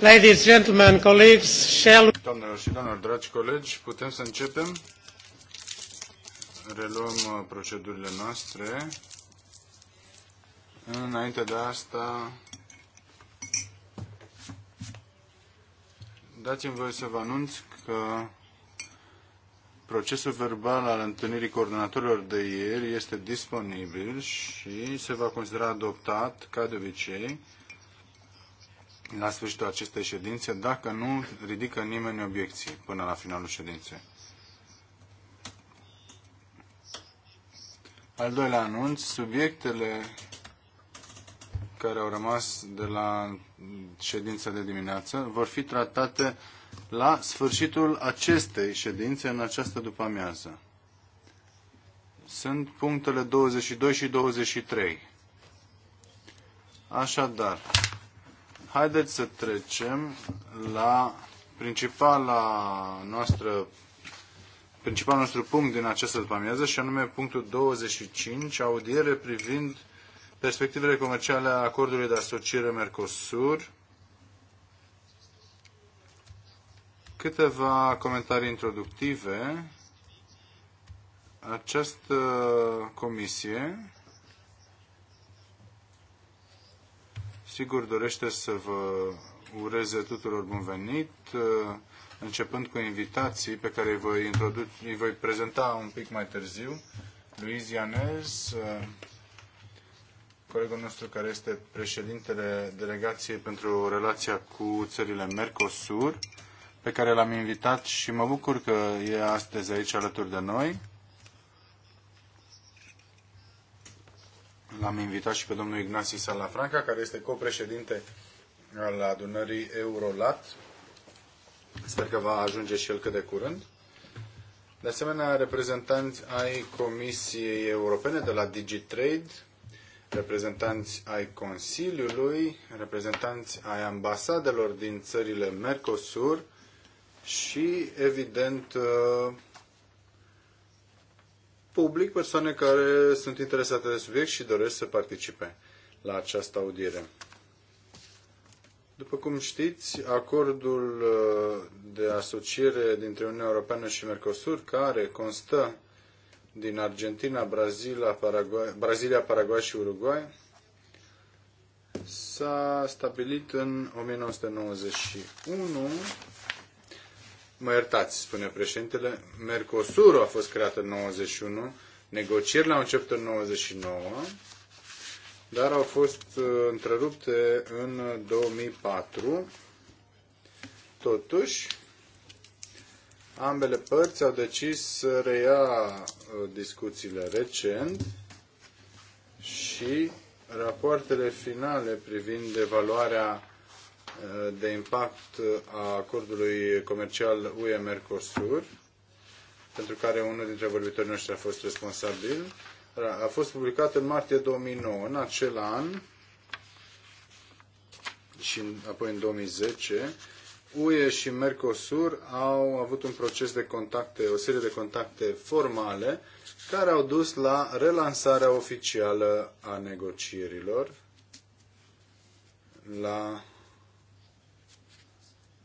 Ladies, gentlemen, colleagues, shall... Doamnelor și domnilor, dragi colegi, putem să începem. Reluăm uh, procedurile noastre. Înainte de asta, dați-mi voie să vă anunț că procesul verbal al întâlnirii coordonatorilor de ieri este disponibil și se va considera adoptat, ca de obicei, la sfârșitul acestei ședințe, dacă nu ridică nimeni obiecții până la finalul ședinței. Al doilea anunț, subiectele care au rămas de la ședința de dimineață vor fi tratate la sfârșitul acestei ședințe, în această după-amiază. Sunt punctele 22 și 23. Așadar, Haideți să trecem la principala noastră principalul nostru punct din această după și anume punctul 25, audiere privind perspectivele comerciale a acordului de asociere Mercosur. Câteva comentarii introductive. Această comisie sigur dorește să vă ureze tuturor bun venit, uh, începând cu invitații pe care îi voi, introduc, îi voi prezenta un pic mai târziu. Luiz Ianez, uh, colegul nostru care este președintele delegației pentru relația cu țările Mercosur, pe care l-am invitat și mă bucur că e astăzi aici alături de noi. L-am invitat și pe domnul Ignasi Salafranca, care este copreședinte al adunării Eurolat. Sper că va ajunge și el cât de curând. De asemenea, reprezentanți ai Comisiei Europene de la DigiTrade, reprezentanți ai Consiliului, reprezentanți ai ambasadelor din țările Mercosur și, evident, uh, public persoane care sunt interesate de subiect și doresc să participe la această audiere. După cum știți, acordul uh, de asociere dintre Uniunea Europeană și Mercosur, care constă din Argentina, Brazilia, Paraguay, Brazilia, Paraguay și Uruguay, s-a stabilit în 1991 Mă iertați, spune președintele, Mercosur a fost creat în 91, negocierile au început în 99, dar au fost uh, întrerupte în 2004. Totuși, ambele părți au decis să reia uh, discuțiile recent și rapoartele finale privind evaluarea de impact a acordului comercial UE-Mercosur, pentru care unul dintre vorbitorii noștri a fost responsabil, a fost publicat în martie 2009. În acel an și apoi în 2010, UE și Mercosur au avut un proces de contacte, o serie de contacte formale, care au dus la relansarea oficială a negocierilor, la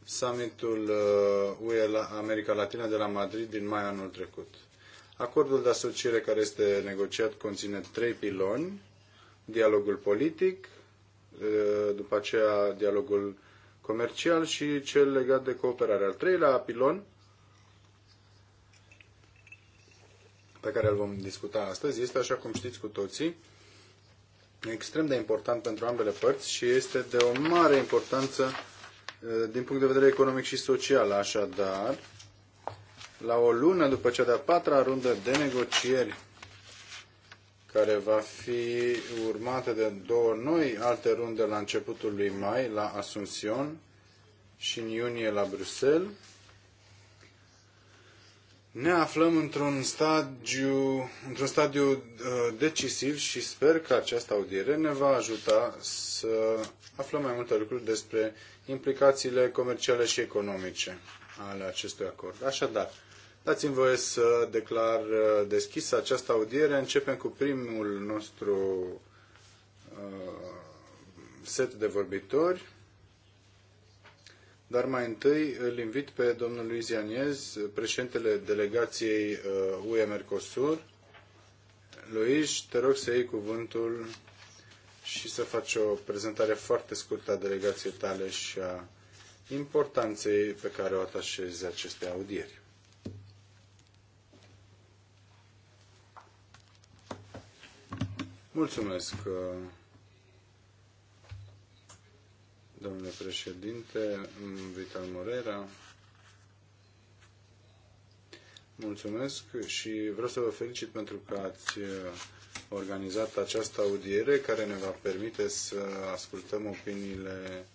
summitul uh, UE la America Latina de la Madrid din mai anul trecut. Acordul de asociere care este negociat conține trei piloni, dialogul politic, uh, după aceea dialogul comercial și cel legat de cooperare. Al treilea pilon pe care îl vom discuta astăzi este, așa cum știți cu toții, extrem de important pentru ambele părți și este de o mare importanță din punct de vedere economic și social. Așadar, la o lună după cea de-a patra rundă de negocieri, care va fi urmată de două noi alte runde la începutul lui mai la Asunción și în iunie la Bruxelles, ne aflăm într-un stadiu, într-un stadiu uh, decisiv și sper că această audiere ne va ajuta să aflăm mai multe lucruri despre implicațiile comerciale și economice ale acestui acord. Așadar, dați-mi voie să declar uh, deschisă această audiere. Începem cu primul nostru uh, set de vorbitori dar mai întâi îl invit pe domnul Luiz Ianiez, președintele delegației UE-Mercosur. Uh, Luiz, te rog să iei cuvântul și să faci o prezentare foarte scurtă a delegației tale și a importanței pe care o atașezi aceste audieri. Mulțumesc, uh, domnule președinte, Vital Morera. Mulțumesc și vreau să vă felicit pentru că ați uh, organizat această audiere care ne va permite să ascultăm opiniile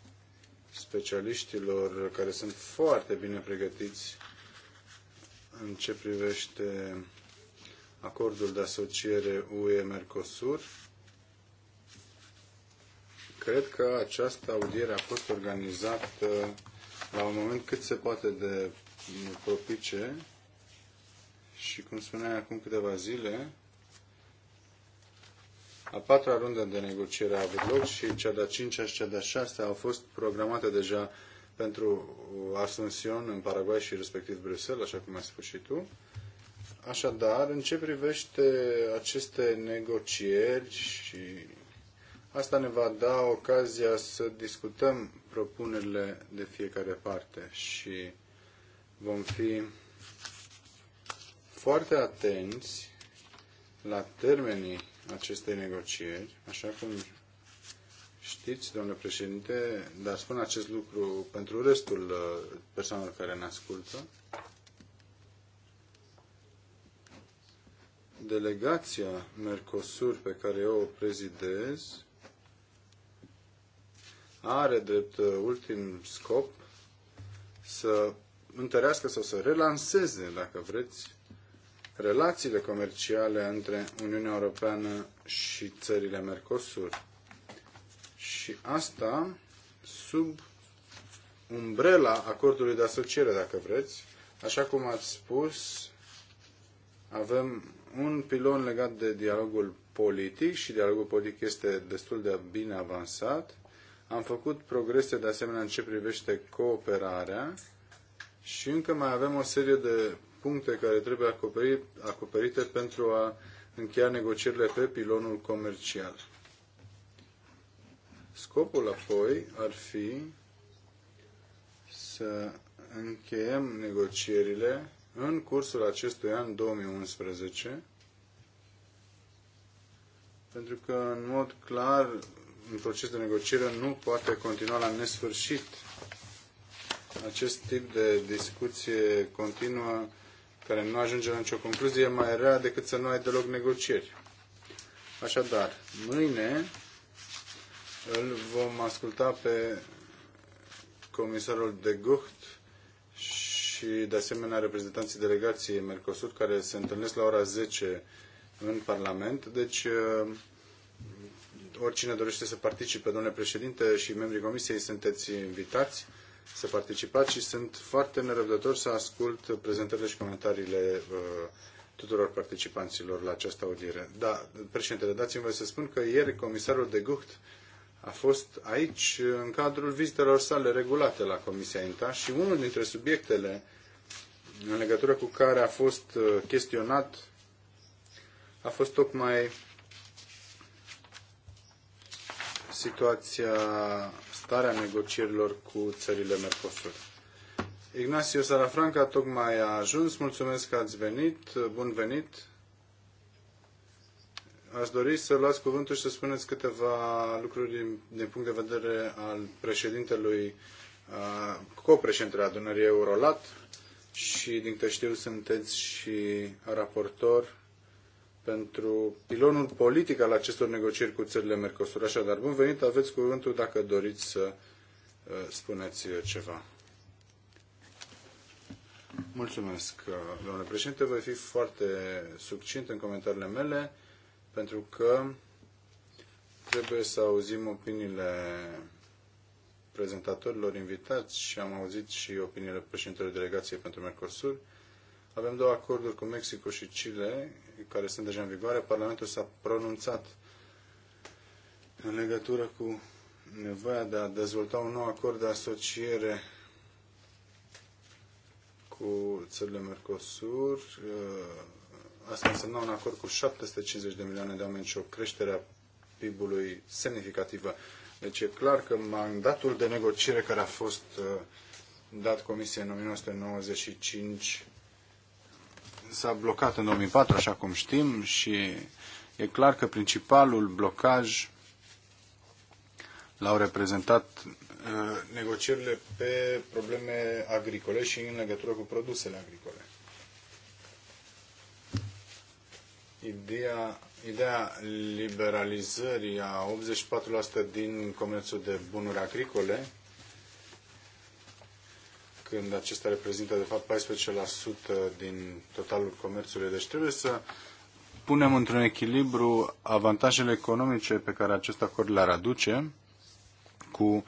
specialiștilor care sunt foarte bine pregătiți în ce privește acordul de asociere UE-Mercosur Cred că această audiere a fost organizată la un moment cât se poate de propice și, cum spuneai acum câteva zile, a patra rundă de negociere a avut loc și cea de-a cincea și cea de-a șasea au fost programate deja pentru Asunción în Paraguay și respectiv Bruxelles, așa cum ai spus și tu. Așadar, în ce privește aceste negocieri și Asta ne va da ocazia să discutăm propunerile de fiecare parte și vom fi foarte atenți la termenii acestei negocieri, așa cum știți, domnule președinte, dar spun acest lucru pentru restul uh, persoanelor care ne ascultă. Delegația Mercosur pe care eu o prezidez are drept uh, ultim scop să întărească sau să relanseze, dacă vreți, relațiile comerciale între Uniunea Europeană și țările Mercosur. Și asta sub umbrela acordului de asociere, dacă vreți. Așa cum ați spus, avem un pilon legat de dialogul politic și dialogul politic este destul de bine avansat am făcut progrese de asemenea în ce privește cooperarea și încă mai avem o serie de puncte care trebuie acoperite, acoperite pentru a încheia negocierile pe pilonul comercial. Scopul apoi ar fi să încheiem negocierile în cursul acestui an 2011, pentru că, în mod clar, un proces de negociere nu poate continua la nesfârșit. Acest tip de discuție continuă care nu ajunge la nicio concluzie e mai rea decât să nu ai deloc negocieri. Așadar, mâine îl vom asculta pe comisarul de Gucht și de asemenea reprezentanții delegației Mercosur care se întâlnesc la ora 10 în Parlament. Deci oricine dorește să participe, domnule președinte și membrii comisiei, sunteți invitați să participați și sunt foarte nerăbdător să ascult prezentările și comentariile uh, tuturor participanților la această audiere. Da, președintele, dați-mi voi să spun că ieri comisarul de Gucht a fost aici în cadrul vizitelor sale regulate la Comisia INTA și unul dintre subiectele în legătură cu care a fost uh, chestionat a fost tocmai situația, starea negocierilor cu țările Mercosur. Ignacio Sarafranca tocmai a ajuns. Mulțumesc că ați venit. Bun venit. Aș dori să luați cuvântul și să spuneți câteva lucruri din, din punct de vedere al președintelui, copreședintele adunării Eurolat și din câte știu sunteți și raportor pentru pilonul politic al acestor negocieri cu țările Mercosur. Așadar, bun venit, aveți cuvântul dacă doriți să uh, spuneți uh, ceva. Mulțumesc, uh, domnule președinte. Voi fi foarte succint în comentariile mele, pentru că trebuie să auzim opiniile prezentatorilor invitați și am auzit și opiniile președintelui delegației pentru Mercosur. Avem două acorduri cu Mexico și Chile, care sunt deja în vigoare. Parlamentul s-a pronunțat în legătură cu nevoia de a dezvolta un nou acord de asociere cu țările Mercosur. Uh, asta însemna un acord cu 750 de milioane de oameni și o creștere a PIB-ului semnificativă. Deci e clar că mandatul de negociere care a fost uh, dat Comisiei în 1995 s-a blocat în 2004, așa cum știm, și e clar că principalul blocaj l-au reprezentat uh, negocierile pe probleme agricole și în legătură cu produsele agricole. Ideea, ideea liberalizării a 84% din comerțul de bunuri agricole când acesta reprezintă de fapt 14% din totalul comerțului. Deci trebuie să punem într-un echilibru avantajele economice pe care acest acord le-ar aduce cu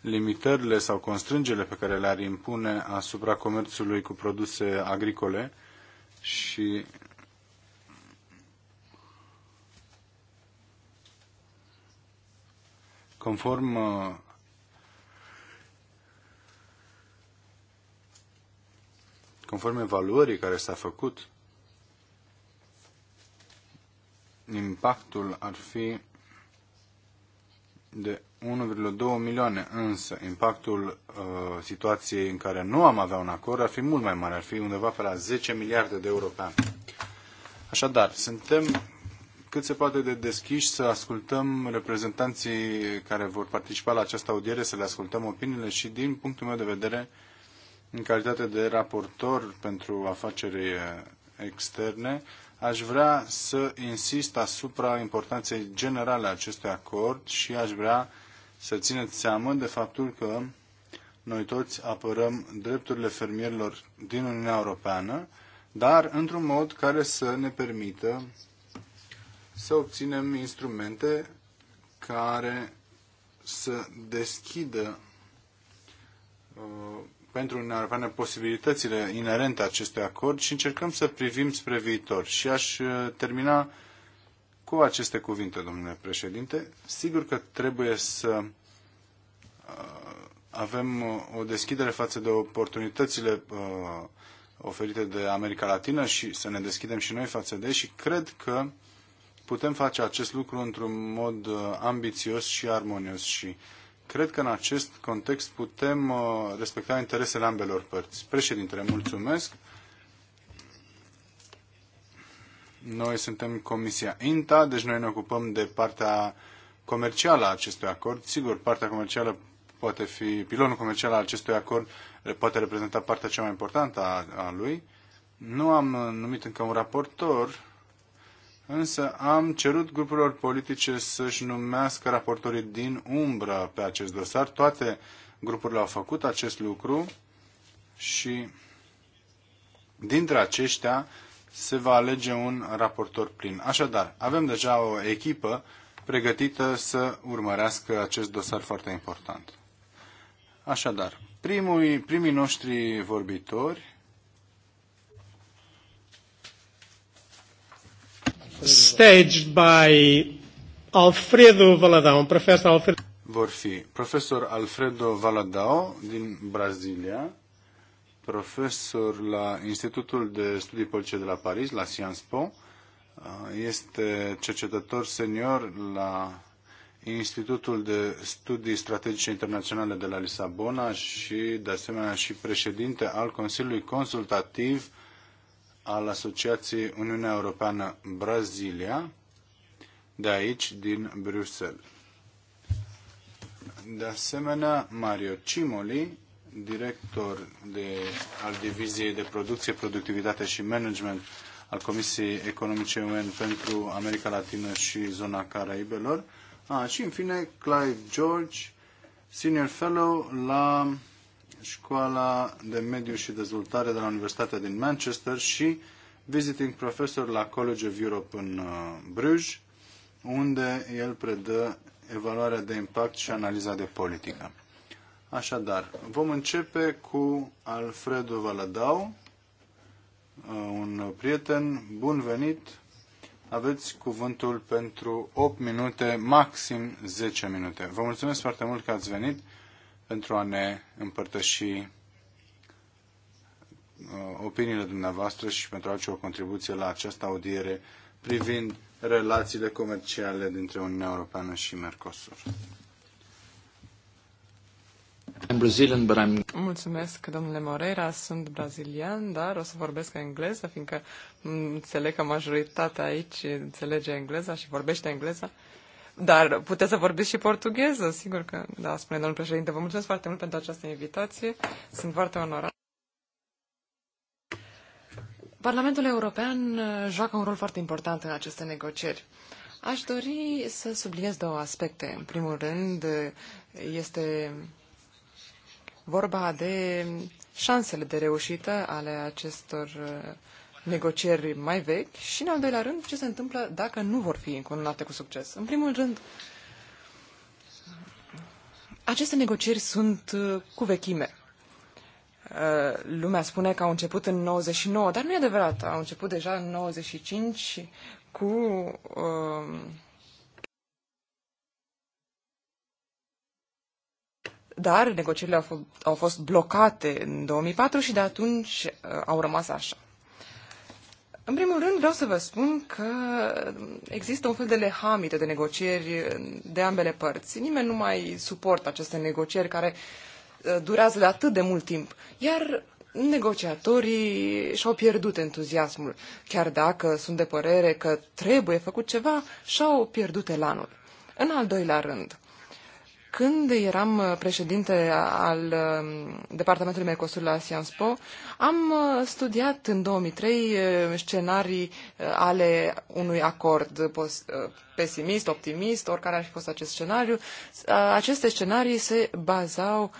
limitările sau constrângele pe care le-ar impune asupra comerțului cu produse agricole și conform uh, conform evaluării care s-a făcut, impactul ar fi de 1,2 milioane, însă impactul uh, situației în care nu am avea un acord ar fi mult mai mare, ar fi undeva pe la 10 miliarde de euro pe an. Așadar, suntem cât se poate de deschiși să ascultăm reprezentanții care vor participa la această audiere, să le ascultăm opiniile și din punctul meu de vedere uh, în calitate de raportor pentru afaceri externe, aș vrea să insist asupra importanței generale a acestui acord și aș vrea să țineți seamă de faptul că noi toți apărăm drepturile fermierilor din Uniunea Europeană, dar într-un mod care să ne permită să obținem instrumente care să deschidă uh, pentru Uniunea Europeană posibilitățile inerente acestui acord și încercăm să privim spre viitor. Și aș uh, termina cu aceste cuvinte, domnule președinte. Sigur că trebuie să uh, avem uh, o deschidere față de oportunitățile oferite de America Latină și să ne deschidem și noi față de ei și cred că putem face acest lucru într-un mod ambițios și armonios și uh, Cred că în acest context putem uh, respecta interesele ambelor părți. Președintele, mulțumesc. Noi suntem Comisia INTA, deci noi ne ocupăm de partea comercială a acestui acord. Sigur, partea comercială poate fi, pilonul comercial al acestui acord poate reprezenta partea cea mai importantă a, a lui. Nu am numit încă un raportor, Însă am cerut grupurilor politice să-și numească raportorii din umbră pe acest dosar. Toate grupurile au făcut acest lucru și dintre aceștia se va alege un raportor plin. Așadar, avem deja o echipă pregătită să urmărească acest dosar foarte important. Așadar, primul, primii noștri vorbitori staged by Alfredo Valadão, Professor Alfredo. Vor fi profesor Alfredo Valadão din Brazilia, profesor la Institutul de Studii Politice de la Paris, la Sciences Po, uh, este cercetător senior la Institutul de Studii Strategice Internaționale de la Lisabona și, de asemenea, și președinte al Consiliului Consultativ al Asociației Uniunea Europeană Brazilia, de aici, din Bruxelles. De asemenea, Mario Cimoli, director de, al Diviziei de Producție, Productivitate și Management al Comisiei Economice UN pentru America Latină și zona Caraibelor. ah, și, în fine, Clive George, Senior Fellow la Școala de Mediu și Dezvoltare de la Universitatea din Manchester și visiting professor la College of Europe în uh, Bruges, unde el predă evaluarea de impact și analiza de politică. Așadar, vom începe cu Alfredo Valadau, uh, un prieten bun venit. Aveți cuvântul pentru 8 minute, maxim 10 minute. Vă mulțumesc foarte mult că ați venit pentru a ne împărtăși uh, opiniile dumneavoastră și pentru a face o contribuție la această audiere privind relațiile comerciale dintre Uniunea Europeană și Mercosur. I'm Brazilian, but I'm... Mulțumesc, domnule Moreira. Sunt brazilian, dar o să vorbesc engleză, fiindcă înțeleg că majoritatea aici înțelege engleza și vorbește engleza. Dar puteți să vorbiți și portugheză, sigur că, da, spune domnul președinte. Vă mulțumesc foarte mult pentru această invitație. Sunt foarte onorat. Parlamentul European uh, joacă un rol foarte important în aceste negocieri. Aș dori să subliniez două aspecte. În primul rând, este vorba de șansele de reușită ale acestor uh, negocieri mai vechi și, în al doilea rând, ce se întâmplă dacă nu vor fi încununate cu succes. În primul rând, aceste negocieri sunt uh, cu vechime. Uh, lumea spune că au început în 99, dar nu e adevărat. Au început deja în 95 cu uh, dar negocierile au, au fost blocate în 2004 și de atunci uh, au rămas așa. În primul rând vreau să vă spun că există un fel de lehamite de negocieri de ambele părți. Nimeni nu mai suportă aceste negocieri care uh, durează de atât de mult timp. Iar negociatorii și-au pierdut entuziasmul. Chiar dacă sunt de părere că trebuie făcut ceva, și-au pierdut elanul. În al doilea rând, când eram uh, președinte al uh, Departamentului Mercosur la Sciences Po, am uh, studiat în 2003 scenarii ale unui acord pesimist, optimist, oricare ar fi fost acest scenariu. Aceste scenarii se bazau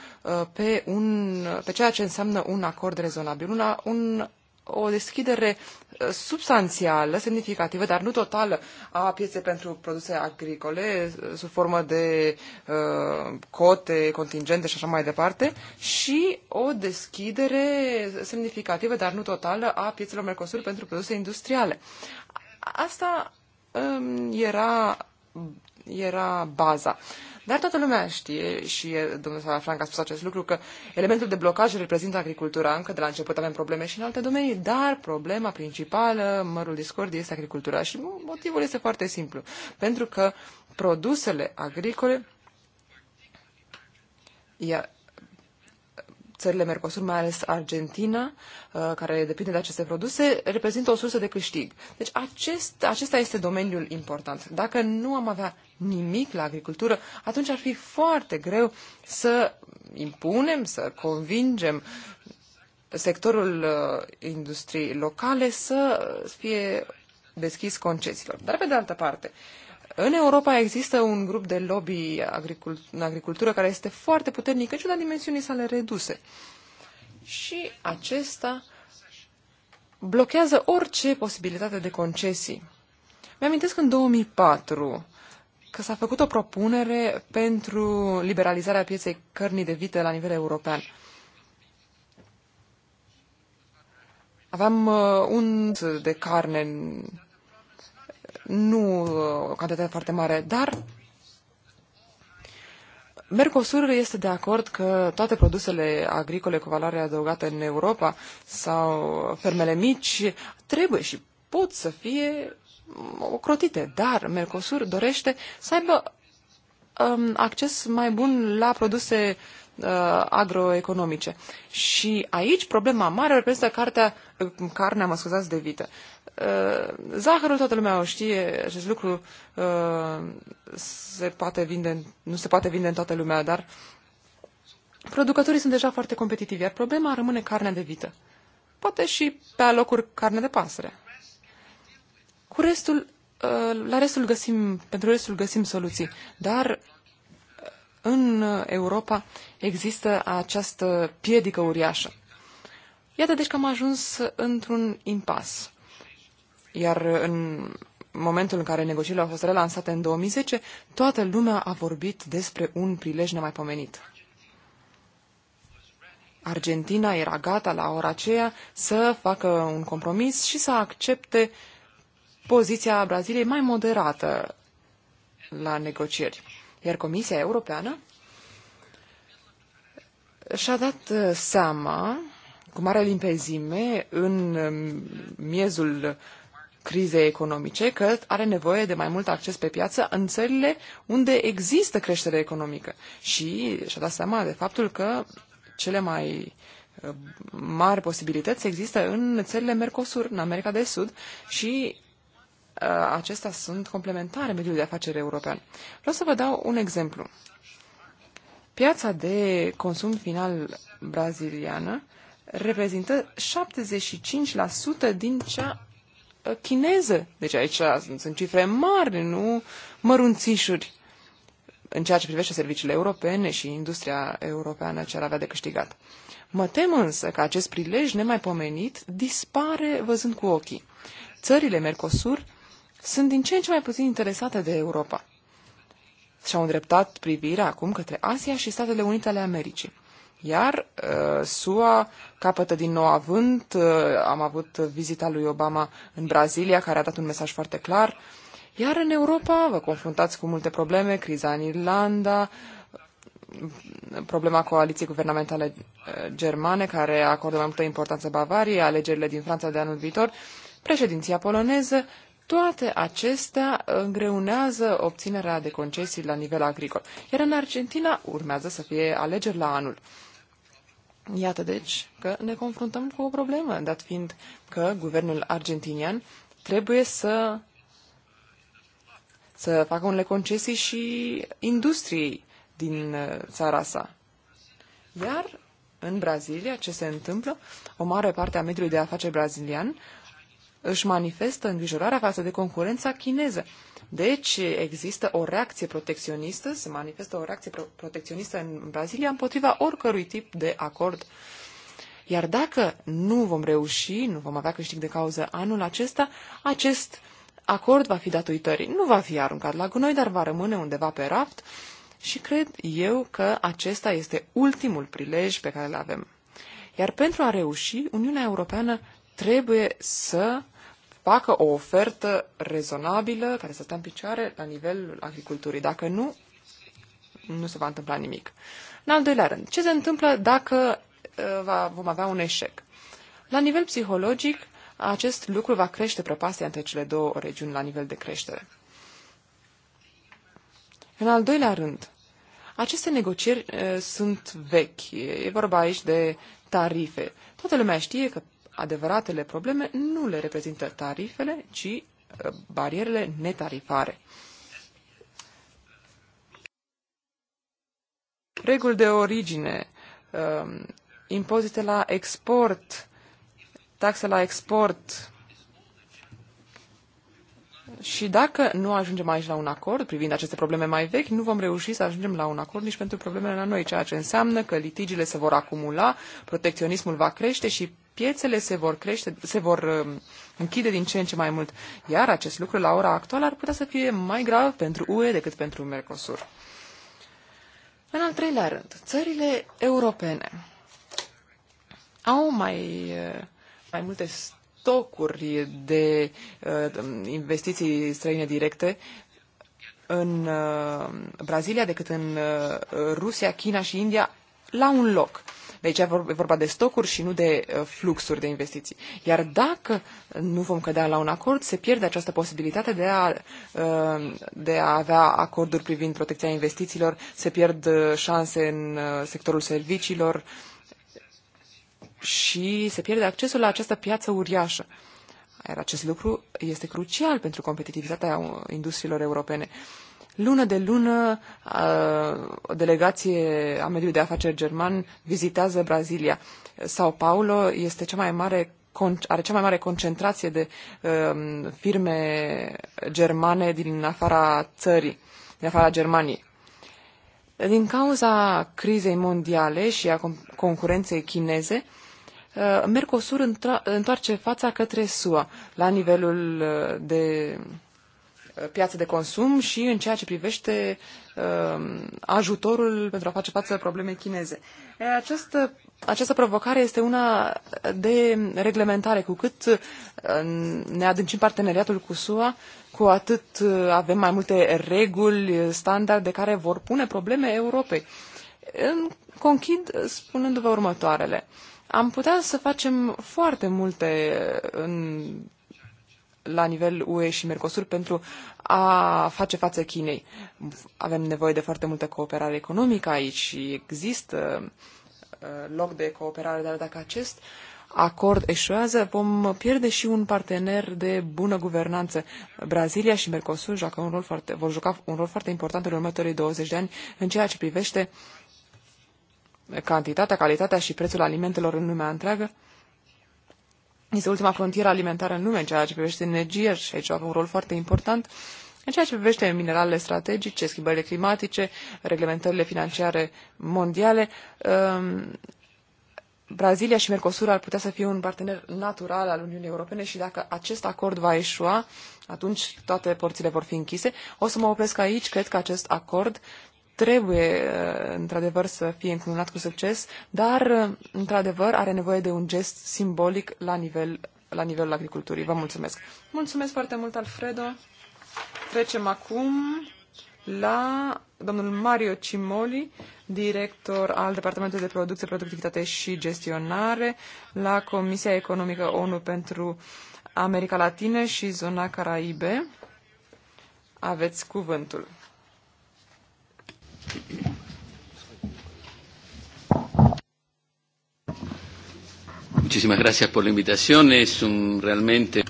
pe, un, pe ceea ce înseamnă un acord rezonabil, un, un o deschidere uh, substanțială, semnificativă, dar nu totală, a pieței pentru produse agricole uh, sub formă de uh, cote, contingente și așa mai departe și o deschidere semnificativă, dar nu totală, a piețelor Mercosur pentru produse industriale. Asta um, era era baza. Dar toată lumea știe, și domnul Salafranc a spus acest lucru, că elementul de blocaj reprezintă agricultura. Încă de la început avem probleme și în alte domenii, dar problema principală, mărul discord, este agricultura. Și motivul este foarte simplu. Pentru că produsele agricole, ia, țările Mercosur, mai ales Argentina, uh, care depinde de aceste produse, reprezintă o sursă de câștig. Deci acest, acesta este domeniul important. Dacă nu am avea nimic la agricultură, atunci ar fi foarte greu să impunem, să convingem sectorul uh, industriei locale să fie deschis concesiilor. Dar, pe de altă parte, în Europa există un grup de lobby agricult- în agricultură care este foarte puternic, în ciuda dimensiunii sale reduse. Și acesta blochează orice posibilitate de concesii. Mi-amintesc în 2004 că s-a făcut o propunere pentru liberalizarea pieței cărnii de vită la nivel european. Aveam uh, un de carne, nu uh, o cantitate foarte mare, dar Mercosur este de acord că toate produsele agricole cu valoare adăugată în Europa sau fermele mici trebuie și pot să fie ocrotite, dar Mercosur dorește să aibă um, acces mai bun la produse uh, agroeconomice. Și aici problema mare reprezintă cartea, uh, carnea, mă scuzați, de vită. Uh, zahărul, toată lumea o știe, acest lucru uh, se poate vinde, nu se poate vinde în toată lumea, dar producătorii sunt deja foarte competitivi, iar problema rămâne carnea de vită. Poate și pe alocuri carne de pasăre. Cu restul, uh, la restul găsim, pentru restul găsim soluții, dar uh, în Europa există această piedică uriașă. Iată deci că am ajuns într-un impas. Iar în momentul în care negocierile au fost relansate în 2010, toată lumea a vorbit despre un prilej nemaipomenit. Argentina era gata la ora aceea să facă un compromis și să accepte uh, poziția Braziliei mai moderată la negocieri. Iar Comisia Europeană și-a dat uh, seama cu mare limpezime în um, miezul crizei economice că are nevoie de mai mult acces pe piață în țările unde există creștere economică. Și și-a dat seama de faptul că cele mai uh, mari posibilități există în țările Mercosur, în America de Sud și Uh, acestea sunt complementare mediului de afaceri european. Vreau să vă dau un exemplu. Piața de consum final braziliană reprezintă 75% din cea uh, chineză. Deci aici sunt cifre mari, nu mărunțișuri în ceea ce privește serviciile europene și industria europeană ce ar avea de câștigat. Mă tem însă că acest prilej nemaipomenit dispare văzând cu ochii. Țările Mercosur sunt din ce în ce mai puțin interesate de Europa. Și-au îndreptat privirea acum către Asia și Statele Unite ale Americii. Iar uh, SUA capătă din nou avânt. Uh, am avut vizita lui Obama în Brazilia, care a dat un mesaj foarte clar. Iar în Europa vă confruntați cu multe probleme, criza în Irlanda, problema coaliției guvernamentale uh, germane, care acordă mai multă importanță Bavariei, alegerile din Franța de anul viitor, președinția poloneză toate acestea îngreunează obținerea de concesii la nivel agricol. Iar în Argentina urmează să fie alegeri la anul. Iată deci că ne confruntăm cu o problemă, dat fiind că guvernul argentinian trebuie să, să facă unele concesii și industriei din uh, țara sa. Iar în Brazilia, ce se întâmplă? O mare parte a mediului de afaceri brazilian își manifestă îngrijorarea față de concurența chineză. Deci există o reacție protecționistă, se manifestă o reacție protecționistă în Brazilia împotriva oricărui tip de acord. Iar dacă nu vom reuși, nu vom avea câștig de cauză anul acesta, acest acord va fi dat uitării. Nu va fi aruncat la gunoi, dar va rămâne undeva pe raft și cred eu că acesta este ultimul prilej pe care îl avem. Iar pentru a reuși, Uniunea Europeană trebuie să facă o ofertă rezonabilă care să stea în picioare la nivelul agriculturii. Dacă nu, nu se va întâmpla nimic. În al doilea rând, ce se întâmplă dacă uh, va, vom avea un eșec? La nivel psihologic, acest lucru va crește prăpastia între cele două regiuni la nivel de creștere. În al doilea rând, aceste negocieri e, uh, sunt vechi. E vorba aici de tarife. Toată lumea știe că adevăratele probleme nu le reprezintă tarifele, ci uh, barierele netarifare. Reguli de origine, um, impozite la export, taxe la export. Și dacă nu ajungem aici la un acord privind aceste probleme mai vechi, nu vom reuși să ajungem la un acord nici pentru problemele la noi, ceea ce înseamnă că litigiile se vor acumula, protecționismul va crește și piețele se vor crește, se vor um, închide din ce în ce mai mult. Iar acest lucru la ora actuală ar putea să fie mai grav pentru UE decât pentru Mercosur. În al treilea rând, țările europene au mai, uh, mai multe stocuri de uh, investiții străine directe în uh, Brazilia decât în Rusia, China și India la un loc. Deci e vorba de stocuri și nu de uh, fluxuri de investiții. Iar dacă nu vom cădea la un acord, se pierde această posibilitate de a, uh, de a avea acorduri privind protecția investițiilor, se pierd uh, șanse în sectorul serviciilor și se pierde accesul la această piață uriașă. Iar acest lucru este crucial pentru competitivitatea industriilor europene. Lună de lună, o delegație a mediului de afaceri german vizitează Brazilia. Sao Paulo este cea mai mare are cea mai mare concentrație de um, firme germane din afara țării, din afara Germaniei. Din cauza crizei mondiale și a concurenței chineze, uh, Mercosur întoarce fața către SUA la nivelul uh, de Uh, piață de consum și în ceea ce privește um, ajutorul pentru a face față problemei chineze. Această, această provocare este una de reglementare. Cu cât uh, ne adâncim parteneriatul cu SUA, cu atât uh, avem mai multe reguli, standarde care vor pune probleme Europei. În Conchid spunându-vă următoarele. Am putea să facem foarte multe în la nivel UE și Mercosur pentru a face față Chinei. Avem nevoie de foarte multă cooperare economică aici și există uh, loc de cooperare, dar dacă acest acord eșuează, vom pierde și un partener de bună guvernanță. Brazilia și Mercosur joacă un rol foarte, vor juca un rol foarte important în următorii 20 de ani în ceea ce privește cantitatea, calitatea și prețul alimentelor în lumea întreagă este ultima frontieră alimentară în lume în ceea ce privește energie și aici joacă un rol foarte important. În ceea ce privește mineralele strategice, schimbările climatice, reglementările financiare mondiale, um, Brazilia și Mercosur ar putea să fie un partener natural al Uniunii Europene și dacă acest acord va eșua, atunci toate porțile vor fi închise. O să mă opresc aici. Cred că acest acord trebuie, uh, într-adevăr, să fie încununat cu succes, dar, uh, într-adevăr, are nevoie de un gest simbolic la, nivel, la nivelul agriculturii. Vă mulțumesc! Mulțumesc foarte mult, Alfredo! Trecem acum la domnul Mario Cimoli, director al Departamentului de Producție, Productivitate și Gestionare la Comisia Economică ONU pentru America Latină și Zona Caraibe. Aveți cuvântul. Muchísimas gracias por la invitación. Es un realmente.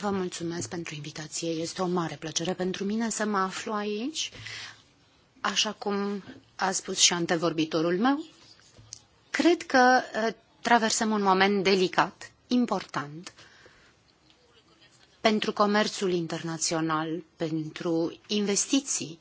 Vă mulțumesc pentru invitație. Este o mare plăcere pentru mine să mă aflu aici. Așa cum a spus și antevorbitorul meu, cred că eh, traversăm un moment delicat, important, pentru comerțul internațional, pentru investiții.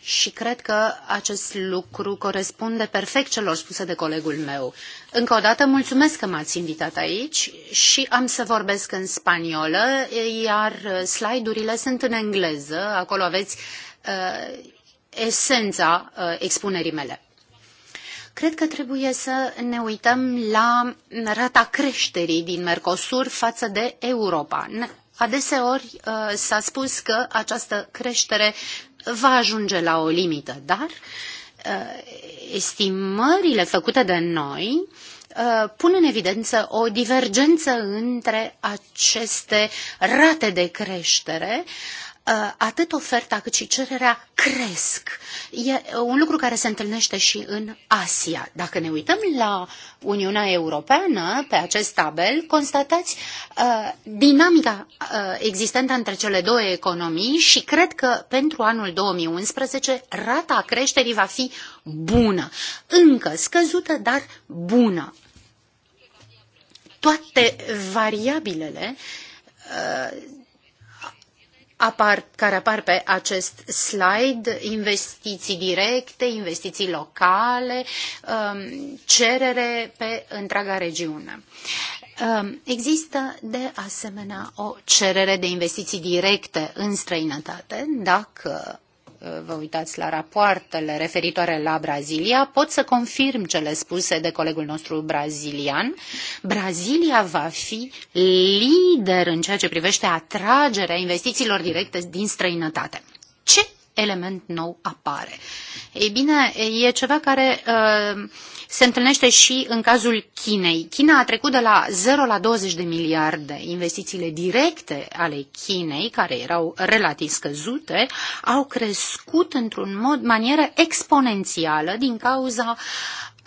Și cred că acest lucru corespunde perfect celor spuse de colegul meu. Încă o dată mulțumesc că m-ați invitat aici și am să vorbesc în spaniolă, iar slide-urile sunt în engleză. Acolo aveți uh, esența uh, expunerii mele. Cred că trebuie să ne uităm la rata creșterii din Mercosur față de Europa. Adeseori uh, s-a spus că această creștere va ajunge la o limită, dar uh, estimările făcute de noi uh, pun în evidență o divergență între aceste rate de creștere uh, Uh, atât oferta cât și cererea cresc. E uh, un lucru care se întâlnește și în Asia. Dacă ne uităm la Uniunea Europeană, pe acest tabel, constatați uh, dinamica uh, existentă între cele două economii și cred că pentru anul 2011 rata creșterii va fi bună. Încă scăzută, dar bună. Toate variabilele uh, apar, care apar pe acest slide, investiții directe, investiții locale, um, cerere pe întreaga regiune. Um, există, de asemenea, o cerere de investiții directe în străinătate, dacă Eh, vă uitați la rapoartele referitoare la Brazilia, pot să confirm cele spuse de colegul nostru brazilian. Brazilia va fi lider în ceea ce privește atragerea investițiilor directe din străinătate. Ce element nou apare? Ei bine, e ceva care uh, se întâlnește și în cazul Chinei. China a trecut de la 0 la 20 de miliarde. Investițiile directe ale Chinei, care erau relativ scăzute, au crescut într-un mod manieră exponențială din cauza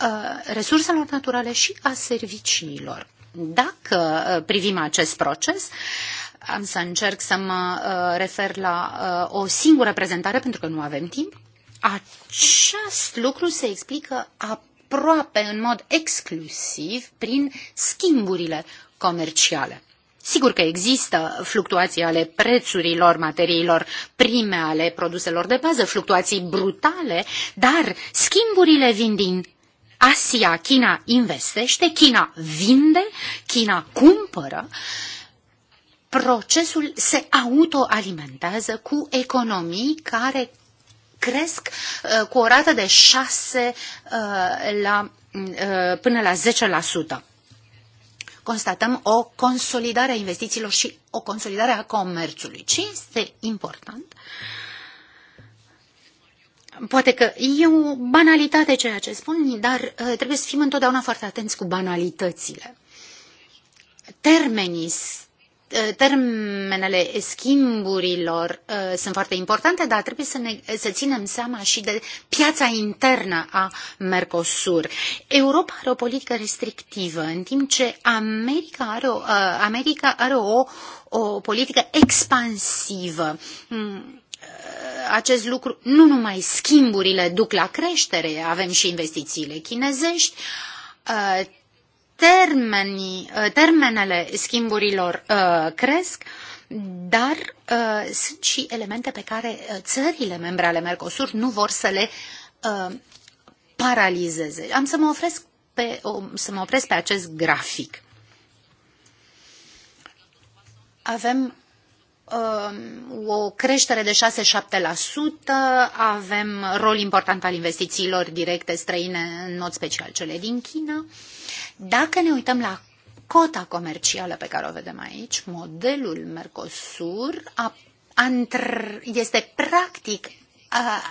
uh, resurselor naturale și a serviciilor. Dacă uh, privim acest proces, am să încerc să mă uh, refer la uh, o singură prezentare pentru că nu avem timp. Acest lucru se explică a aproape în mod exclusiv prin schimburile comerciale. Sigur că există fluctuații ale prețurilor materiilor prime, ale produselor de bază, fluctuații brutale, dar schimburile vin din Asia, China investește, China vinde, China cumpără. Procesul se autoalimentează cu economii care cresc uh, cu o rată de 6 uh, la, mm, uh, până la 10% constatăm o consolidare a investițiilor și o consolidare a comerțului. Ce este important? Poate că e o banalitate ceea ce spun, dar trebuie să fim întotdeauna foarte atenți cu banalitățile. Termenii Eh, termenele schimburilor uh, sunt foarte importante, dar trebuie să, ne, să ținem seama și de piața internă a Mercosur. Europa are o politică restrictivă, în timp ce America are o, uh, America are o, o politică expansivă. Mm acest lucru, nu numai schimburile duc la creștere, avem și investițiile chinezești, termenii, uh, termenele schimburilor uh, cresc, dar uh, sunt și elemente pe care țările membre ale Mercosur nu vor să le paralizeze. Am să mă, opresc pe, să mă opresc pe acest grafic. Avem Um, o creștere de 6-7%, avem rol important al investițiilor directe străine, în mod special cele din China. Dacă ne uităm la cota comercială pe care o vedem aici, modelul Mercosur a, a, este practic a,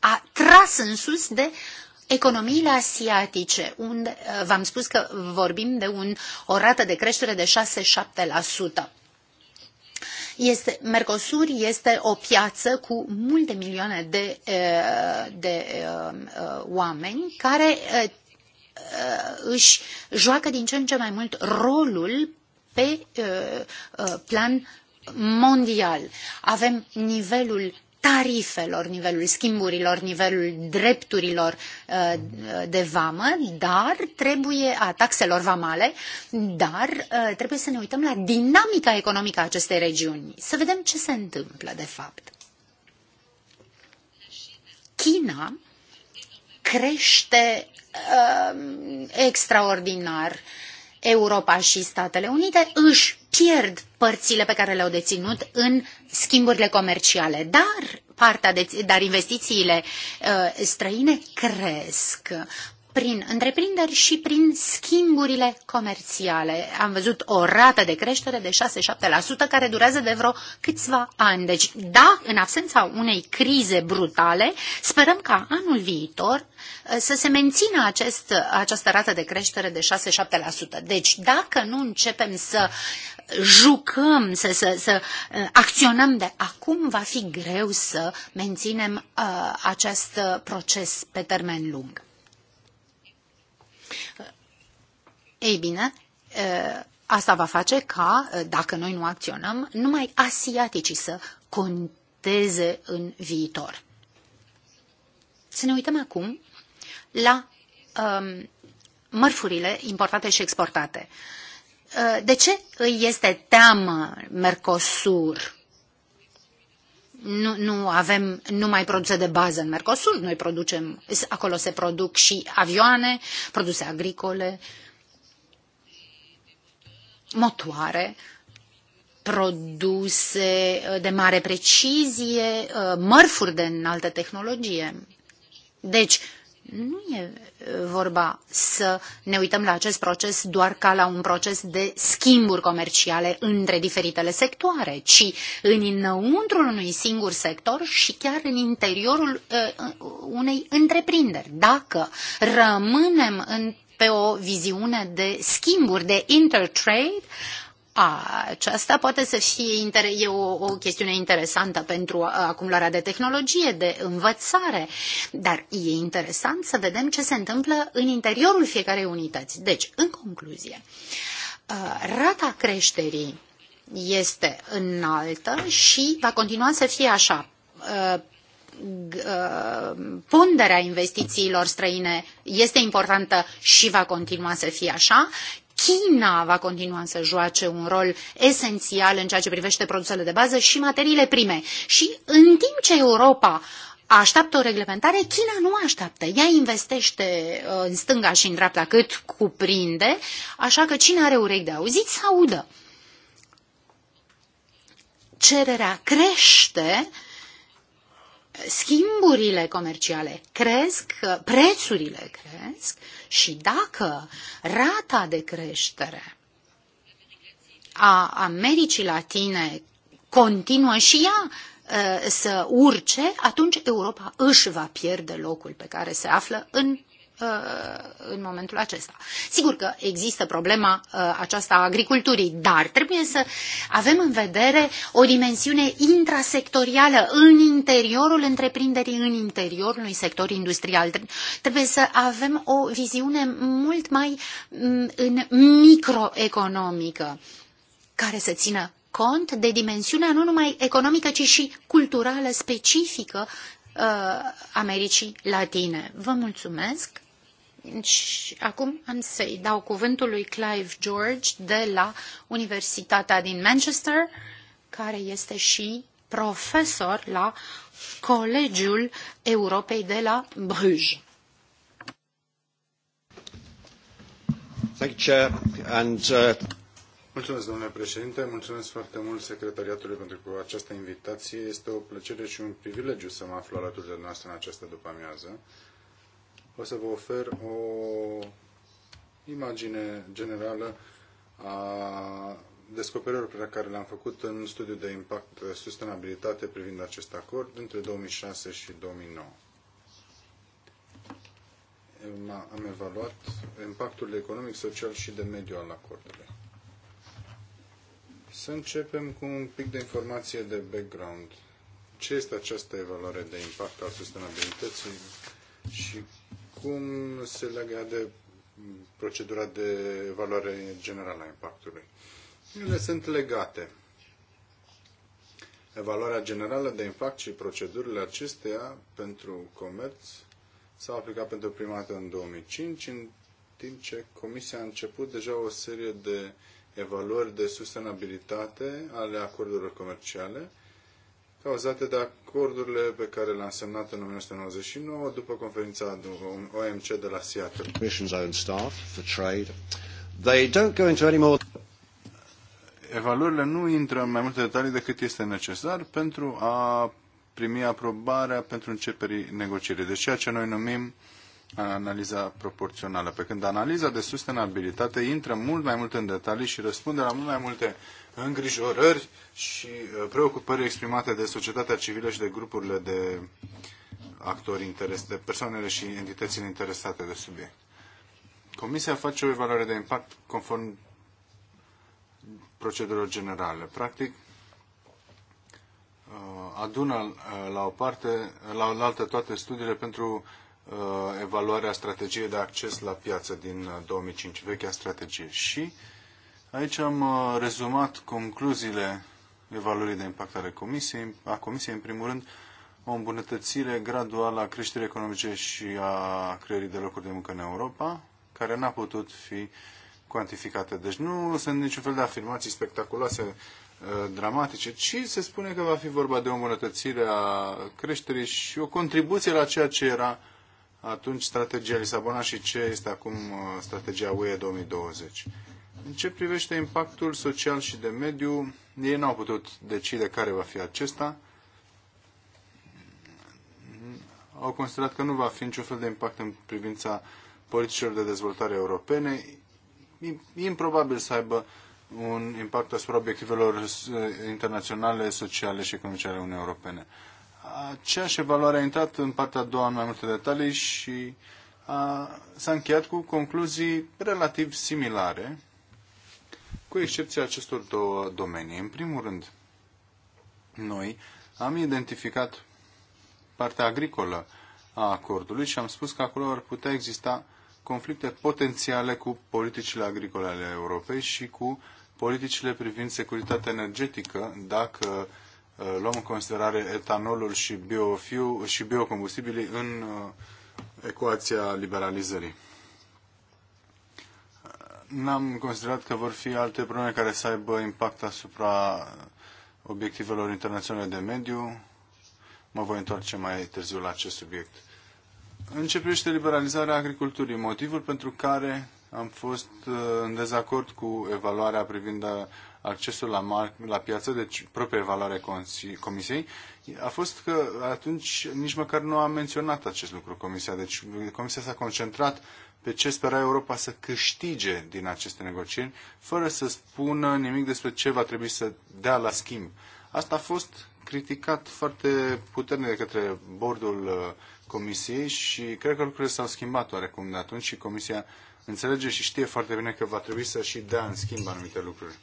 a tras în sus de economiile asiatice, unde v-am spus că vorbim de un, o rată de creștere de 6-7%. Este, Mercosur este o piață cu multe milioane de, eh, de eh, eh, oameni care își joacă din ce în ce mai mult rolul pe plan mondial. Avem nivelul tarifelor, nivelul schimburilor, nivelul drepturilor uh, de vamă, dar trebuie, a taxelor vamale, dar uh, trebuie să ne uităm la dinamica economică a acestei regiuni, să vedem ce se întâmplă de fapt. China crește uh, extraordinar. Europa și Statele Unite își pierd părțile pe care le-au deținut în schimburile comerciale, dar partea de, dar investițiile uh, străine cresc prin întreprinderi și prin schimburile comerciale. Am văzut o rată de creștere de 6-7% care durează de vreo câțiva ani. Deci, da, în absența unei crize brutale, sperăm ca anul viitor uh, să se mențină acest, uh, această rată de creștere de 6-7%. Deci, dacă nu începem să jucăm, să, să, să uh, acționăm de acum, va fi greu să menținem uh, acest proces pe termen lung. Ei bine, asta va face ca, dacă noi nu acționăm, numai asiaticii să conteze în viitor. Să ne uităm acum la um, mărfurile importate și exportate. De ce îi este teamă Mercosur? nu, nu avem numai produse de bază în Mercosur, noi producem, acolo se produc și avioane, produse agricole, motoare, produse uh, de mare precizie, uh, mărfuri de înaltă tehnologie. Deci, nu e vorba să ne uităm la acest proces doar ca la un proces de schimburi comerciale între diferitele sectoare, ci în înăuntrul unui singur sector și chiar în interiorul unei întreprinderi. Dacă rămânem în, pe o viziune de schimburi, de intertrade, aceasta poate să fie inter- e o, o chestiune interesantă pentru uh, acumularea de tehnologie, de învățare, dar e interesant să vedem ce se întâmplă în interiorul fiecarei unități. Deci, în concluzie, uh, rata creșterii este înaltă și va continua să fie așa. Uh, ponderea investițiilor străine este importantă și va continua să fie așa, China va continua să joace un rol esențial în ceea ce privește produsele de bază și materiile prime. Și în timp ce Europa așteaptă o reglementare, China nu așteaptă. Ea investește uh, în stânga și în dreapta cât cuprinde, așa că cine are urechi de auzit să audă. Cererea crește uh, schimburile comerciale cresc, prețurile cresc și dacă rata de creștere a Americii Latine continuă și ea uh, să urce, atunci Europa își va pierde locul pe care se află în Uh, în momentul acesta. Sigur că există problema uh, aceasta a agriculturii, dar trebuie să avem în vedere o dimensiune intrasectorială în interiorul întreprinderii, în interiorul unui sector industrial. Trebuie să avem o viziune mult mai mm, în microeconomică care să țină cont de dimensiunea nu numai economică, ci și culturală specifică uh, Americii Latine. Vă mulțumesc. Și acum am să-i dau cuvântul lui Clive George de la Universitatea din Manchester, care este și profesor la Colegiul Europei de la Bruges. Uh, mulțumesc, domnule președinte, mulțumesc foarte mult secretariatului pentru această invitație. Este o plăcere și un privilegiu să mă aflu alături de noastră în această după-amiază o să vă ofer o imagine generală a descoperirilor pe care le-am făcut în studiul de impact eh, sustenabilitate privind acest acord între 2006 și 2009. Am evaluat impactul economic, social și de mediu al acordului. Să începem cu un pic de informație de background. Ce este această evaluare de impact al sustenabilității și cum se legă de procedura de evaluare generală a impactului. Ele sunt legate. Evaluarea generală de impact și procedurile acesteia pentru comerț s-au aplicat pentru prima dată în 2005, în timp ce Comisia a început deja o serie de evaluări de sustenabilitate ale acordurilor comerciale cauzate de acordurile pe care le-a semnat în 1999 după conferința OMC de la Seattle. They don't go into any more... Evaluările nu intră în mai multe detalii decât este necesar pentru a primi aprobarea pentru începerii negocierii. Deci ceea ce noi numim uh, analiza proporțională, pe când analiza de sustenabilitate intră mult mai mult în detalii și răspunde la mult mai multe îngrijorări și uh, preocupări exprimate de societatea civilă și de grupurile de actori interes, de persoanele și entitățile interesate de subiect. Comisia face o evaluare de impact conform procedurilor generale. Practic, uh, adună uh, la o parte, la o altă toate studiile pentru Uh, evaluarea strategiei de acces la piață din 2005, uh, vechea strategie. Și aici am uh, rezumat concluziile evaluării de impact ale comisiei, a comisiei, în primul rând, o îmbunătățire graduală a creșterii economice și a creării de locuri de muncă în Europa, care n-a putut fi cuantificată. Deci nu sunt niciun fel de afirmații spectaculoase, dramatice, ci se spune că va fi vorba de o îmbunătățire a creșterii și o contribuție la ceea ce era atunci strategia Lisabona și ce este acum uh, strategia UE 2020. În ce privește impactul social și de mediu, ei n-au putut decide care va fi acesta. Au considerat că nu va fi niciun fel de impact în privința politicilor de dezvoltare europene. E improbabil să aibă un impact asupra obiectivelor uh, internaționale, sociale și economice ale Uniunii Europene aceeași evaluare a intrat în partea a doua în mai multe detalii și s-a încheiat cu concluzii relativ similare, cu excepția acestor două domenii. În primul rând, noi am identificat partea agricolă a acordului și am spus că acolo ar putea exista conflicte potențiale cu politicile agricole ale Europei și cu politicile privind securitatea energetică dacă Uh, luăm în considerare etanolul și, biofiu, și biocombustibilii în uh, ecuația liberalizării. Uh, n-am considerat că vor fi alte probleme care să aibă impact asupra obiectivelor internaționale de mediu. Mă voi întoarce mai târziu la acest subiect. În ce privește liberalizarea agriculturii, motivul pentru care am fost în dezacord cu evaluarea privind accesul la, mar- la piață, deci proprie valoare Comisiei, a fost că atunci nici măcar nu a menționat acest lucru Comisia. Deci Comisia s-a concentrat pe ce spera Europa să câștige din aceste negocieri, fără să spună nimic despre ce va trebui să dea la schimb. Asta a fost criticat foarte puternic de către bordul uh, Comisiei și cred că lucrurile s-au schimbat oarecum de atunci și Comisia înțelege și știe foarte bine că va trebui să și dea în schimb anumite lucruri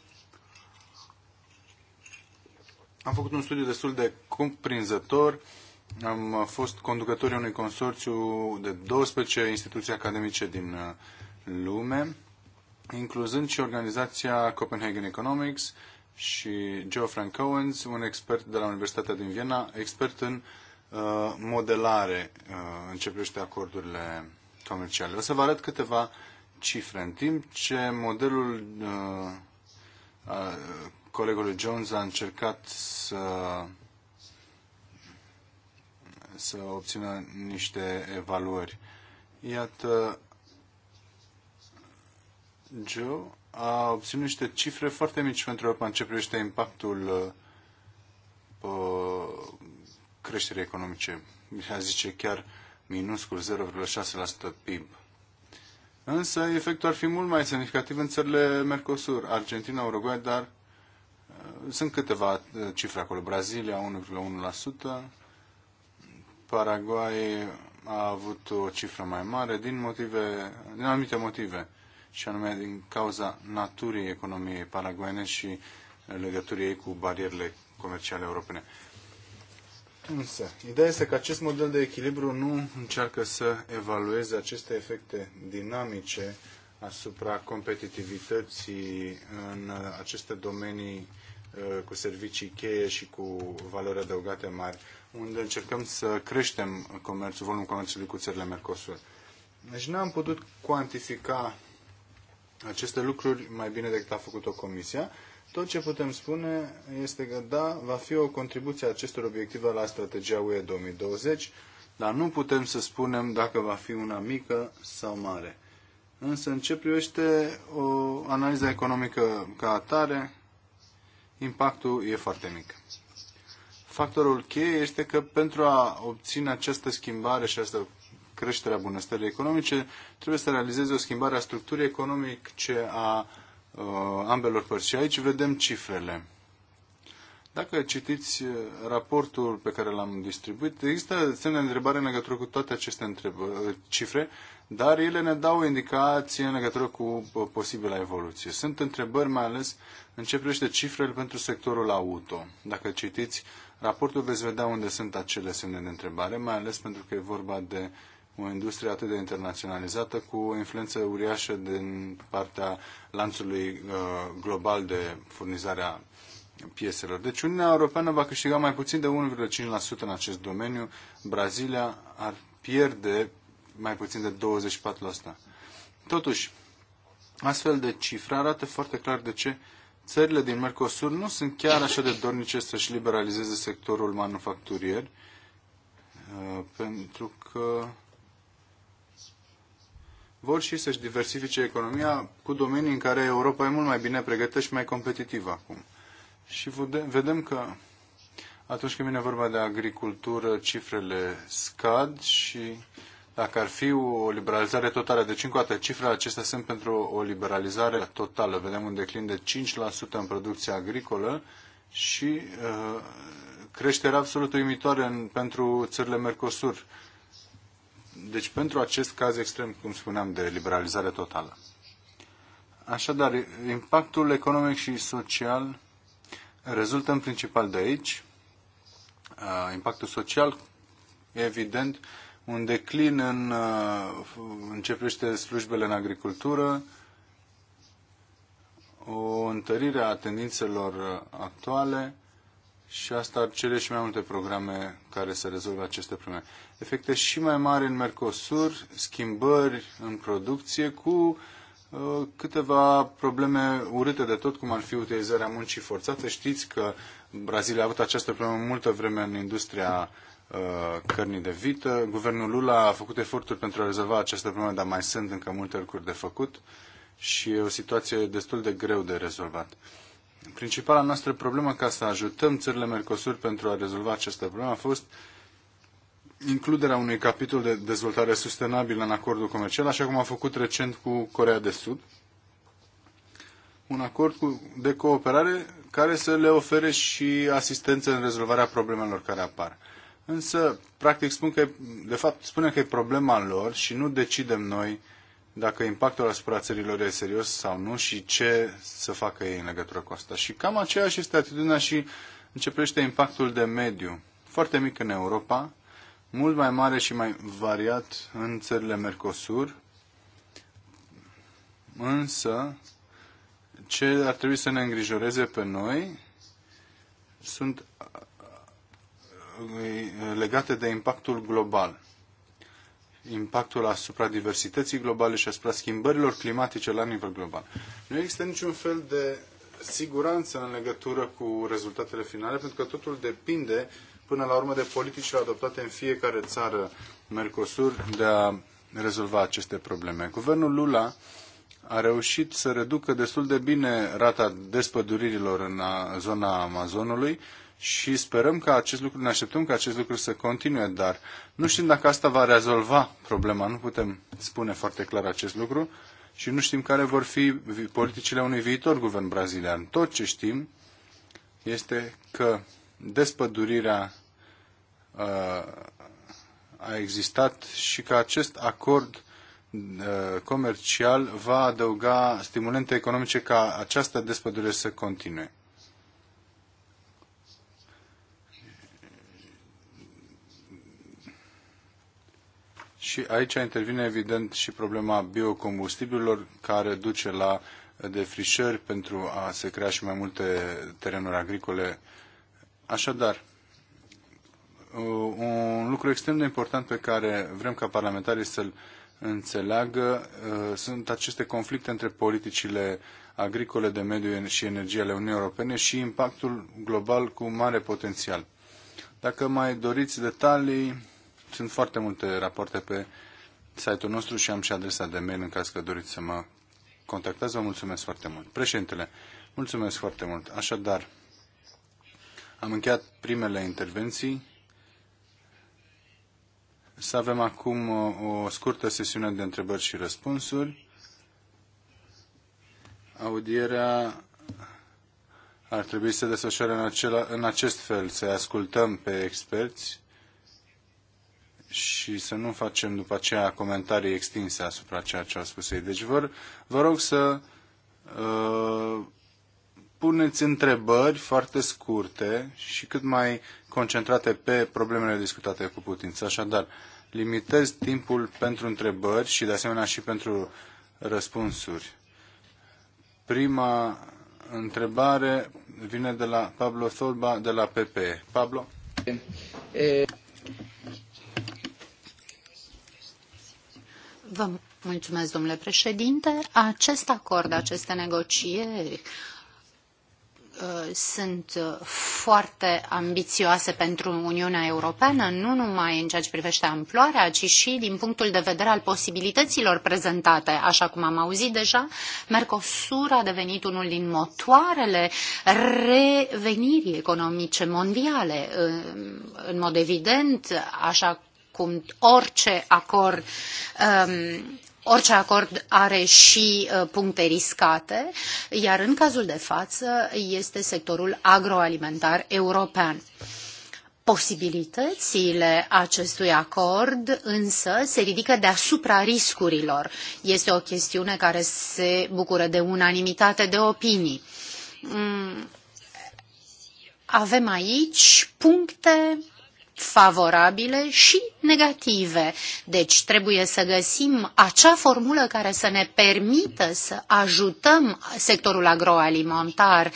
am făcut un studiu destul de cuprinzător. Am fost conducătorii unui consorțiu de 12 instituții academice din uh, lume, incluzând și organizația Copenhagen Economics și Geoffrey Cowens, un expert de la Universitatea din Viena, expert în uh, modelare uh, în ce privește acordurile comerciale. O să vă arăt câteva cifre. În timp ce modelul uh, uh colegului Jones a încercat să să obțină niște evaluări. Iată, Joe a obținut niște cifre foarte mici pentru Europa în ce privește impactul pe uh, creșterii economice. A zice chiar minuscul 0,6% PIB. Însă efectul ar fi mult mai semnificativ în țările Mercosur, Argentina, Uruguay, dar sunt câteva uh, cifre acolo. Brazilia 1,1%, Paraguay a avut o cifră mai mare din motive, din anumite motive, și anume din cauza naturii economiei paraguayene și legăturii ei cu barierele comerciale europene. Însă, ideea este că acest model de echilibru nu încearcă să evalueze aceste efecte dinamice asupra competitivității în aceste domenii Uh, cu servicii cheie și cu valori adăugate mari, unde încercăm să creștem comerțul, volumul comerțului cu țările Mercosur. Deci n-am putut cuantifica aceste lucruri mai bine decât a făcut-o Comisia. Tot ce putem spune este că, da, va fi o contribuție a acestor obiective la strategia UE 2020, dar nu putem să spunem dacă va fi una mică sau mare. Însă, în ce privește o analiză economică ca atare, impactul e foarte mic. Factorul cheie este că pentru a obține această schimbare și această creștere a bunăstării economice, trebuie să realizeze o schimbare a structurii economice a uh, ambelor părți. Și aici vedem cifrele. Dacă citiți uh, raportul pe care l-am distribuit, există semne de întrebare în legătură cu toate aceste uh, cifre dar ele ne dau o indicație în legătură cu uh, posibila evoluție. Sunt întrebări mai ales în ce privește cifrele pentru sectorul auto. Dacă citiți raportul, veți vedea unde sunt acele semne de întrebare, mai ales pentru că e vorba de o industrie atât de internaționalizată cu o influență uriașă din partea lanțului uh, global de furnizare a pieselor. Deci Uniunea Europeană va câștiga mai puțin de 1,5% în acest domeniu. Brazilia ar pierde mai puțin de 24%. Totuși, astfel de cifre arată foarte clar de ce țările din Mercosur nu sunt chiar așa de dornice să-și liberalizeze sectorul manufacturier, uh, pentru că vor și să-și diversifice economia cu domenii în care Europa e mult mai bine pregătită și mai competitivă acum. Și vedem că atunci când vine vorba de agricultură, cifrele scad și dacă ar fi o liberalizare totală, deci încă o dată cifrele acestea sunt pentru o liberalizare totală. Vedem un declin de 5% în producția agricolă și uh, creștere absolut uimitoare în, pentru țările Mercosur. Deci pentru acest caz extrem, cum spuneam, de liberalizare totală. Așadar, impactul economic și social rezultă în principal de aici. Uh, impactul social, evident, un declin în, uh, în ce privește slujbele în agricultură, o întărire a tendințelor actuale și asta ar cere și mai multe programe care să rezolve aceste probleme. Efecte și mai mari în Mercosur, schimbări în producție cu uh, câteva probleme urâte de tot, cum ar fi utilizarea muncii forțate. Știți că Brazilia a avut această problemă multă vreme în industria uh, Uh, cărnii de vită. Guvernul Lula a făcut eforturi pentru a rezolva această problemă, dar mai sunt încă multe lucruri de făcut și e o situație destul de greu de rezolvat. Principala noastră problemă ca să ajutăm țările Mercosur pentru a rezolva această problemă a fost includerea unui capitol de dezvoltare sustenabilă în acordul comercial, așa cum a făcut recent cu Corea de Sud, un acord cu, de cooperare care să le ofere și asistență în rezolvarea problemelor care apar însă practic spun că, de fapt, spunem că e problema lor și nu decidem noi dacă impactul asupra țărilor e serios sau nu și ce să facă ei în legătură cu asta. Și cam aceeași este atitudinea și începește impactul de mediu. Foarte mic în Europa, mult mai mare și mai variat în țările Mercosur, însă ce ar trebui să ne îngrijoreze pe noi sunt legate de impactul global. Impactul asupra diversității globale și asupra schimbărilor climatice la nivel global. Nu există niciun fel de siguranță în legătură cu rezultatele finale, pentru că totul depinde până la urmă de politicile adoptate în fiecare țară Mercosur de a rezolva aceste probleme. Guvernul Lula a reușit să reducă destul de bine rata despăduririlor în zona Amazonului și sperăm că acest lucru, ne așteptăm că acest lucru să continue, dar nu știm dacă asta va rezolva problema, nu putem spune foarte clar acest lucru și nu știm care vor fi politicile unui viitor guvern brazilian. Tot ce știm este că despădurirea uh, a existat și că acest acord uh, comercial va adăuga stimulente economice ca această despădurire să continue. Și aici intervine evident și problema biocombustibililor care duce la defrișări pentru a se crea și mai multe terenuri agricole. Așadar, uh, un lucru extrem de important pe care vrem ca parlamentarii să-l înțeleagă uh, sunt aceste conflicte între politicile agricole de mediu și energie ale Uniunii Europene și impactul global cu mare potențial. Dacă mai doriți detalii, sunt foarte multe rapoarte pe site-ul nostru și am și adresa de mail în caz că doriți să mă contactați. Vă mulțumesc foarte mult. Președintele, mulțumesc foarte mult. Așadar, am încheiat primele intervenții. Să avem acum uh, o scurtă sesiune de întrebări și răspunsuri. Audierea ar trebui să desfășoare în, acela, în acest fel, să ascultăm pe experți și să nu facem după aceea comentarii extinse asupra ceea ce au spus ei. Deci vă, vă rog să uh, puneți întrebări foarte scurte și cât mai concentrate pe problemele discutate cu putință. Așadar, limitez timpul pentru întrebări și de asemenea și pentru răspunsuri. Prima întrebare vine de la Pablo Solba de la PP. Pablo? Vă mulțumesc, domnule președinte. Acest acord, aceste negocieri uh, sunt uh, foarte ambițioase pentru Uniunea Europeană, nu numai în ceea ce privește amploarea, ci și din punctul de vedere al posibilităților prezentate. Așa cum am auzit deja, Mercosur a devenit unul din motoarele revenirii economice mondiale. Uh, în mod evident, așa cum orice acord um, Orice acord are și uh, puncte riscate, iar în cazul de față este sectorul agroalimentar european. Posibilitățile acestui acord însă se ridică deasupra riscurilor. Este o chestiune care se bucură de unanimitate de opinii. Mm, avem aici puncte favorabile și negative. Deci trebuie să găsim acea formulă care să ne permită să ajutăm sectorul agroalimentar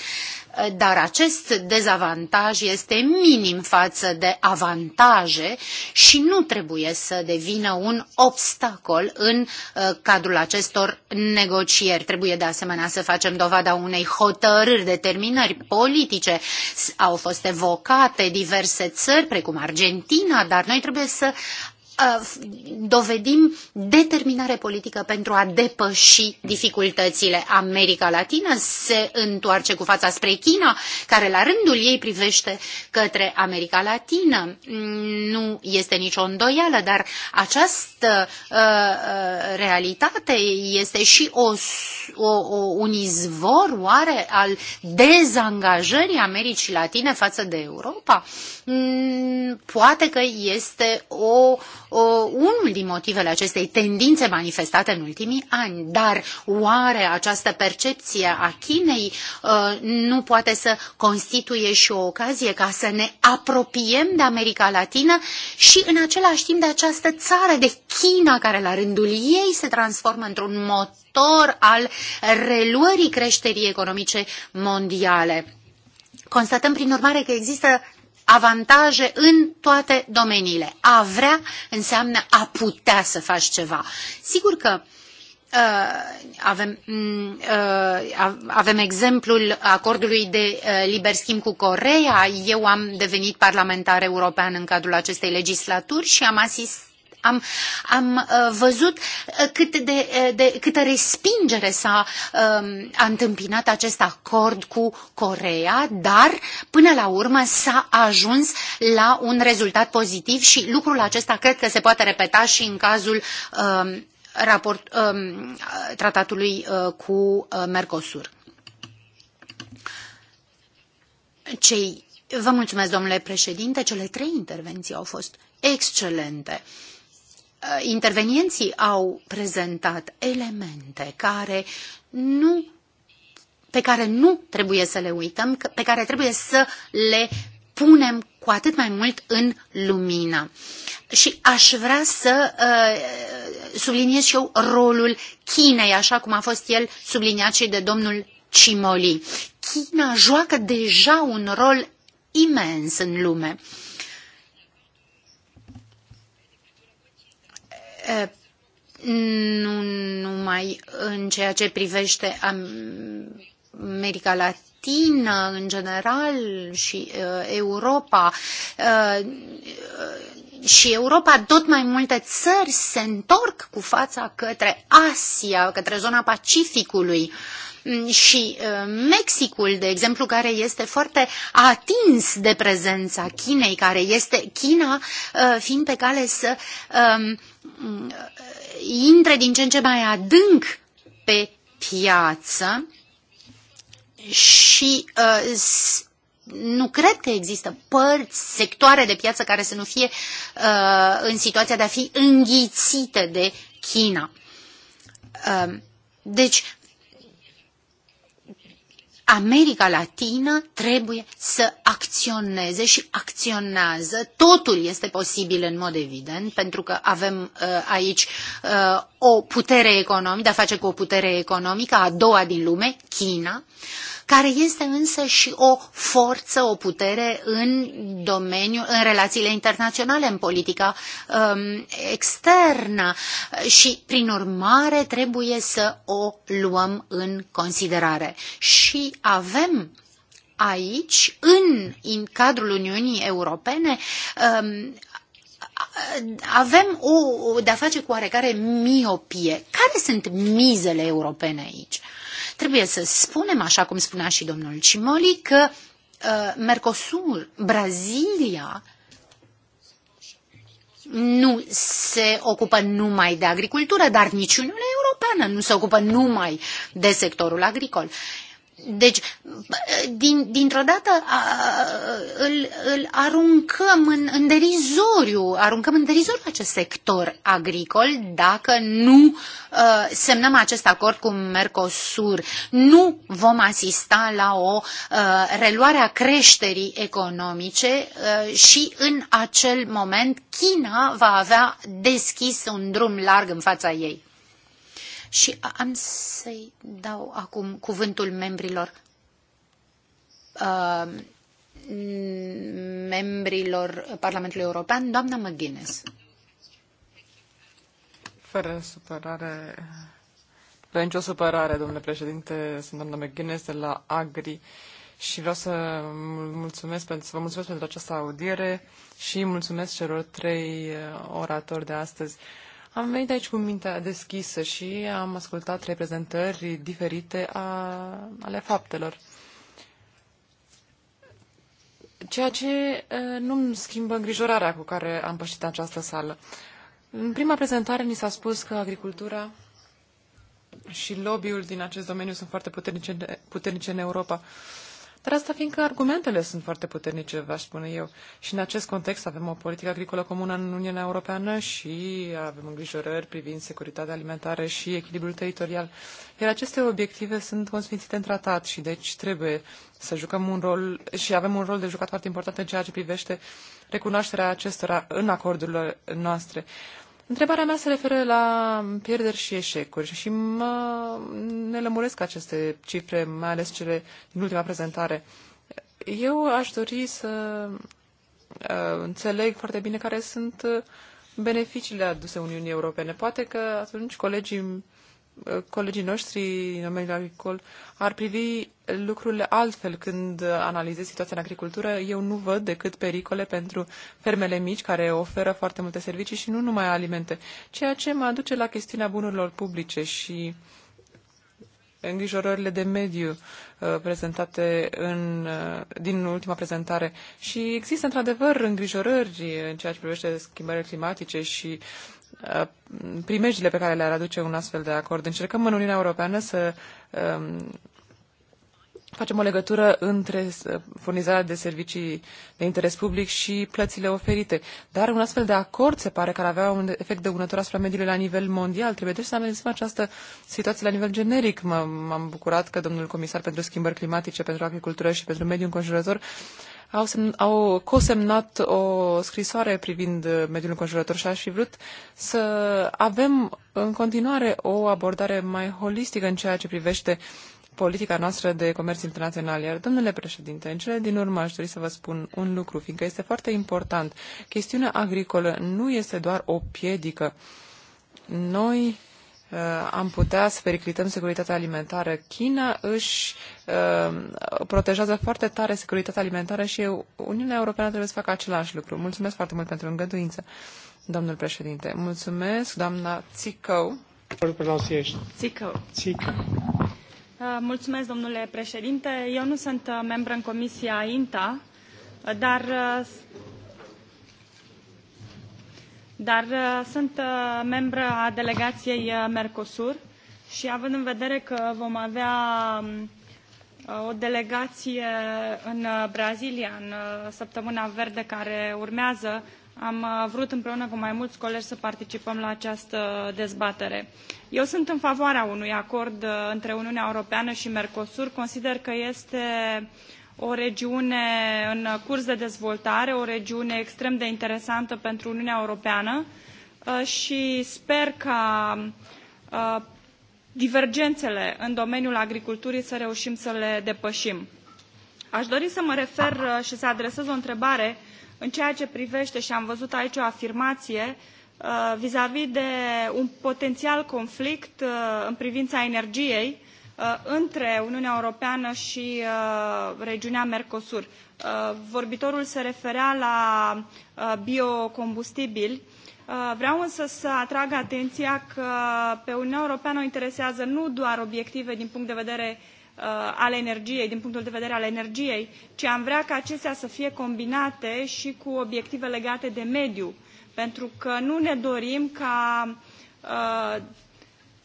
dar acest dezavantaj este minim față de avantaje și nu trebuie să devină un obstacol în uh, cadrul acestor negocieri. Trebuie de asemenea să facem dovada unei hotărâri, determinări politice. Au fost evocate diverse țări, precum Argentina, dar noi trebuie să Uh, dovedim determinare politică pentru a depăși dificultățile. America Latină se întoarce cu fața spre China, care la rândul ei privește către America Latină. Nu este nicio îndoială, dar această uh, uh realitate este și o, o, o, un izvor oare al dezangajării Americii Latine față de Europa? Mm, poate că este o o, unul din motivele acestei tendințe manifestate în ultimii ani. Dar oare această percepție a Chinei uh, nu poate să constituie și o ocazie ca să ne apropiem de America Latină și în același timp de această țară, de China, care la rândul ei se transformă într-un motor al reluării creșterii economice mondiale. Constatăm, prin urmare, că există avantaje în toate domeniile. A vrea înseamnă a putea să faci ceva. Sigur că uh, avem, mm, uh, avem exemplul acordului de uh, liber schimb cu Corea. Eu am devenit parlamentar european în cadrul acestei legislaturi și am asistat am, am uh, văzut uh, cât de, uh, de, câtă respingere s-a um, a întâmpinat acest acord cu Corea, dar până la urmă s-a ajuns la un rezultat pozitiv și lucrul acesta cred că se poate repeta și în cazul um, raport, um, tratatului uh, cu Mercosur. Cei Vă mulțumesc, domnule președinte. Cele trei intervenții au fost excelente. Uh, intervenienții au prezentat elemente care nu, pe care nu trebuie să le uităm, pe care trebuie să le punem cu atât mai mult în lumină. Și aș vrea să uh, subliniez și eu rolul Chinei, așa cum a fost el subliniat și de domnul Cimoli. China joacă deja un rol imens în lume. Uh, nu numai în ceea ce privește America Latină în general și Europa și Europa, tot mai multe țări se întorc cu fața către Asia, către zona Pacificului. Mm, și Mexicul, de exemplu, care este foarte atins de prezența Chinei, care este China fiind pe cale să Mm, intre din ce în ce mai adânc pe piață și uh, nu cred că există părți, sectoare de piață care să nu fie uh, în situația de a fi înghițite de China. Uh, deci, America Latină trebuie să acționeze și acționează. Totul este posibil în mod evident, pentru că avem uh, aici uh, o putere economică, de a face cu o putere economică a doua din lume, China, care este însă și o forță, o putere în domeniul, în relațiile internaționale, în politica um, externă și, prin urmare, trebuie să o luăm în considerare. Și avem aici, în, în cadrul Uniunii Europene, um, avem o, de-a face cu oarecare miopie. Care sunt mizele europene aici? Trebuie să spunem, așa cum spunea și domnul Cimoli, că uh, Mercosur, Brazilia, nu se ocupă numai de agricultură, dar nici Uniunea Europeană nu se ocupă numai de sectorul agricol. Deci, din, dintr-o dată a, îl, îl aruncăm în, în derizoriu, aruncăm în derizoriu acest sector agricol dacă nu a, uh, semnăm acest acord cu Mercosur. Nu vom asista la o a, uh, reluare a creșterii economice a, uh, și în acel moment China va avea deschis un drum larg în fața ei. Și am să-i dau acum cuvântul membrilor uh, membrilor Parlamentului European, doamna McGuinness. Fără supărare, fără nicio supărare, domnule președinte, sunt doamna McGuinness de la Agri și vreau să, mulțumesc pentru, să vă mulțumesc pentru această audiere și mulțumesc celor trei uh, oratori de astăzi. Uh, am venit aici cu mintea deschisă și am ascultat reprezentări diferite a, ale faptelor. Ceea ce nu-mi schimbă îngrijorarea cu care am pășit această sală. În prima prezentare ni s-a spus că agricultura și lobby-ul din acest domeniu sunt foarte puternice, puternice în Europa. Uh, dar asta fiindcă argumentele sunt foarte puternice, v-aș spune eu. Și în acest context avem o politică agricolă comună în Uniunea Europeană și avem îngrijorări privind securitatea alimentară și echilibrul teritorial. Iar aceste obiective sunt consfințite în tratat și deci trebuie să jucăm un rol și avem un rol de jucat foarte important în ceea ce privește recunoașterea acestora în acordurile noastre. Uh, Întrebarea mea se referă la pierderi și eșecuri și mă nelămuresc aceste cifre, mai ales cele din ultima prezentare. Eu aș dori să ă, înțeleg foarte bine care sunt beneficiile aduse Uniunii Europene. Poate că atunci colegii colegii noștri în domeniul agricol ar privi lucrurile altfel când analizez situația în agricultură. Eu nu văd decât pericole pentru fermele mici care oferă foarte multe servicii și nu numai alimente, ceea ce mă aduce la chestiunea bunurilor publice și îngrijorările de mediu uh, prezentate în, uh, din ultima prezentare. Și există într-adevăr îngrijorări în ceea ce privește schimbările climatice și primejdile pe care le-ar aduce un astfel de acord. Încercăm în Uniunea Europeană să um, facem o legătură între uh, furnizarea de servicii de interes public și plățile oferite. Dar un astfel de acord se pare că ar avea un efect dăunător asupra mediului la nivel mondial. Trebuie deci să analizăm această situație la nivel generic. M-am bucurat că domnul comisar pentru schimbări climatice, pentru agricultură și pentru mediul înconjurător au, semn, au cosemnat o scrisoare privind uh, mediul înconjurător și aș fi vrut să avem în continuare o abordare mai holistică în ceea ce privește politica noastră de comerț internațional. Iar, domnule președinte, în cele din urmă aș dori să vă spun un lucru, fiindcă este foarte important. Chestiunea agricolă nu este doar o piedică. Noi Uh, am putea să periclităm securitatea alimentară. China își uh, protejează foarte tare securitatea alimentară și Uniunea Europeană trebuie să facă același lucru. Mulțumesc foarte mult pentru îngăduință, domnul președinte. Mulțumesc, doamna Țicău. Țicău. Țicău. Uh, mulțumesc, domnule președinte. Eu nu sunt membră în Comisia INTA, dar dar uh, sunt uh, membră a delegației uh, Mercosur și având în vedere că vom avea um, o delegație în Brazilia în săptămâna verde care urmează, am vrut împreună cu mai mulți colegi să participăm la această dezbatere. Eu sunt în favoarea unui acord între Uniunea Europeană și Mercosur. Consider că este o regiune în curs de dezvoltare, o regiune extrem de interesantă pentru Uniunea Europeană uh, și sper ca uh, divergențele în domeniul agriculturii să reușim să le depășim. Aș dori să mă refer uh, și să adresez o întrebare în ceea ce privește, și am văzut aici o afirmație, vis-a-vis de un potențial conflict în privința energiei, Uh, între Uniunea Europeană și uh, regiunea Mercosur. Uh, vorbitorul se referea la biocombustibili. Vreau însă să atrag atenția că pe Uniunea Europeană o interesează nu doar obiective din punct de vedere al energiei, din punctul de vedere al energiei, ci am vrea ca acestea să fie combinate și cu obiective legate de mediu, pentru că nu ne dorim ca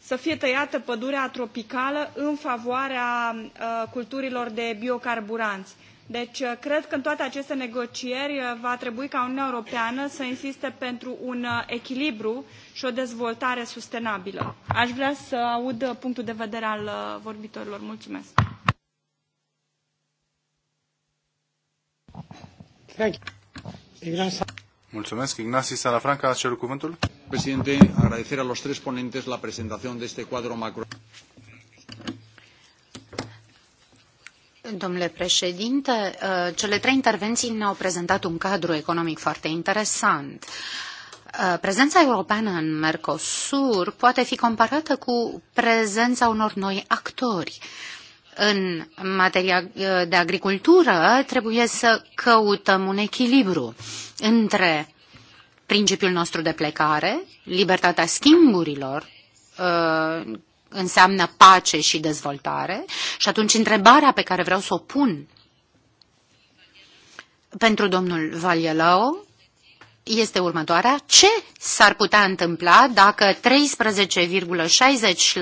să fie tăiată pădurea tropicală în favoarea uh, culturilor de biocarburanți. Deci, uh, cred că în toate aceste negocieri uh, va trebui ca Uniunea Europeană să insiste pentru un echilibru și o dezvoltare sustenabilă. Aș vrea să aud punctul de vedere al vorbitorilor. Mulțumesc! Mulțumesc. Ignasi Salafranca a cerut cuvântul presidente. Agradecer a los tres ponentes la presentación de este cuadro macro. Domnule președinte, uh, cele trei intervenții ne-au prezentat un cadru economic foarte interesant. Uh, prezența europeană în Mercosur poate fi comparată cu prezența unor noi actori. În materia uh, de agricultură trebuie să căutăm un echilibru între principiul nostru de plecare, libertatea schimburilor uh, înseamnă pace și dezvoltare și atunci întrebarea pe care vreau să o pun pentru domnul Valielau este următoarea. Ce s-ar putea întâmpla dacă 13,60%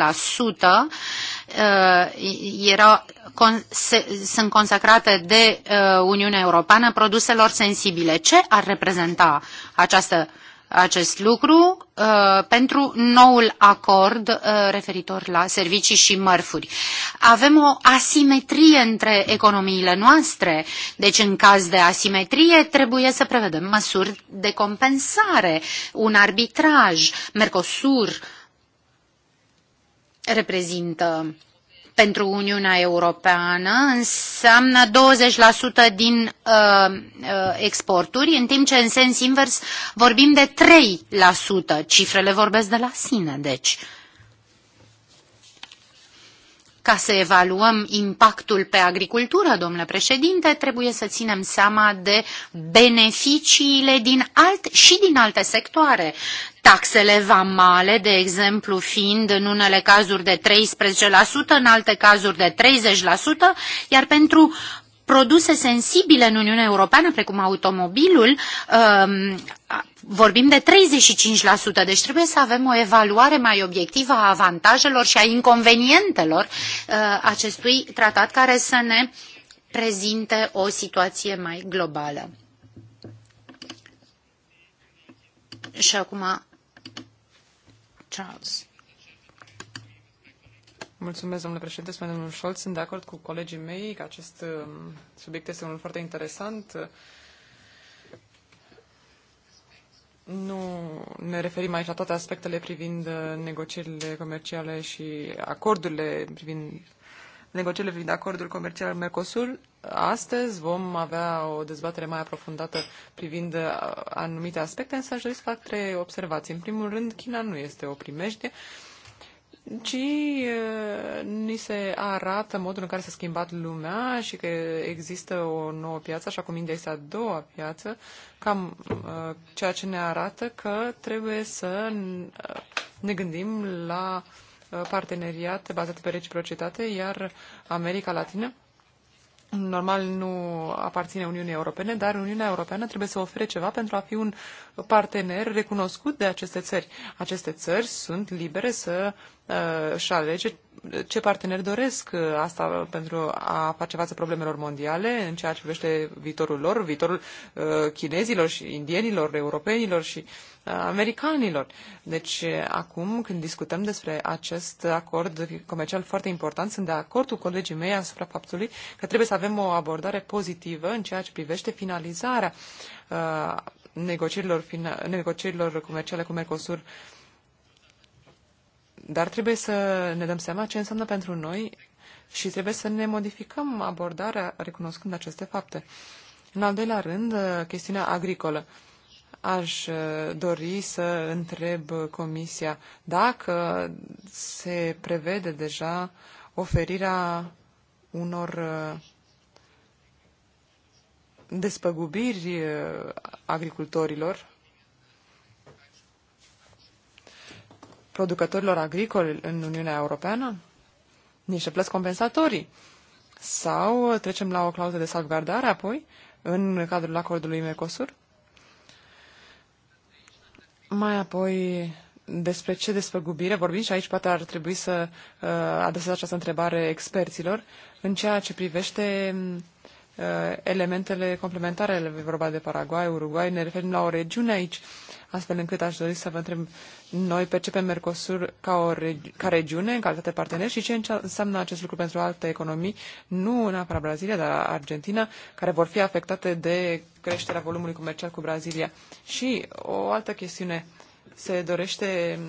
Uh, erau, con, se, sunt consacrate de uh, Uniunea Europeană produselor sensibile. Ce ar reprezenta această, acest lucru uh, pentru noul acord referitor la servicii și mărfuri? Avem o asimetrie între economiile noastre, deci în caz de asimetrie trebuie să prevedem măsuri de compensare, un arbitraj, Mercosur, reprezintă pentru Uniunea Europeană înseamnă 20% din uh, uh, exporturi, în timp ce în sens invers vorbim de 3%. Cifrele vorbesc de la sine, deci. Uh, ca să evaluăm impactul pe agricultură, domnule președinte, trebuie să ținem seama de beneficiile din alt și din alte sectoare. Taxele vamale, de exemplu, fiind în unele cazuri de 13%, în alte cazuri de 30%, iar pentru produse sensibile în Uniunea Europeană, precum automobilul, um, vorbim de 35%, deci trebuie să avem o evaluare mai obiectivă a avantajelor și a inconvenientelor uh, acestui tratat care să ne prezinte o situație mai globală. Și acum, Charles. Mulțumesc, domnule președinte, spune domnul Scholz. Sunt de acord cu colegii mei că acest um, subiect este unul foarte interesant. Nu ne referim aici la toate aspectele privind uh, negocierile comerciale și acordurile privind negocierile privind acordul comercial Mercosur. Astăzi vom avea o dezbatere mai aprofundată privind uh, anumite aspecte, însă aș dori să fac trei observații. În primul rând, China nu este o primejdie ci uh, ni se arată modul în care s-a schimbat lumea și că există o nouă piață, așa cum India este a doua piață, cam uh, ceea ce ne arată că trebuie să uh, ne gândim la parteneriate bazate pe reciprocitate, iar America Latină normal nu aparține Uniunii Europene, dar Uniunea Europeană trebuie să ofere ceva pentru a fi un partener recunoscut de aceste țări. Aceste țări sunt libere să Uh, și alege ce parteneri doresc uh, asta pentru a face față problemelor mondiale în ceea ce privește viitorul lor, viitorul uh, chinezilor și indienilor, europenilor și americanilor. Deci acum când discutăm despre acest acord comercial foarte important, sunt de acord cu colegii mei asupra faptului că trebuie să avem o abordare pozitivă în ceea ce privește finalizarea negocierilor, negocierilor comerciale cu Mercosur uh, dar trebuie să ne dăm seama ce înseamnă pentru noi și trebuie să ne modificăm abordarea recunoscând aceste fapte. În al doilea rând, chestiunea agricolă. Aș uh, dori să întreb Comisia dacă se prevede deja oferirea unor uh, despăgubiri uh, agricultorilor producătorilor agricoli în Uniunea Europeană? Niște plăți compensatorii. Sau trecem la o clauză de salvgardare apoi, în cadrul acordului Mercosur? Mai apoi, despre ce despăgubire vorbim și aici poate ar trebui să uh, adresez această întrebare experților în ceea ce privește Uh, elementele complementare, ele vorba de Paraguay, Uruguay, ne referim la o regiune aici, astfel încât aș dori să vă întreb, noi percepem Mercosur ca, o regi- ca regiune, în calitate partener și ce înseamnă acest lucru pentru alte economii, nu neapărat Brazilia, dar Argentina, care vor fi afectate de creșterea volumului comercial cu Brazilia. Și o altă chestiune, se dorește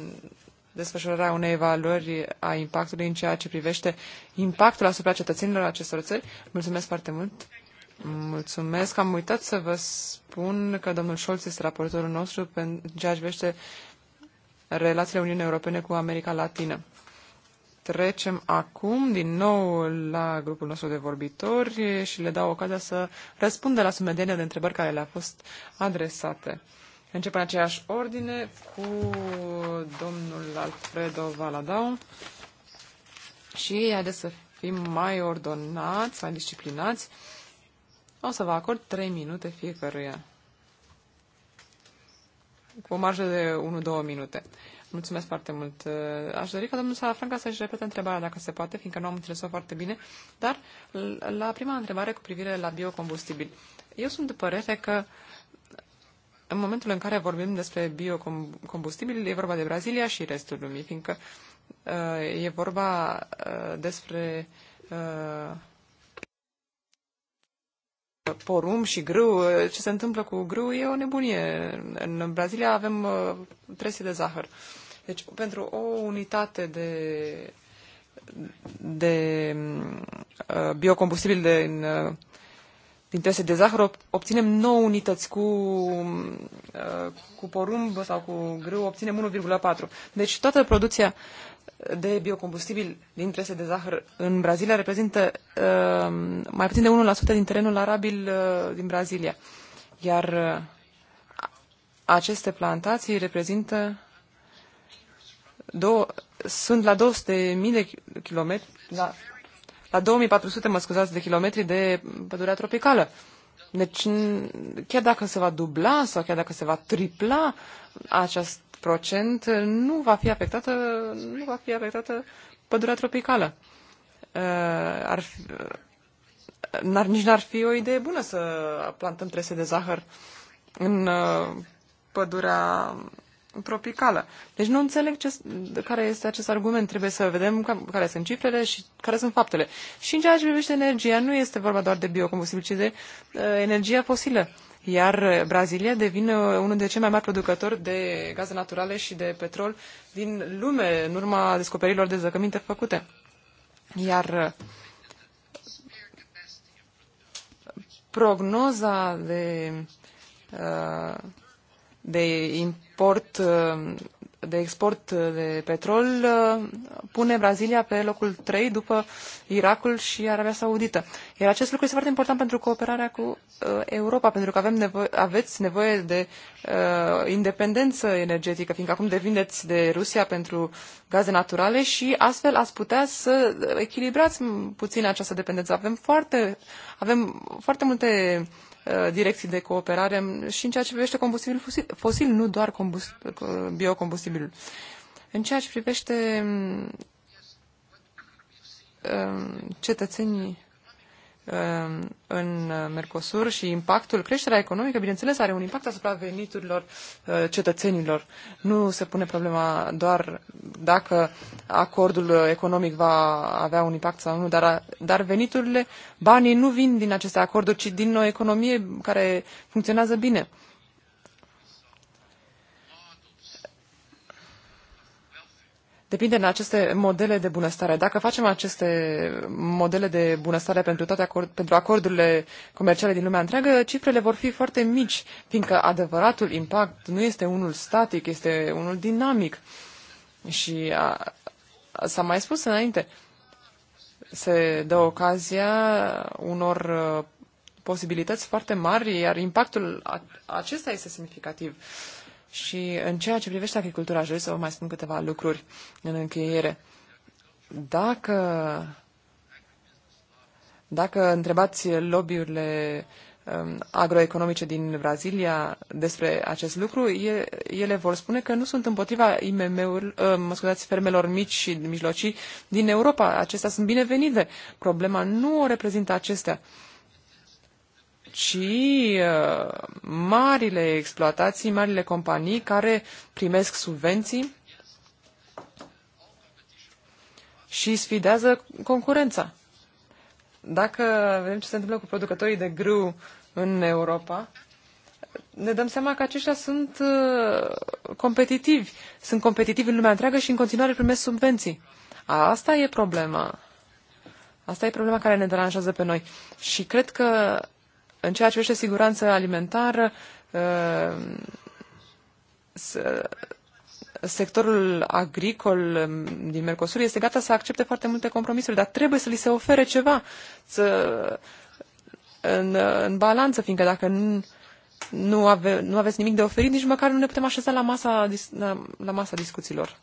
desfășurarea unei evaluări a impactului în ceea ce privește impactul asupra cetățenilor acestor țări. Mulțumesc foarte mult! Mulțumesc. Am uitat să vă spun că domnul Scholz este raportorul nostru pentru ceea ce vește relațiile Uniunii Europene cu America Latină. Trecem acum din nou la grupul nostru de vorbitori și le dau ocazia să răspundă la sumedenia de întrebări care le-a fost adresate. Începem aceeași ordine cu domnul Alfredo Valadau și haideți să fim mai ordonați, mai disciplinați. O să vă acord 3 minute fiecăruia. Cu o marjă de 1-2 minute. Mulțumesc foarte mult. Aș dori ca domnul Salafranca să-și repete întrebarea dacă se poate, fiindcă nu am înțeles-o foarte bine, dar la prima întrebare cu privire la biocombustibil. Eu sunt de părere că în momentul în care vorbim despre biocombustibili, e vorba de Brazilia și restul lumii, fiindcă uh, e vorba uh, despre uh, porumb și grâu. Uh, ce se întâmplă cu grâu e o nebunie. În Brazilia avem presie uh, de zahăr. Deci, pentru o unitate de de mm, uh, biocombustibil de, din trese de zahăr, obținem 9 unități cu, mm, cu porumb sau cu grâu, obținem 1,4. Deci toată producția de biocombustibil din trese de zahăr în Brazilia reprezintă uh, mai puțin de 1% din terenul arabil uh, din Brazilia. Iar uh, aceste plantații reprezintă două, sunt la 200.000 de kilometri, la, la 2400, mă scuzați, de kilometri de pădurea tropicală. Deci, chiar dacă se va dubla sau chiar dacă se va tripla aceast, procent nu va fi afectată, nu va fi afectată pădurea tropicală. Uh, ar fi, uh, n-ar, nici n-ar fi o idee bună să plantăm trese de zahăr în uh, pădurea tropicală. Deci nu înțeleg ce, care este acest argument. Trebuie să vedem care sunt cifrele și care sunt faptele. Și în ceea ce privește energia, nu este vorba doar de biocombustibil, ci de uh, energia fosilă. Uh, iar eh, Brazilia devine eh, unul dintre cei mai mari producători de gaze naturale și de petrol din lume, în urma descoperirilor de zăcăminte făcute. Iar eh, prognoza de, de import de export de petrol uh, pune Brazilia pe locul 3 după Irakul și Arabia Saudită. Iar acest lucru este foarte important pentru cooperarea cu uh, Europa, pentru că avem nevo- aveți nevoie de uh, independență energetică, fiindcă acum devindeți de Rusia pentru gaze naturale și astfel ați putea să echilibrați puțin această dependență. Avem foarte, avem foarte multe uh, Uh, direcții de cooperare și în ceea ce privește combustibilul fosil, fosil nu doar uh, biocombustibilul. În ceea ce privește um, cetățenii Um, în Mercosur și impactul, creșterea economică, bineînțeles, are un impact asupra veniturilor uh, cetățenilor. Nu se pune problema doar dacă acordul economic va avea un impact sau nu, dar, dar veniturile, banii nu vin din aceste acorduri, ci din o economie care funcționează bine. depinde în aceste modele de bunăstare. Dacă facem aceste modele de bunăstare pentru toate acord, pentru acordurile comerciale din lumea întreagă, cifrele vor fi foarte mici, fiindcă adevăratul impact nu este unul static, este unul dinamic. Și a, s-a mai spus înainte, se dă ocazia unor uh, posibilități foarte mari, iar impactul acesta este semnificativ. Uh, și în ceea ce privește agricultura, aș să vă mai spun câteva lucruri în încheiere. Dacă, dacă întrebați lobby-urile um, agroeconomice din Brazilia despre acest lucru, ele vor spune că nu sunt împotriva IMM-urilor, uh, mă scuzați, fermelor mici și mijlocii din Europa. Acestea sunt binevenite. Problema nu o reprezintă acestea ci uh, marile exploatații, marile companii care primesc subvenții și sfidează concurența. Dacă vedem ce se întâmplă cu producătorii de grâu în Europa, ne dăm seama că aceștia sunt uh, competitivi. Sunt competitivi în lumea întreagă și în continuare primesc subvenții. Asta e problema. Asta e problema care ne deranjează pe noi. Și cred că în ceea ce privește siguranța alimentară, uh, sectorul agricol um, din Mercosur este gata să accepte foarte multe compromisuri, dar trebuie să li se ofere ceva să, în, în balanță, fiindcă dacă nu, nu, ave, nu aveți nimic de oferit, nici măcar nu ne putem așeza la masa, la, la masa discuțiilor.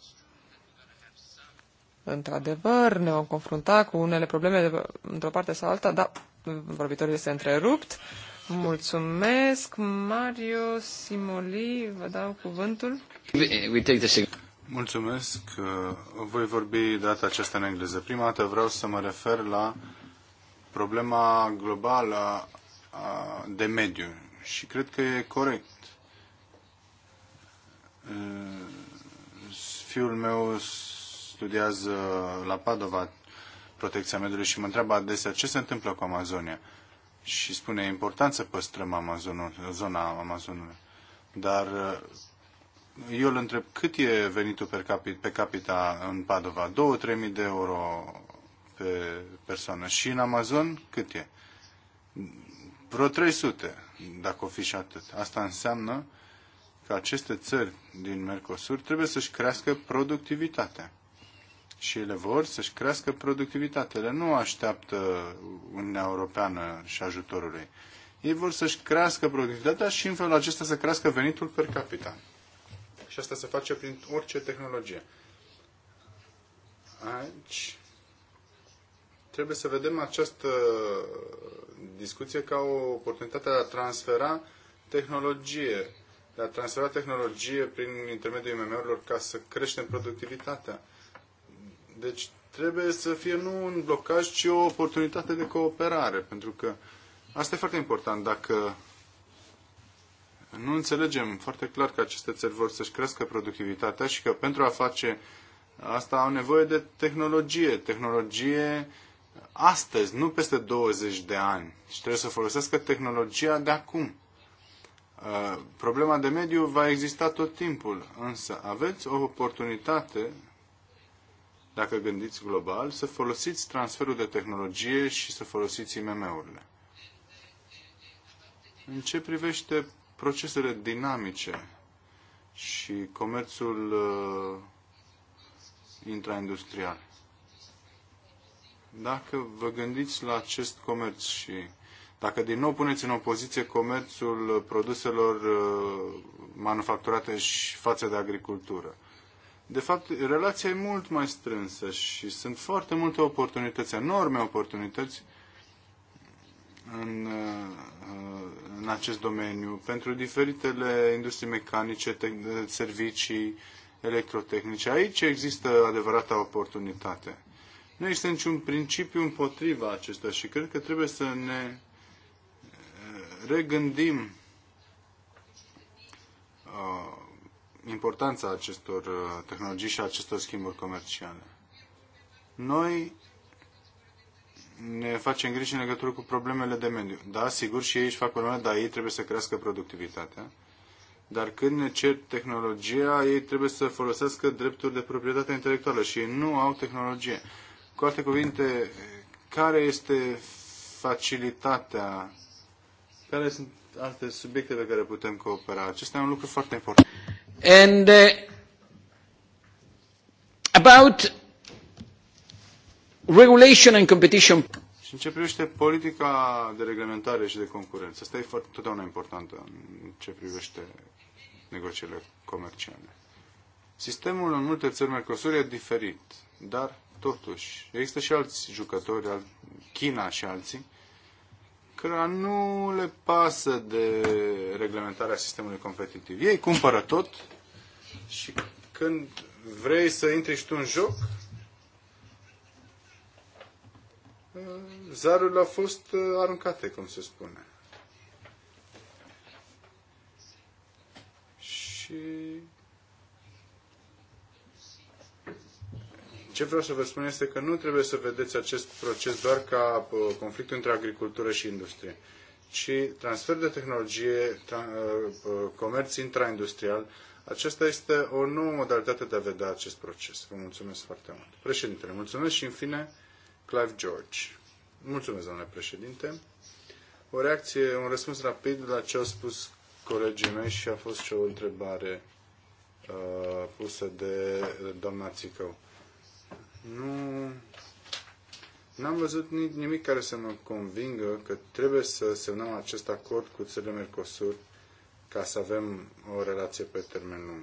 Într-adevăr, ne vom confrunta cu unele probleme de, într-o parte sau alta, dar vorbitorul este întrerupt. Mulțumesc, Mario Simoli, vă dau cuvântul. Mulțumesc. Uh, voi vorbi data aceasta în engleză. Prima dată vreau să mă refer la problema globală de mediu și cred că e corect. Uh, fiul meu studiază la Padova protecția mediului și mă întreabă adesea ce se întâmplă cu Amazonia. Și spune, e important să păstrăm Amazonul, zona Amazonului. Dar uh, eu îl întreb cât e venitul per capita, pe capita în Padova? 2-3 mii de euro pe persoană. Și în Amazon cât e? Vreo 300, dacă o fi și atât. Asta înseamnă că aceste țări din Mercosur trebuie să-și crească productivitatea și ele vor să-și crească productivitatea. Ele nu așteaptă Uniunea Europeană și ajutorul ei. Ei vor să-și crească productivitatea și în felul acesta să crească venitul per capita. Și asta se face prin orice tehnologie. Aici trebuie să vedem această discuție ca o oportunitate de a transfera tehnologie, de a transfera tehnologie prin intermediul IMM-urilor ca să creștem productivitatea deci trebuie să fie nu un blocaj, ci o oportunitate de cooperare, pentru că asta e foarte important. Dacă nu înțelegem foarte clar că aceste țări vor să-și crească productivitatea și că pentru a face asta au nevoie de tehnologie. Tehnologie astăzi, nu peste 20 de ani. Și trebuie să folosească tehnologia de acum. Uh, problema de mediu va exista tot timpul, însă aveți o oportunitate dacă gândiți global, să folosiți transferul de tehnologie și să folosiți IMM-urile. În ce privește procesele dinamice și comerțul uh, intraindustrial, dacă vă gândiți la acest comerț și dacă din nou puneți în opoziție comerțul produselor uh, manufacturate și față de agricultură, de fapt, relația e mult mai strânsă și sunt foarte multe oportunități, enorme oportunități în, uh, în acest domeniu pentru diferitele industrii mecanice, servicii, electrotehnice. Aici există adevărata oportunitate. Nu există niciun principiu împotriva acesta și cred că trebuie să ne uh, regândim uh, importanța acestor uh, tehnologii și acestor schimburi comerciale. Noi ne facem griji în legătură cu problemele de mediu. Da, sigur, și ei își fac probleme. dar ei trebuie să crească productivitatea. Dar când ne cer tehnologia, ei trebuie să folosească drepturi de proprietate intelectuală și ei nu au tehnologie. Cu alte cuvinte, care este facilitatea? Care sunt alte subiecte pe care putem coopera? Acesta e un lucru foarte important. And uh, about regulation and competition. Și în ce privește politica de reglementare și de concurență, asta e foarte, totdeauna importantă în ce privește negocierile comerciale. Sistemul în multe țări Mercosur e diferit, dar totuși există și alți jucători, China și alții, care nu le pasă de reglementarea sistemului competitiv. Ei cumpără tot și când vrei să intri și tu în joc, zarul a fost uh, aruncate, cum se spune. Și ce vreau să vă spun este că nu trebuie să vedeți acest proces doar ca uh, conflictul între agricultură și industrie, ci transfer de tehnologie, uh, comerț intraindustrial, aceasta este o nouă modalitate de a vedea acest proces. Vă mulțumesc foarte mult. Președintele, mulțumesc și în fine Clive George. Mulțumesc, domnule președinte. O reacție, un răspuns rapid la ce au spus colegii mei și a fost și o întrebare uh, pusă de doamna Țicău. Nu... N-am văzut nimic care să mă convingă că trebuie să semnăm acest acord cu țările Mercosur ca să avem o relație pe termen lung.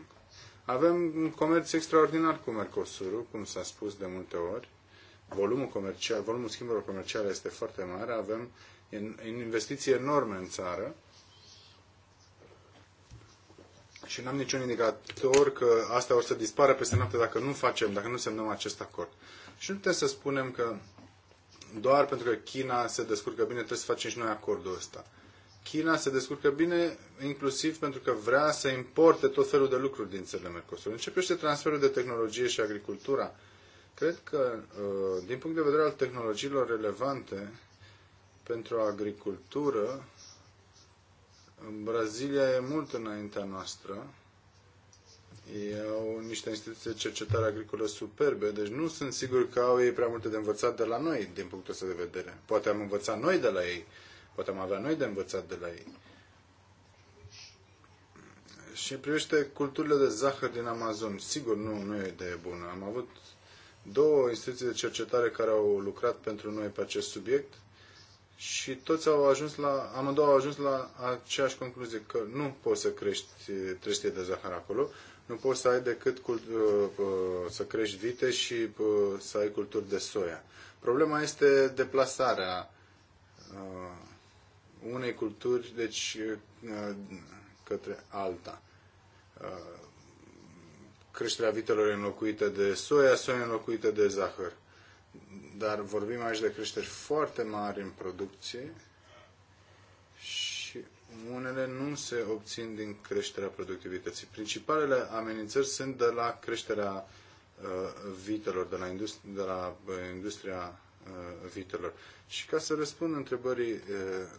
Avem un comerț extraordinar cu Mercosurul, cum s-a spus de multe ori. Volumul, comercial, volumul schimburilor comerciale este foarte mare. Avem investiții enorme în țară și n-am niciun indicator că asta o să dispară peste noapte dacă nu facem, dacă nu semnăm acest acord. Și nu putem să spunem că doar pentru că China se descurcă bine trebuie să facem și noi acordul ăsta. China se descurcă bine, inclusiv pentru că vrea să importe tot felul de lucruri din țările Mercosur. Începește transferul de tehnologie și agricultura. Cred că, uh, din punct de vedere al tehnologiilor relevante pentru agricultură, Brazilia e mult înaintea noastră. Ei au niște instituții de cercetare agricolă superbe, deci nu sunt sigur că au ei prea multe de învățat de la noi, din punctul ăsta de vedere. Poate am învățat noi de la ei, putem avea noi de învățat de la ei. Și privește culturile de zahăr din Amazon. Sigur, nu, nu e o idee bună. Am avut două instituții de cercetare care au lucrat pentru noi pe acest subiect și toți au ajuns la, amândouă au ajuns la aceeași concluzie, că nu poți să crești trestie de zahăr acolo, nu poți să ai decât cult, uh, uh, să crești vite și uh, să ai culturi de soia. Problema este deplasarea unei culturi, deci către alta. Creșterea vitelor înlocuită de soia, soia înlocuită de zahăr. Dar vorbim aici de creșteri foarte mari în producție și unele nu se obțin din creșterea productivității. Principalele amenințări sunt de la creșterea vitelor, de la, de la industria Uh, vitelor. Și ca să răspund întrebării uh,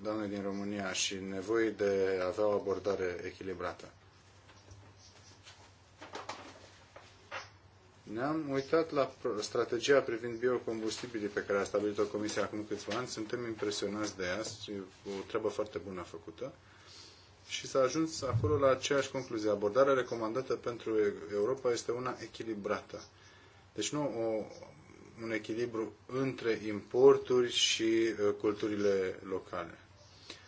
doamnei din România și nevoii de a avea o abordare echilibrată. Ne-am uitat la strategia privind biocombustibilii pe care a stabilit-o Comisia acum câțiva ani. Suntem impresionați de ea. E o treabă foarte bună făcută. Și s-a ajuns acolo la aceeași concluzie. Abordarea recomandată pentru Europa este una echilibrată. Deci nu o un echilibru între importuri și uh, culturile locale.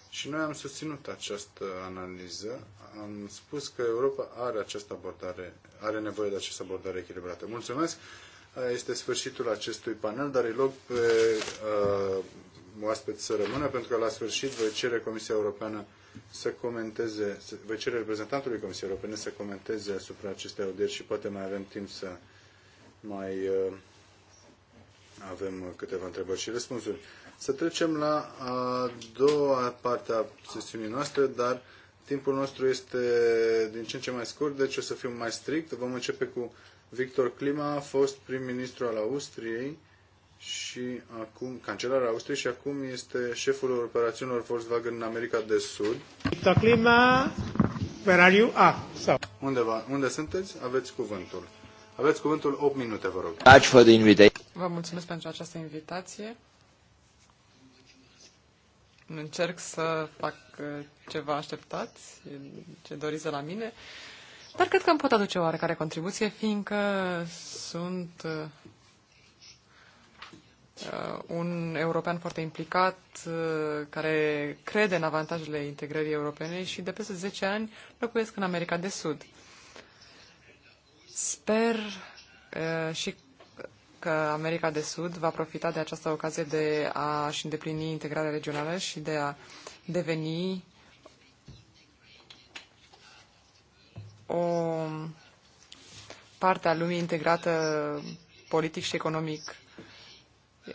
Și noi am susținut această analiză, am spus că Europa are această abordare, are nevoie de această abordare echilibrată. Mulțumesc! Uh, este sfârșitul acestui panel, dar îi loc pe uh, oaspeți să rămână, pentru că la sfârșit voi cere Comisia Europeană să comenteze, voi cere reprezentantului Comisiei Europene să comenteze asupra acestei audieri și poate mai avem timp să mai uh, avem câteva întrebări și răspunsuri. Să trecem la a doua parte a sesiunii noastre, dar timpul nostru este din ce în ce mai scurt, deci o să fim mai strict. Vom începe cu Victor Klima, a fost prim-ministru al Austriei și acum cancelar al Austriei și acum este șeful operațiunilor Volkswagen în America de Sud. Victor Klima, where are you? Ah, so. Undeva, unde sunteți? Aveți cuvântul. Aveți cuvântul 8 minute, vă rog. Taci for the invitation. Vă mulțumesc pentru această invitație. Încerc să fac uh, ce vă așteptați, ce doriți de la mine, dar cred că îmi pot aduce oarecare contribuție, fiindcă sunt uh, un european foarte implicat, uh, care crede în avantajele integrării europene și de peste 10 ani locuiesc în America de Sud. Sper și că America de Sud va profita de această ocazie de a-și îndeplini integrarea regională și de a deveni o parte a lumii integrată politic și economic.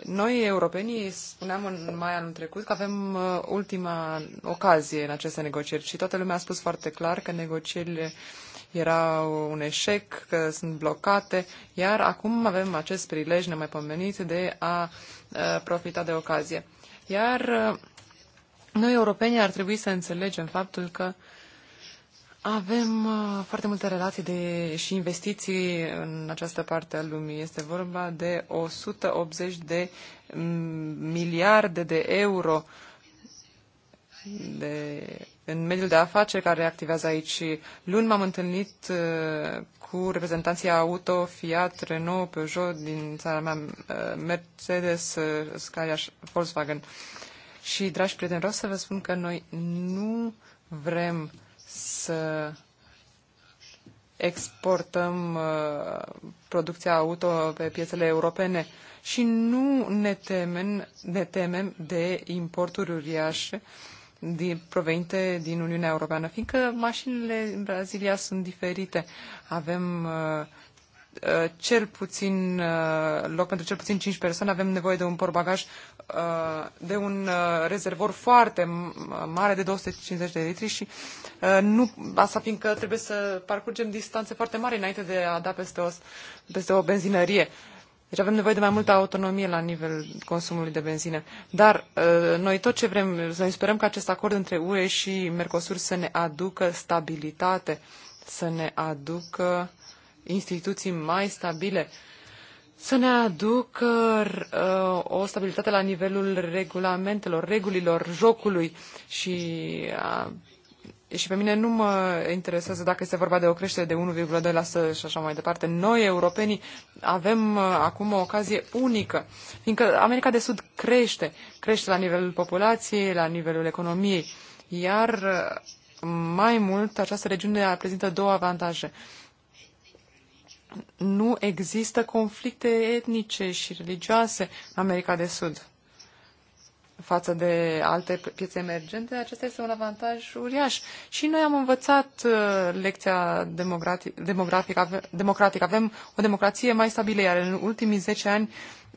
Noi, europenii, spuneam în mai anul trecut că avem uh, ultima ocazie în aceste negocieri și toată lumea a spus foarte clar că negocierile uh, era un eșec, că sunt blocate, iar acum avem acest prilej nemaipomenit de a uh, profita de ocazie. Iar uh, noi, europenii, ar trebui să înțelegem faptul că avem uh, foarte multe relații de, și investiții în această parte a lumii. Este vorba de 180 de mm, miliarde de euro de în mediul de afaceri care activează aici. Luni m-am întâlnit uh, cu reprezentanții Auto, Fiat, Renault, Peugeot din țara mea, uh, Mercedes, uh, Scania și Volkswagen. Și, dragi prieteni, vreau să vă spun că noi nu vrem să exportăm producția auto pe piețele europene și nu ne temem, ne temem de importuri uriașe uh, din, provenite din Uniunea Europeană, fiindcă mașinile în Brazilia sunt diferite. Avem uh, uh, cel puțin uh, loc pentru cel puțin 5 persoane, avem nevoie de un porbagaj, uh, de un uh, rezervor foarte mare de 250 de litri și uh, nu, asta fiindcă trebuie să parcurgem distanțe foarte mari înainte de a da peste o, peste o benzinărie. Deci avem nevoie de mai multă autonomie la nivel consumului de benzină. Dar ă, noi tot ce vrem, ne sperăm că acest acord între UE și Mercosur să ne aducă stabilitate, să ne aducă instituții mai stabile, să ne aducă ă, o stabilitate la nivelul regulamentelor, regulilor jocului și a și pe mine nu mă interesează dacă este vorba de o creștere de 1,2% și așa mai departe. Noi, europenii, avem uh, acum o ocazie unică, fiindcă America de Sud crește, crește la nivelul populației, la nivelul economiei, iar uh, mai mult această regiune prezintă două avantaje. Nu există conflicte etnice și religioase în America de Sud față de alte piețe emergente, acesta este un avantaj uriaș. Și noi am învățat uh, lecția democratic, democratic. Avem o democrație mai stabilă, iar în ultimii 10 ani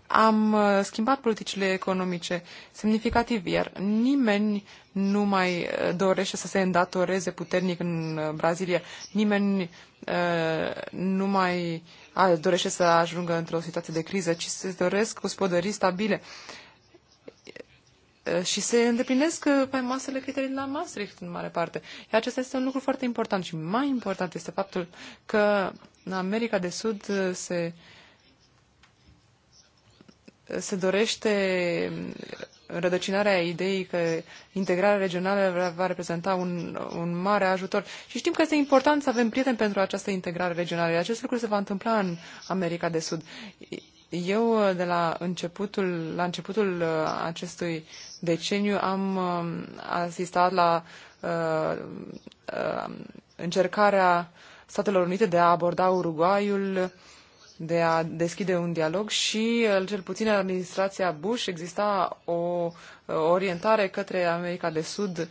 am uh, schimbat politicile economice semnificativ, iar nimeni nu mai uh, dorește să se îndatoreze puternic în Brazilia. Nimeni nu mai dorește să ajungă într-o situație de criză, ci se doresc gospodării stabile. Eh, și se îndeplinesc eh, pe masele criteriile la Maastricht, în mare parte. Iar acesta este un lucru foarte important și mai important este faptul că în America de Sud eh, se, se dorește mm, rădăcinarea ideii că integrarea regională va reprezenta un, un mare ajutor. Și știm că este important să avem prieteni pentru această integrare regională. Acest lucru se va întâmpla în America de Sud. Eu, uh, de la începutul, la începutul uh, acestui deceniu, am um, asistat la uh, uh, încercarea Statelor Unite de a aborda Uruguayul, de a deschide un dialog și, uh, cel puțin, în administrația Bush exista o orientare către America de Sud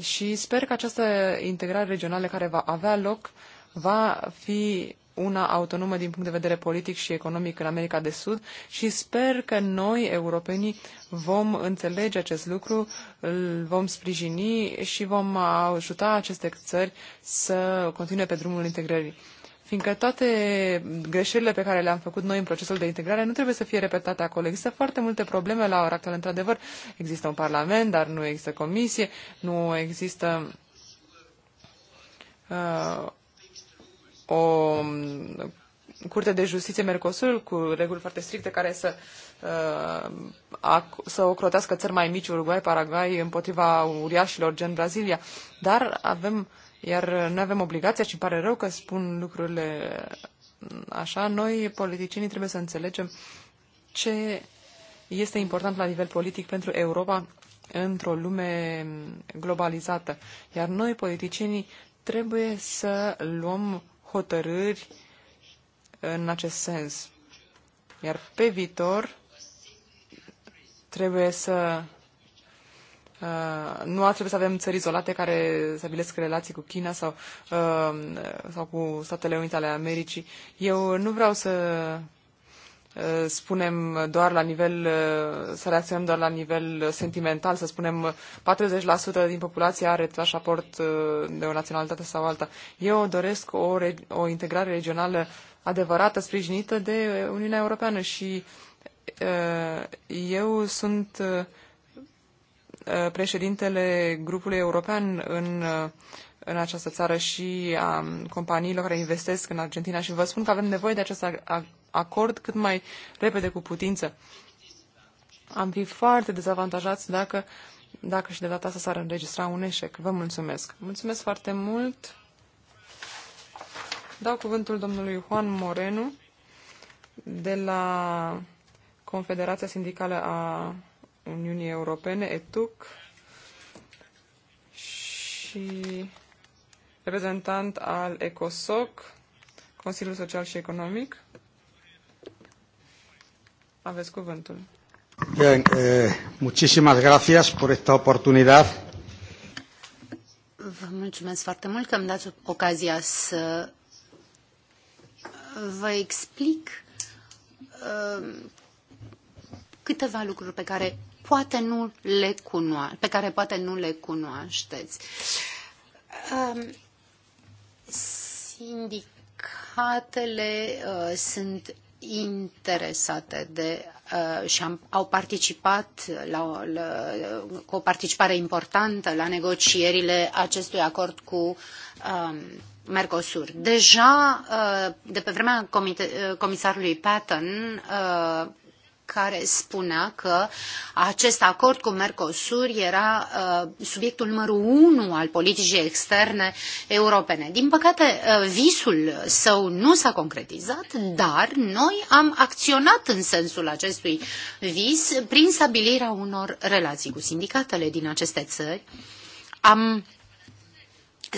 și sper că această integrare regională care va avea loc va fi una autonomă din punct de vedere politic și economic în America de Sud și sper că noi, europenii, vom înțelege acest lucru, îl vom sprijini și vom ajuta aceste țări să continue pe drumul integrării fiindcă toate greșelile pe care le-am făcut noi în procesul de integrare nu trebuie să fie repetate acolo. Există foarte multe probleme la ora actuală, într-adevăr. Există un parlament, dar nu există comisie, nu există uh, o mm, curte de justiție Mercosul cu reguli foarte stricte care să, uh, ac, să ocrotească țări mai mici, Uruguay, Paraguay, împotriva uriașilor gen Brazilia. Dar avem, iar noi avem obligația și îmi pare rău că spun lucrurile așa, noi politicienii trebuie să înțelegem ce este important la nivel politic pentru Europa într-o lume globalizată. Iar noi, politicienii, trebuie să luăm hotărâri în acest sens. Iar pe viitor trebuie să Uh, nu ar trebui să avem țări izolate care stabilesc relații cu China sau, uh, sau cu Statele Unite ale Americii. Eu nu vreau să Eh, spunem doar la nivel, eh, să reacționăm doar la nivel sentimental, să spunem 40% din populație are pașaport eh, de o naționalitate sau alta. Eu doresc o, o integrare regională adevărată, sprijinită de Uniunea Europeană și eu sunt președintele grupului european în, în această țară și a companiilor care investesc în Argentina și vă spun că avem nevoie de această acord cât mai repede cu putință. Am fi foarte dezavantajați dacă, dacă și de data asta s-ar înregistra un eșec. Vă mulțumesc. Mulțumesc foarte mult. Dau cuvântul domnului Juan Moreno de la Confederația Sindicală a Uniunii Europene, ETUC, și reprezentant al ECOSOC, Consiliul Social și Economic. Aveți cuvântul. Bien, eh, muchísimas gracias por esta oportunidad. Vă mulțumesc foarte mult că îmi dați ocazia să vă explic uh, câteva lucruri pe care poate nu le cunoaște, pe care poate nu le cunoașteți. Uh, sindicatele uh, sunt interesate de uh, și am, au participat la, la, cu o participare importantă la negocierile acestui acord cu um, Mercosur. Deja, uh, de pe vremea comite, uh, comisarului Patton, uh, care spunea că acest acord cu Mercosur era uh, subiectul numărul unu al politicii externe europene. Din păcate, uh, visul său nu s-a concretizat, dar noi am acționat în sensul acestui vis prin stabilirea unor relații cu sindicatele din aceste țări. Am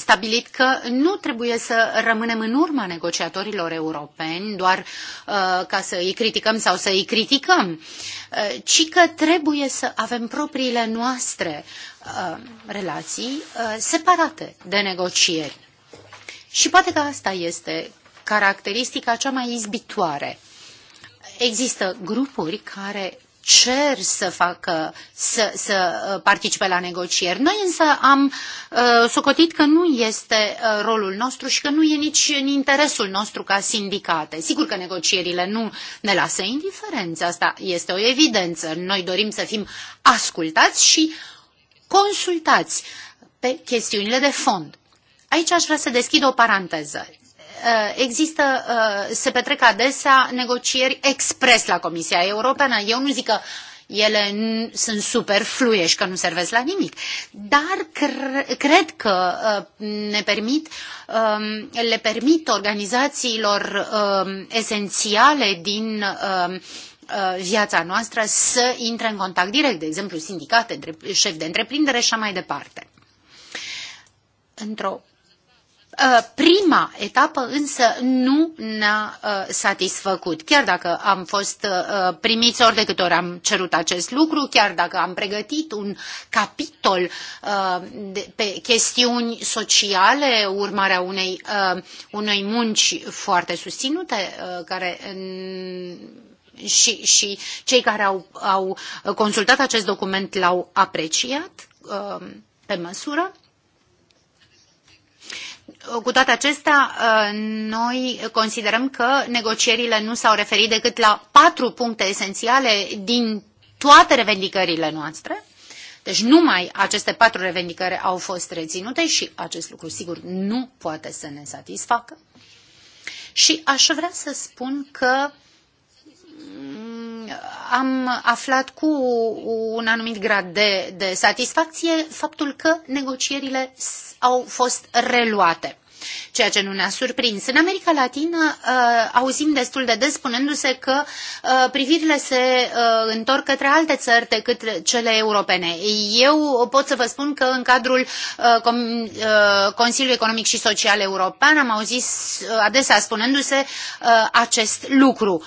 stabilit că nu trebuie să rămânem în urma negociatorilor europeni doar uh, ca să îi criticăm sau să îi criticăm, uh, ci că trebuie să avem propriile noastre uh, relații uh, separate de negocieri. Și poate că asta este caracteristica cea mai izbitoare. Există grupuri care cer să facă, să, să uh, participe la negocieri. Noi însă am uh, socotit că nu este uh, rolul nostru și că nu e nici în interesul nostru ca sindicate. Sigur că negocierile nu ne lasă indiferenți, asta este o evidență. Noi dorim să fim ascultați și consultați pe chestiunile de fond. Aici aș vrea să deschid o paranteză. Uh, există, uh, se petrec adesea negocieri expres la Comisia Europeană. Eu nu zic că ele sunt superflue și că nu servesc la nimic. Dar cre- cred că uh, ne permit, um, le permit organizațiilor um, esențiale din um, viața noastră să intre în contact direct, de exemplu sindicate, șef de întreprindere și așa mai departe. Într-o Uh, prima etapă însă nu ne-a uh, satisfăcut. Chiar dacă am fost uh, primiți ori de câte ori am cerut acest lucru, chiar dacă am pregătit un capitol pe chestiuni sociale, urmarea unei, unei munci foarte susținute, care și, și cei care au, au consultat acest document l-au apreciat pe măsură, cu toate acestea, uh, noi considerăm că negocierile nu s-au referit decât la patru puncte esențiale din toate revendicările noastre. Deci numai aceste patru revendicări au fost reținute și acest lucru sigur nu poate să ne satisfacă. Și aș vrea să spun că Mm, am aflat cu un anumit grad de, de satisfacție faptul că negocierile au fost reluate ceea ce nu ne-a surprins. În America Latină uh, auzim destul de des spunându-se că uh, privirile se uh, întorc către alte țări decât cele europene. Eu pot să vă spun că în cadrul uh, com, uh, Consiliului Economic și Social European am auzit uh, adesea spunându-se uh, acest lucru. Uh,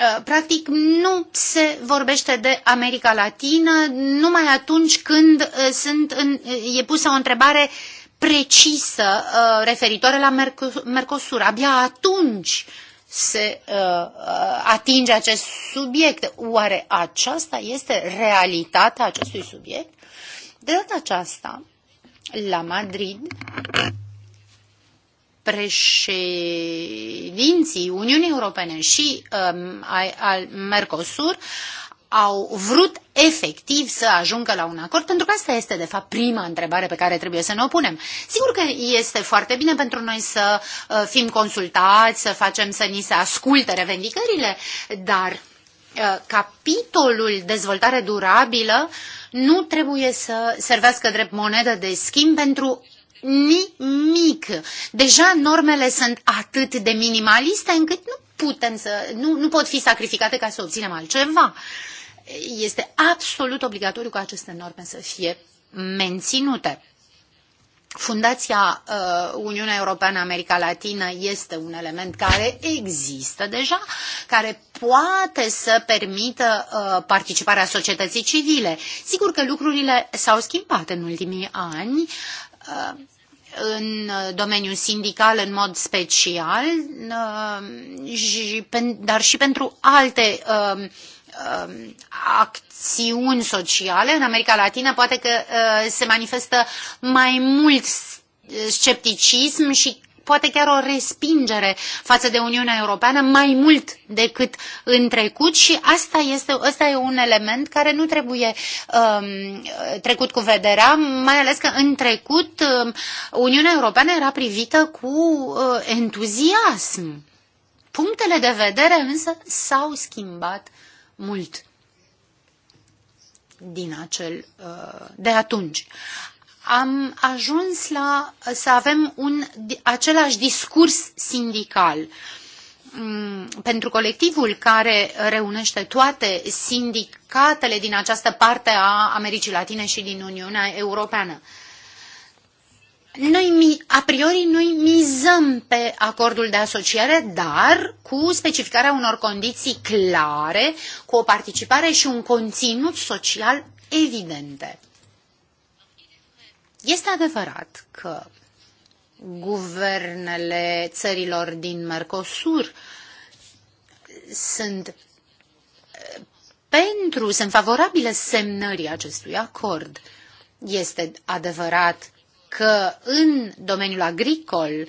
Uh, practic nu se vorbește de America Latină numai atunci când uh, sunt în, uh, e pusă o întrebare precisă referitoare la Mercosur. Abia atunci se atinge acest subiect. Oare aceasta este realitatea acestui subiect? De data aceasta, la Madrid, președinții Uniunii Europene și um, al Mercosur au vrut efectiv să ajungă la un acord? Pentru că asta este, de fapt, prima întrebare pe care trebuie să ne o punem. Sigur că este foarte bine pentru noi să uh, fim consultați, să facem să ni se asculte revendicările, dar uh, capitolul dezvoltare durabilă nu trebuie să servească drept monedă de schimb pentru nimic. Deja normele sunt atât de minimaliste încât nu putem să, nu, nu pot fi sacrificate ca să obținem altceva. Este absolut obligatoriu ca aceste norme să fie menținute. Fundația uh, Uniunea Europeană America Latină este un element care există deja, care poate să permită uh, participarea societății civile. Sigur că lucrurile s-au schimbat în ultimii ani în uh, domeniul sindical în mod special, uh, dar și pentru alte um, um, acțiuni sociale. În America Latină poate că uh, se manifestă mai mult scepticism și poate chiar o respingere față de Uniunea Europeană mai mult decât în trecut și asta este, asta e un element care nu trebuie um, trecut cu vederea, mai ales că în trecut um, Uniunea Europeană era privită cu uh, entuziasm. Punctele de vedere însă s-au schimbat mult din acel, uh, de atunci am ajuns la să avem un, același discurs sindical. Mm, pentru colectivul care reunește toate sindicatele din această parte a Americii Latine și din Uniunea Europeană. Noi, a priori, noi mizăm pe acordul de asociere, dar cu specificarea unor condiții clare, cu o participare și un conținut social evidente. Este adevărat că guvernele țărilor din Mercosur sunt eh, pentru, sunt favorabile semnării acestui acord. Este adevărat că în domeniul agricol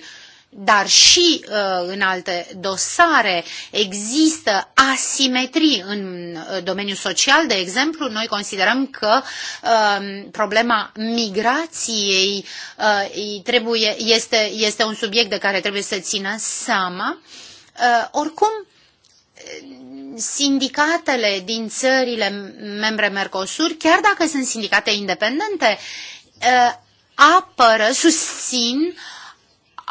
dar și uh, în alte dosare există asimetrii în uh, domeniul social, de exemplu, noi considerăm că um, problema migrației uh, trebuie, este, este un subiect de care trebuie să țină seama. Oricum, sindicatele din țările membre Mercosur, chiar dacă sunt sindicate independente, apără, susțin uh,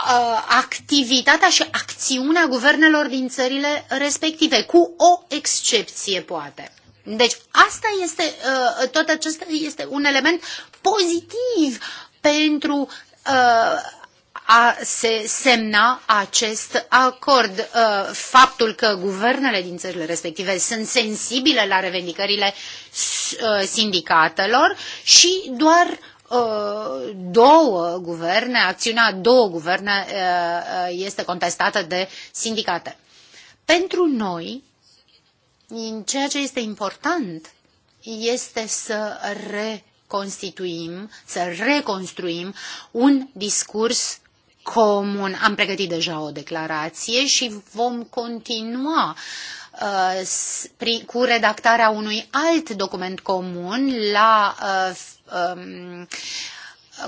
Uh, activitatea și acțiunea guvernelor din țările respective, cu o excepție poate. Deci asta este, uh, tot acesta este un element pozitiv pentru uh, a se semna acest acord. Faptul că guvernele din țările respective sunt sensibile la revendicările sindicatelor și doar Uh, două guverne, acțiunea a două guverne uh, uh, este contestată de sindicate. Pentru noi, ceea ce este important este să reconstituim, să reconstruim un discurs comun. Am pregătit deja o declarație și vom continua uh, cu redactarea unui alt document comun la uh, Um,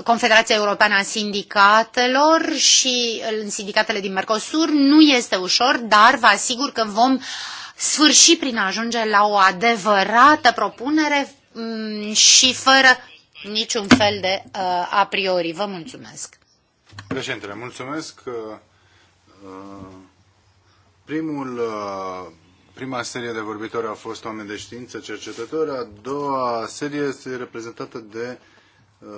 Confederația Europeană a Sindicatelor și uh, în sindicatele din Mercosur. Nu este ușor, dar vă asigur că vom sfârși prin a ajunge la o adevărată propunere um, și fără niciun fel de uh, a priori. Vă mulțumesc. Președintele, mulțumesc. Uh, primul Prima serie de vorbitori au fost oameni de știință, cercetători, a doua serie este reprezentată de uh,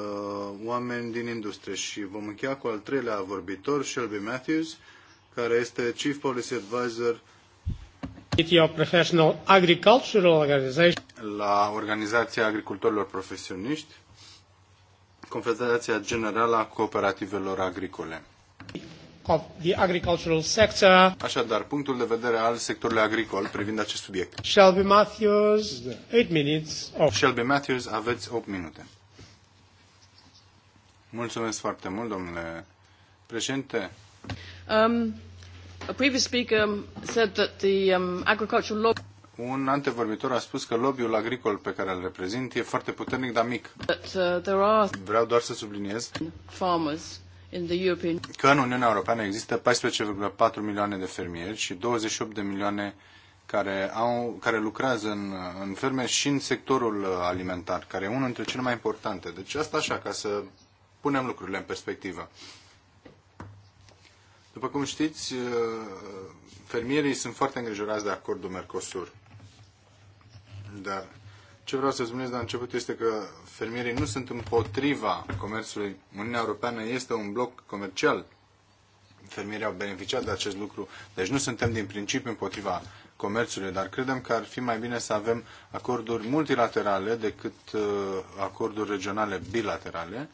oameni din industrie și vom încheia cu al treilea vorbitor, Shelby Matthews, care este Chief Policy Advisor Professional Agricultural Organization. la Organizația Agricultorilor Profesioniști, Confederația Generală a Cooperativelor Agricole of the agricultural sector. Așadar, punctul de vedere al sectorului agricol privind acest subiect. Shelby Matthews, 8 minutes. Of... Shelby Matthews, aveți 8 minute. Mulțumesc foarte mult, domnule președinte. Um, a previous speaker said that the um, agricultural law un antevorbitor a spus că lobby-ul agricol pe care îl reprezint e foarte puternic, dar mic. Uh, Vreau doar să subliniez că în Uniunea Europeană există 14,4 milioane de fermieri și 28 de milioane care, au, care lucrează în, în ferme și în sectorul alimentar, care e unul dintre cele mai importante. Deci asta așa, ca să punem lucrurile în perspectivă. După cum știți, uh, fermierii sunt foarte îngrijorați de acordul Mercosur. Dar ce vreau să spuneți la început este că fermierii nu sunt împotriva comerțului. Uniunea Europeană este un bloc comercial. Fermierii au beneficiat de acest lucru. Deci nu suntem din principiu împotriva comerțului, dar credem că ar fi mai bine să avem acorduri multilaterale decât uh, acorduri regionale bilaterale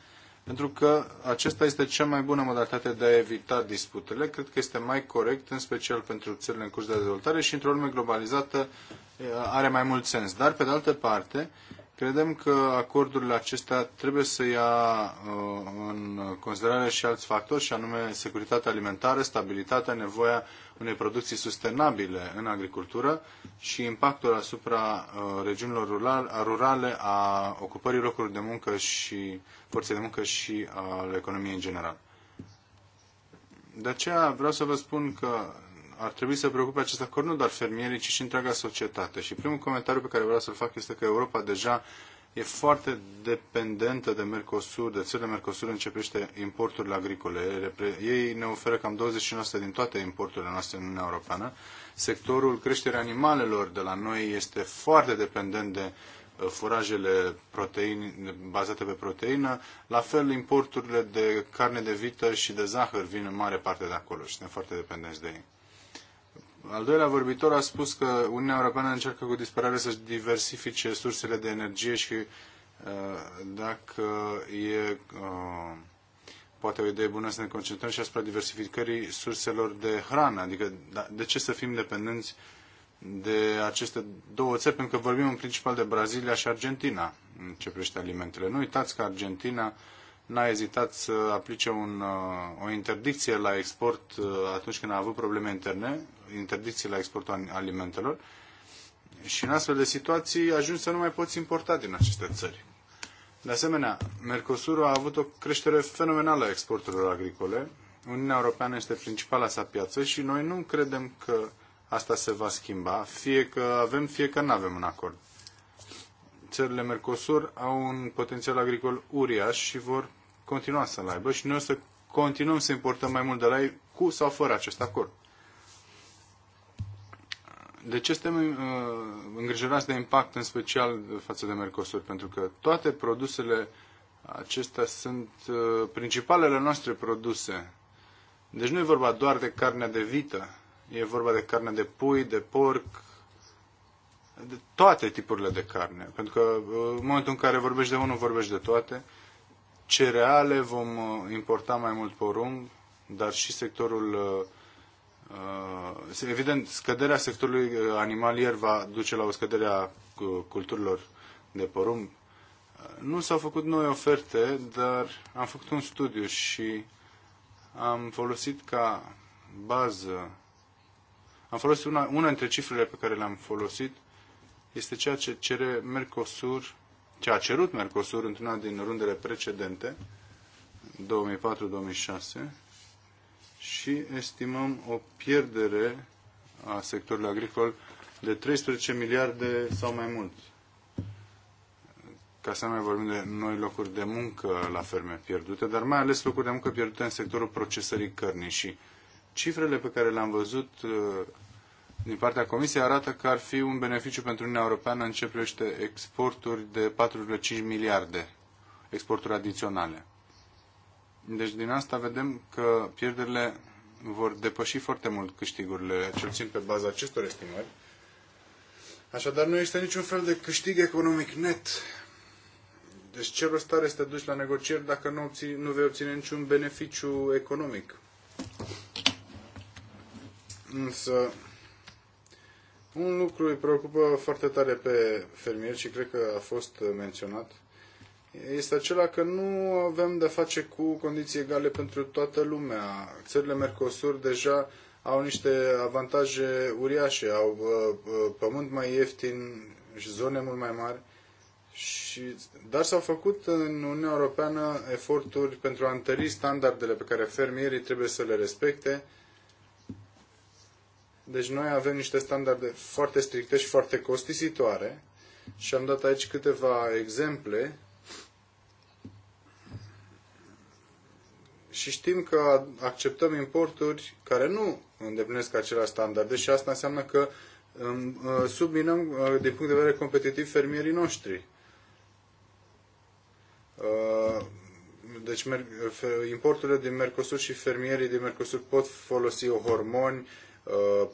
pentru că acesta este cea mai bună modalitate de a evita disputele. Cred că este mai corect, în special pentru țările în curs de dezvoltare și într-o lume globalizată are mai mult sens. Dar, pe de altă parte, Credem că acordurile acestea trebuie să ia uh, în considerare și alți factori, și anume securitatea alimentară, stabilitatea, nevoia unei producții sustenabile în agricultură și impactul asupra uh, regiunilor rurale a ocupării locurilor de muncă și forței de muncă și al economiei în general. De aceea vreau să vă spun că ar trebui să preocupe acest acord nu doar fermierii, ci și întreaga societate. Și primul comentariu pe care vreau să-l fac este că Europa deja e foarte dependentă de Mercosur, de țările Mercosur privește importurile agricole. Ei ne oferă cam 29% din toate importurile noastre în Uniunea Europeană. Sectorul creșterii animalelor de la noi este foarte dependent de uh, furajele protein, bazate pe proteină, la fel importurile de carne de vită și de zahăr vin în mare parte de acolo și suntem foarte dependenți de ei. Al doilea vorbitor a spus că Uniunea Europeană încearcă cu disperare să diversifice sursele de energie și uh, dacă e uh, poate o idee bună să ne concentrăm și asupra diversificării surselor de hrană. Adică da, de ce să fim dependenți de aceste două țări, pentru că vorbim în principal de Brazilia și Argentina în ce privește alimentele. Nu uitați că Argentina n-a ezitat să aplice un, uh, o interdicție la export atunci când a avut probleme interne interdicții la exportul alimentelor și în astfel de situații ajungi să nu mai poți importa din aceste țări. De asemenea, Mercosur a avut o creștere fenomenală a exporturilor agricole. Uniunea Europeană este principala sa piață și noi nu credem că asta se va schimba, fie că avem, fie că nu avem un acord. Țările Mercosur au un potențial agricol uriaș și vor continua să-l aibă și noi o să continuăm să importăm mai mult de la ei cu sau fără acest acord de ce suntem uh, îngrijorați de impact, în special uh, față de Mercosur? Pentru că toate produsele acestea sunt uh, principalele noastre produse. Deci nu e vorba doar de carnea de vită, e vorba de carne de pui, de porc, de toate tipurile de carne. Pentru că în momentul în care vorbești de unul, vorbești de toate. Cereale vom importa mai mult porumb, dar și sectorul uh, Uh, evident, scăderea sectorului uh, animalier va duce la o scădere a culturilor de porumb. Uh, nu s-au făcut noi oferte, dar am făcut un studiu și am folosit ca bază, am folosit una, una dintre cifrele pe care le-am folosit, este ceea ce cere Mercosur, ce a cerut Mercosur într-una din rundele precedente, 2004-2006, și estimăm o pierdere a sectorului agricol de 13 miliarde sau mai mult. Ca să nu mai vorbim de noi locuri de muncă la ferme pierdute, dar mai ales locuri de muncă pierdute în sectorul procesării cărnii și cifrele pe care le-am văzut uh, din partea Comisiei arată că ar fi un beneficiu pentru Uniunea Europeană în ce privește exporturi de 4,5 miliarde, exporturi adiționale. Deci din asta vedem că pierderile vor depăși foarte mult câștigurile, cel puțin pe baza acestor estimări. Așadar, nu este niciun fel de câștig economic net. Deci ce rost are să te duci la negocieri dacă nu, obții, nu vei obține niciun beneficiu economic? Însă, un lucru îi preocupă foarte tare pe fermier și cred că a fost menționat este acela că nu avem de face cu condiții egale pentru toată lumea. Țările Mercosur deja au niște avantaje uriașe, au uh, uh, pământ mai ieftin și zone mult mai mari. Și, dar s-au făcut în Uniunea Europeană eforturi pentru a întări standardele pe care fermierii trebuie să le respecte. Deci noi avem niște standarde foarte stricte și foarte costisitoare și am dat aici câteva exemple și știm că acceptăm importuri care nu îndeplinesc aceleași standard, deci asta înseamnă că um, uh, subminăm, uh, din punct de vedere competitiv, fermierii noștri. Uh, deci importurile din Mercosur și fermierii din Mercosur pot folosi hormoni,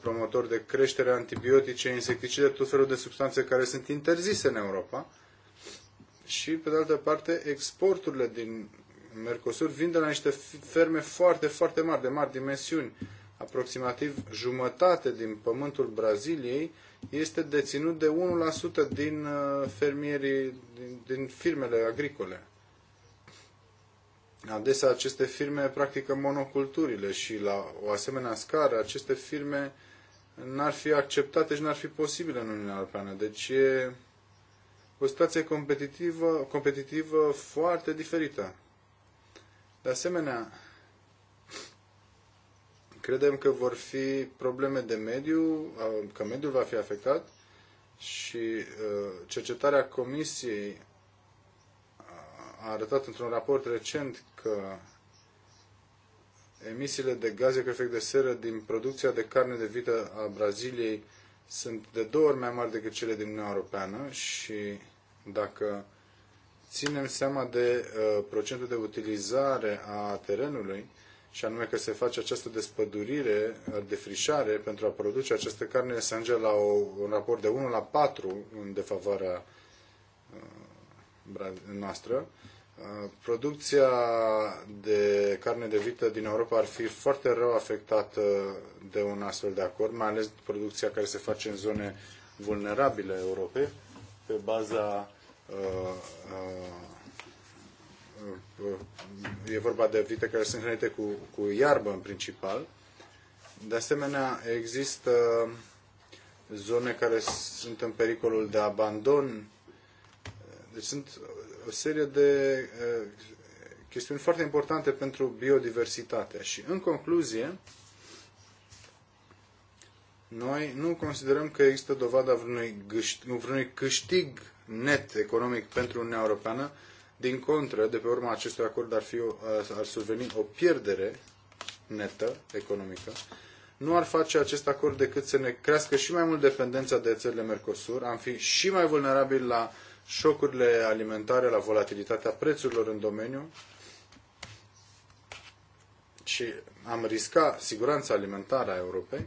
promotori de creștere, antibiotice, insecticide, tot felul de substanțe care sunt interzise în Europa. Și, pe de altă parte, exporturile din Mercosur vin de la niște ferme foarte, foarte mari, de mari dimensiuni. Aproximativ jumătate din pământul Braziliei este deținut de 1% din uh, fermierii, din, din firmele agricole. Adesea aceste firme practică monoculturile și la o asemenea scară aceste firme n-ar fi acceptate și n-ar fi posibile în Uniunea Europeană. Deci e o situație competitivă, competitivă foarte diferită. De asemenea, credem că vor fi probleme de mediu, că mediul va fi afectat și uh, cercetarea comisiei uh, a arătat într-un raport recent că emisiile de gaze cu efect de seră din producția de carne de vită a Braziliei sunt de două ori mai mari decât cele din Uniunea Europeană și dacă ținem seama de uh, procentul de utilizare a terenului și anume că se face această despădurire, uh, defrișare pentru a produce această carne, se ajunge la o, un raport de 1 la 4 în defavoarea uh, noastră. Uh, producția de carne de vită din Europa ar fi foarte rău afectată de un astfel de acord, mai ales producția care se face în zone vulnerabile Europei, pe baza Uh, uh, uh, e vorba de vite care sunt hrănite cu, cu iarbă în principal. De asemenea, există zone care sunt în pericolul de abandon. Deci sunt o serie de chestiuni foarte importante pentru biodiversitate. Și în concluzie, noi nu considerăm că există dovada vreunui, gâș, vreunui câștig net economic pentru Uniunea Europeană. Din contră, de pe urma acestui acord ar, fi, ar surveni o pierdere netă economică. Nu ar face acest acord decât să ne crească și mai mult dependența de țările Mercosur, am fi și mai vulnerabili la șocurile alimentare, la volatilitatea prețurilor în domeniu și am risca siguranța alimentară a Europei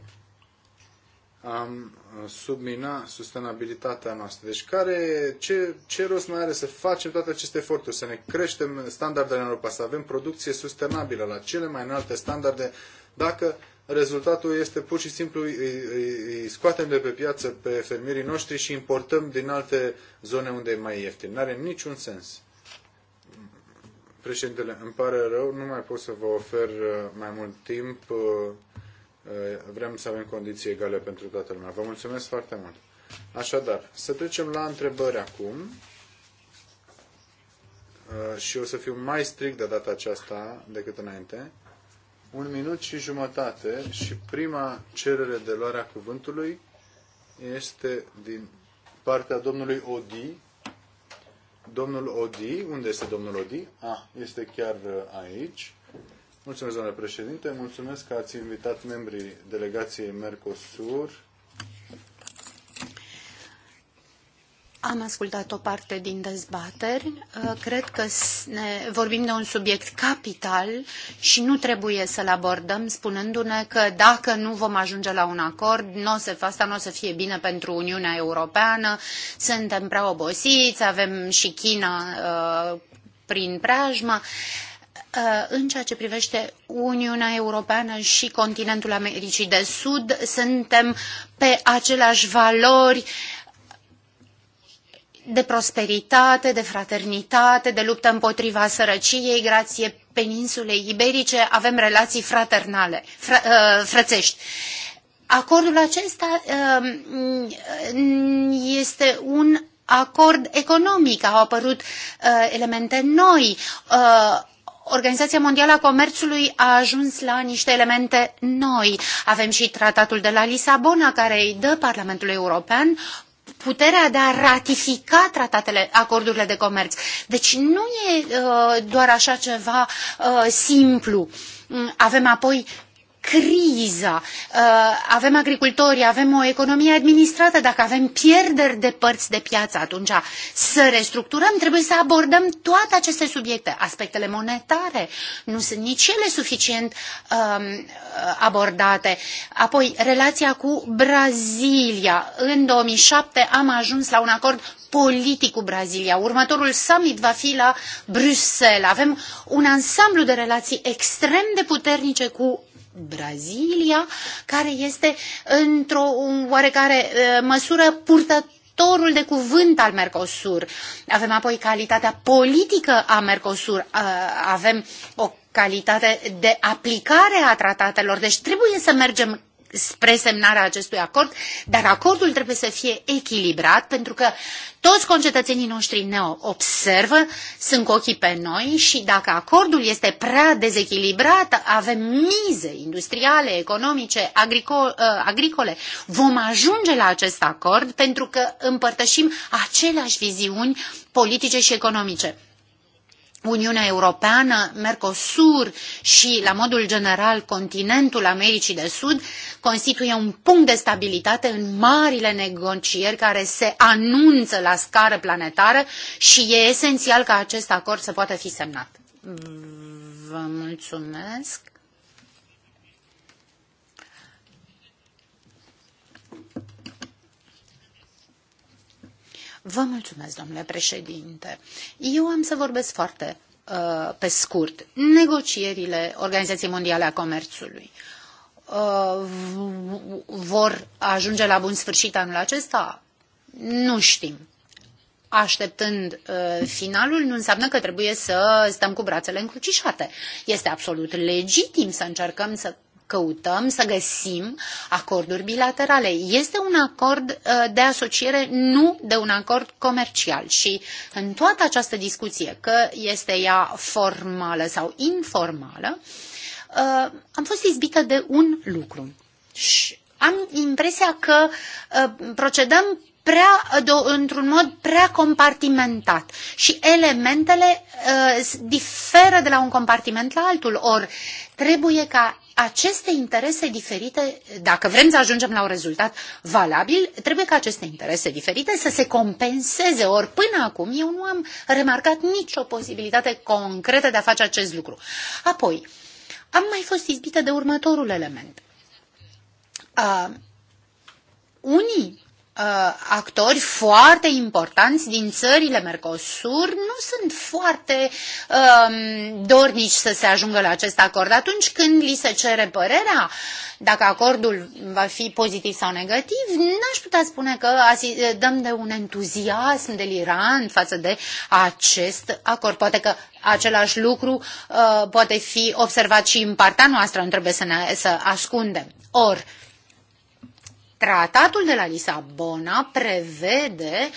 am uh, submina sustenabilitatea noastră. Deci care, ce, ce rost mai are să facem toate aceste eforturi, să ne creștem standardele în Europa, să avem producție sustenabilă la cele mai înalte standarde, dacă rezultatul este pur și simplu îi, îi, îi scoatem de pe piață pe fermierii noștri și importăm din alte zone unde e mai ieftin. N-are niciun sens. Președintele, îmi pare rău, nu mai pot să vă ofer uh, mai mult timp uh, Eh, vrem să avem condiții egale pentru toată lumea. Vă mulțumesc foarte mult. Așadar, să trecem la întrebări acum. Eh, și o să fiu mai strict de data aceasta decât înainte. Un minut și jumătate și prima cerere de luarea cuvântului este din partea domnului Odi. Domnul Odi, unde este domnul Odi? Ah, este chiar eh, aici. Mulțumesc, doamne președinte. Mulțumesc că ați invitat membrii delegației Mercosur. Am ascultat o parte din dezbateri. Uh, cred că ne vorbim de un subiect capital și nu trebuie să-l abordăm spunându-ne că dacă nu vom ajunge la un acord, nu o să, asta nu o să fie bine pentru Uniunea Europeană, suntem prea obosiți, avem și China uh, prin preajmă. Uh, Uh, în ceea ce privește Uniunea Europeană și continentul Americii de Sud, suntem pe aceleași valori de prosperitate, de fraternitate, de luptă împotriva sărăciei, grație peninsulei iberice, avem relații fraternale, fră, uh, frățești. Acordul acesta um, este un acord economic, au apărut uh, elemente noi, Organizația Mondială a Comerțului a ajuns la niște elemente noi. Avem și tratatul de la Lisabona care îi dă Parlamentului European puterea de a ratifica tratatele, acordurile de comerț. Deci nu e uh, doar așa ceva uh, simplu. Mm, avem apoi criza, uh, avem agricultori, avem o economie administrată, dacă avem pierderi de părți de piață, atunci să restructurăm, trebuie să abordăm toate aceste subiecte. Aspectele monetare nu sunt nici ele suficient um, uh, abordate. Apoi, relația cu Brazilia. În 2007 am ajuns la un acord politic cu Brazilia. Următorul summit va fi la Bruxelles. Avem un ansamblu de relații extrem de puternice cu Brazilia, care este într-o oarecare măsură purtătoare purtătorul de cuvânt al Mercosur. Avem apoi calitatea politică a Mercosur. Avem o calitate de aplicare a tratatelor. Deci trebuie să mergem spre semnarea acestui acord, dar acordul trebuie să fie echilibrat pentru că toți concetățenii noștri ne observă, sunt cu ochii pe noi și dacă acordul este prea dezechilibrat, avem mize industriale, economice, agrico- ă, agricole, vom ajunge la acest acord pentru că împărtășim aceleași viziuni politice și economice. Uniunea Europeană, Mercosur și, la modul general, continentul Americii de Sud constituie un punct de stabilitate în marile negocieri care se anunță la scară planetară și e esențial ca acest acord să poată fi semnat. Vă mulțumesc. Vă mulțumesc, domnule președinte. Eu am să vorbesc foarte uh, pe scurt. Negocierile Organizației Mondiale a Comerțului uh, vor ajunge la bun sfârșit anul acesta? Nu știm așteptând uh, finalul nu înseamnă că trebuie să stăm cu brațele încrucișate. Este absolut legitim să încercăm să căutăm să găsim acorduri bilaterale. Este un acord uh, de asociere, nu de un acord comercial. Și în toată această discuție, că este ea formală sau informală, uh, am fost izbită de un lucru. Și am impresia că uh, procedăm prea, într-un mod prea compartimentat și elementele uh, diferă de la un compartiment la altul. Ori trebuie ca aceste interese diferite, dacă vrem să ajungem la un rezultat valabil, trebuie ca aceste interese diferite să se compenseze. Ori până acum eu nu am remarcat nicio posibilitate concretă de a face acest lucru. Apoi, am mai fost izbită de următorul element. Uh, unii Uh, actori foarte importanți din țările Mercosur nu sunt foarte um, dornici să se ajungă la acest acord. Atunci când li se cere părerea, dacă acordul va fi pozitiv sau negativ, n-aș putea spune că dăm de un entuziasm delirant față de acest acord. Poate că același lucru uh, poate fi observat și în partea noastră, nu trebuie să ne să ascundem. Ori, uh, Tratatul de la Lisabona prevede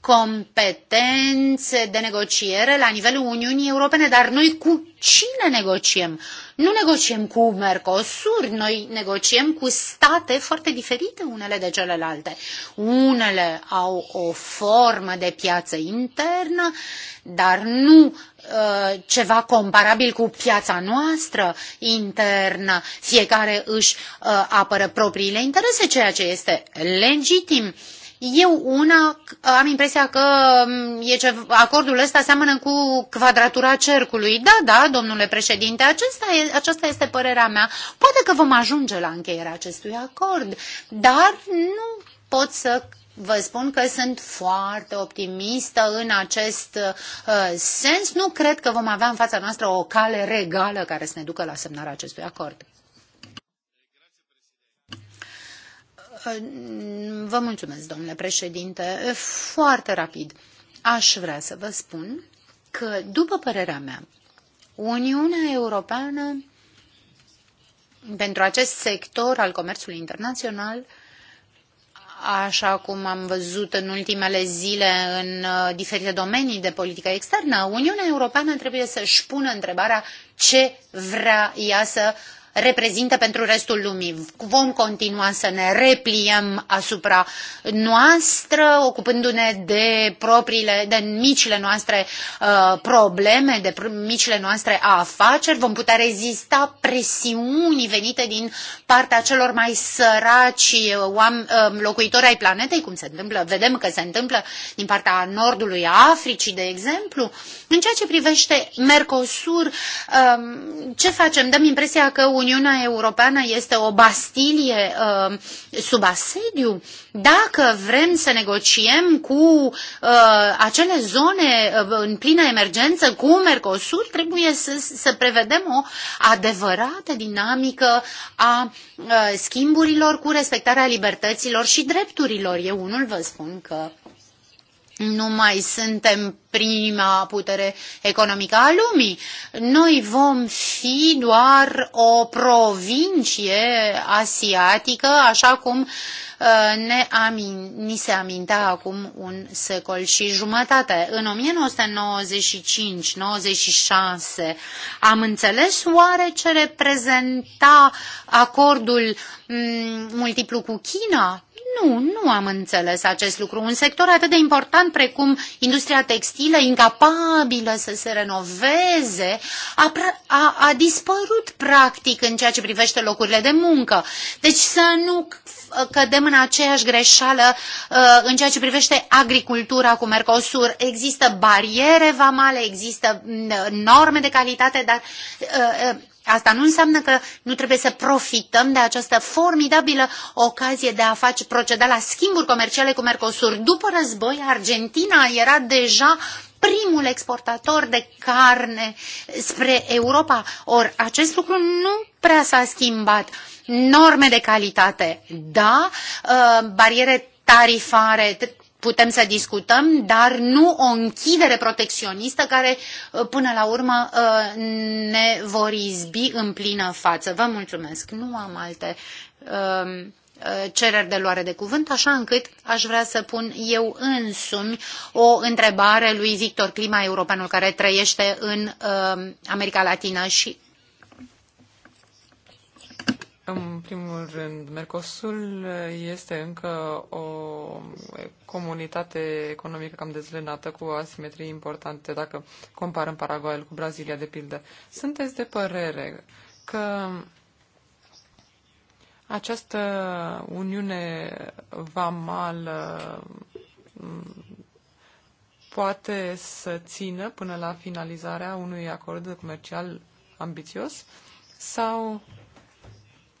competențe de negociere la nivelul Uniunii Europene, dar noi cu cine negociem? Nu negociem cu Mercosur, noi negociem cu state foarte diferite unele de celelalte. Unele au o formă de piață internă, dar nu Uh, ceva comparabil cu piața noastră internă. Fiecare își uh, apără propriile interese, ceea ce este legitim. Eu una uh, am impresia că um, e ce, acordul ăsta seamănă cu quadratura cercului. Da, da, domnule președinte, acesta e, aceasta este părerea mea. Poate că vom ajunge la încheierea acestui acord, dar nu pot să vă spun că sunt foarte optimistă în acest uh, sens. Nu cred că vom avea în fața noastră o cale regală care să ne ducă la semnarea acestui acord. Uh, vă mulțumesc, domnule președinte. Foarte rapid. Aș vrea să vă spun că, după părerea mea, Uniunea Europeană pentru acest sector al comerțului internațional așa cum am văzut în ultimele zile în uh, diferite domenii de politică externă, Uniunea Europeană trebuie să-și pună întrebarea ce vrea ea să reprezintă pentru restul lumii. Vom continua să ne repliem asupra noastră, ocupându-ne de propriile, de micile noastre uh, probleme, de micile noastre afaceri. Vom putea rezista presiunii venite din partea celor mai săraci uh, oam- uh, locuitori ai planetei, cum se întâmplă, vedem că se întâmplă din partea nordului Africii, de exemplu. În ceea ce privește Mercosur, uh, ce facem? Dăm impresia că un Uniunea Europeană este o bastilie uh, sub asediu? Dacă vrem să negociem cu uh, acele zone uh, în plină emergență, cu Mercosur, trebuie să, să prevedem o adevărată dinamică a uh, schimburilor cu respectarea libertăților și drepturilor. Eu unul vă spun că nu mai suntem prima putere economică a lumii. Noi vom fi doar o provincie asiatică, așa cum uh, ne amin, ni se amintea acum un secol și jumătate. În 1995-96 am înțeles oare ce reprezenta acordul mm, multiplu cu China? Nu, nu am înțeles acest lucru. Un sector atât de important precum industria textilă inutilă, incapabilă să se renoveze, a, a, a dispărut practic în ceea ce privește locurile de muncă. Deci să nu cădem în aceeași greșeală uh, în ceea ce privește agricultura cu Mercosur. Există bariere vamale, există mm, norme de calitate, dar uh, uh, Asta nu înseamnă că nu trebuie să profităm de această formidabilă ocazie de a face proceda la schimburi comerciale cu Mercosur. După război, Argentina era deja primul exportator de carne spre Europa. Or, acest lucru nu prea s-a schimbat. Norme de calitate, da, uh, bariere tarifare, putem să discutăm, dar nu o închidere protecționistă care uh, până la urmă uh, ne vor izbi în plină față. Vă mulțumesc. Nu am alte um, uh, cereri de luare de cuvânt, așa încât aș vrea să pun eu însumi o întrebare lui Victor Clima, europeanul care trăiește în uh, America Latină și în primul rând, Mercosul este încă o comunitate economică cam dezlenată, cu asimetrii importante, dacă comparăm Paraguayul cu Brazilia, de pildă. Sunteți de părere că această uniune vamală poate să țină până la finalizarea unui acord comercial ambițios sau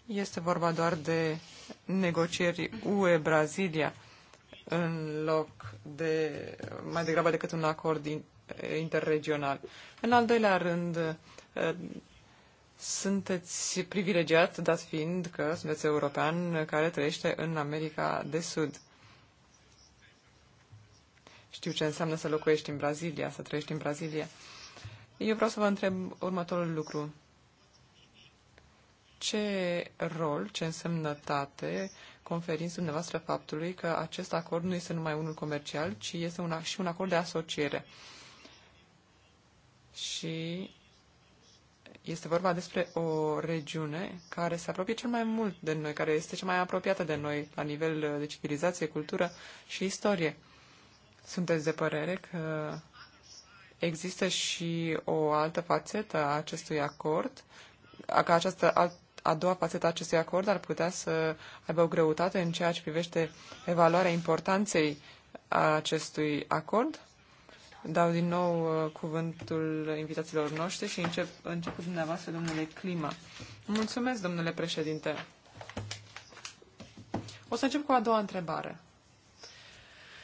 este vorba doar de negocieri UE-Brazilia în loc de, mai degrabă decât un acord eh, interregional. În al doilea rând, eh, sunteți privilegiat, dat fiind că sunteți european care trăiește în America de Sud. Știu ce înseamnă să locuiești în Brazilia, să trăiești în Brazilia. Eu vreau să vă întreb următorul lucru ce rol, ce însemnătate conferinți dumneavoastră faptului că acest acord nu este numai unul comercial, ci este un, și un acord de asociere. Și este vorba despre o regiune care se apropie cel mai mult de noi, care este cea mai apropiată de noi la nivel de civilizație, cultură și istorie. Sunteți de părere că există și o altă fațetă a acestui acord, că această a doua fațetă a acestui acord ar putea să aibă o greutate în ceea ce privește evaluarea importanței acestui acord. Dau din nou uh, cuvântul invitaților noștri și încep, încep cu dumneavoastră, domnule Clima. Mulțumesc, domnule președinte. O să încep cu a doua întrebare.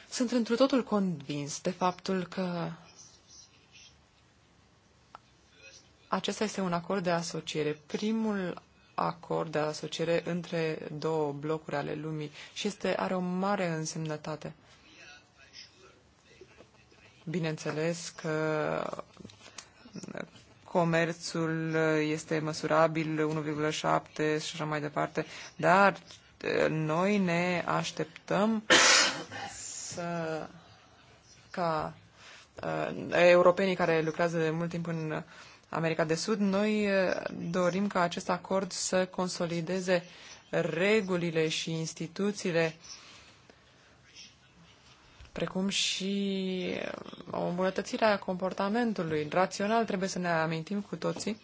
Sunt întru totul convins de faptul că acesta este un acord de asociere, primul acord de asociere între două blocuri ale lumii și este, are o mare însemnătate. Bineînțeles că comerțul este măsurabil 1,7 și așa mai departe, dar eh, noi ne așteptăm să ca uh, europenii care lucrează de mult timp în America de Sud, noi uh, dorim ca acest acord să consolideze regulile și instituțiile precum și uh, o îmbunătățire a comportamentului. Rațional trebuie să ne amintim cu toții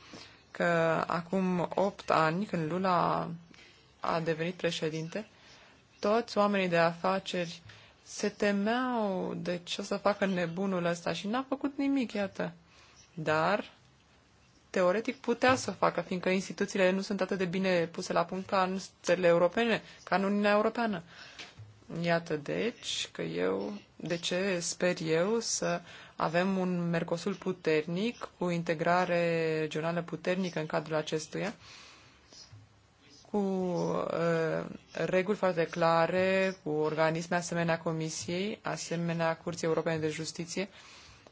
că acum 8 ani, când Lula a devenit președinte, toți oamenii de afaceri se temeau de ce o să facă nebunul ăsta și n-a făcut nimic, iată. Dar teoretic putea să facă, fiindcă instituțiile nu sunt atât de bine puse la punct ca în țările europene, ca în Uniunea Europeană. Iată, deci, că eu, de ce sper eu să avem un Mercosul puternic, cu integrare regională puternică în cadrul acestuia, cu uh, reguli foarte clare, cu organisme asemenea Comisiei, asemenea Curții Europene de Justiție, uh,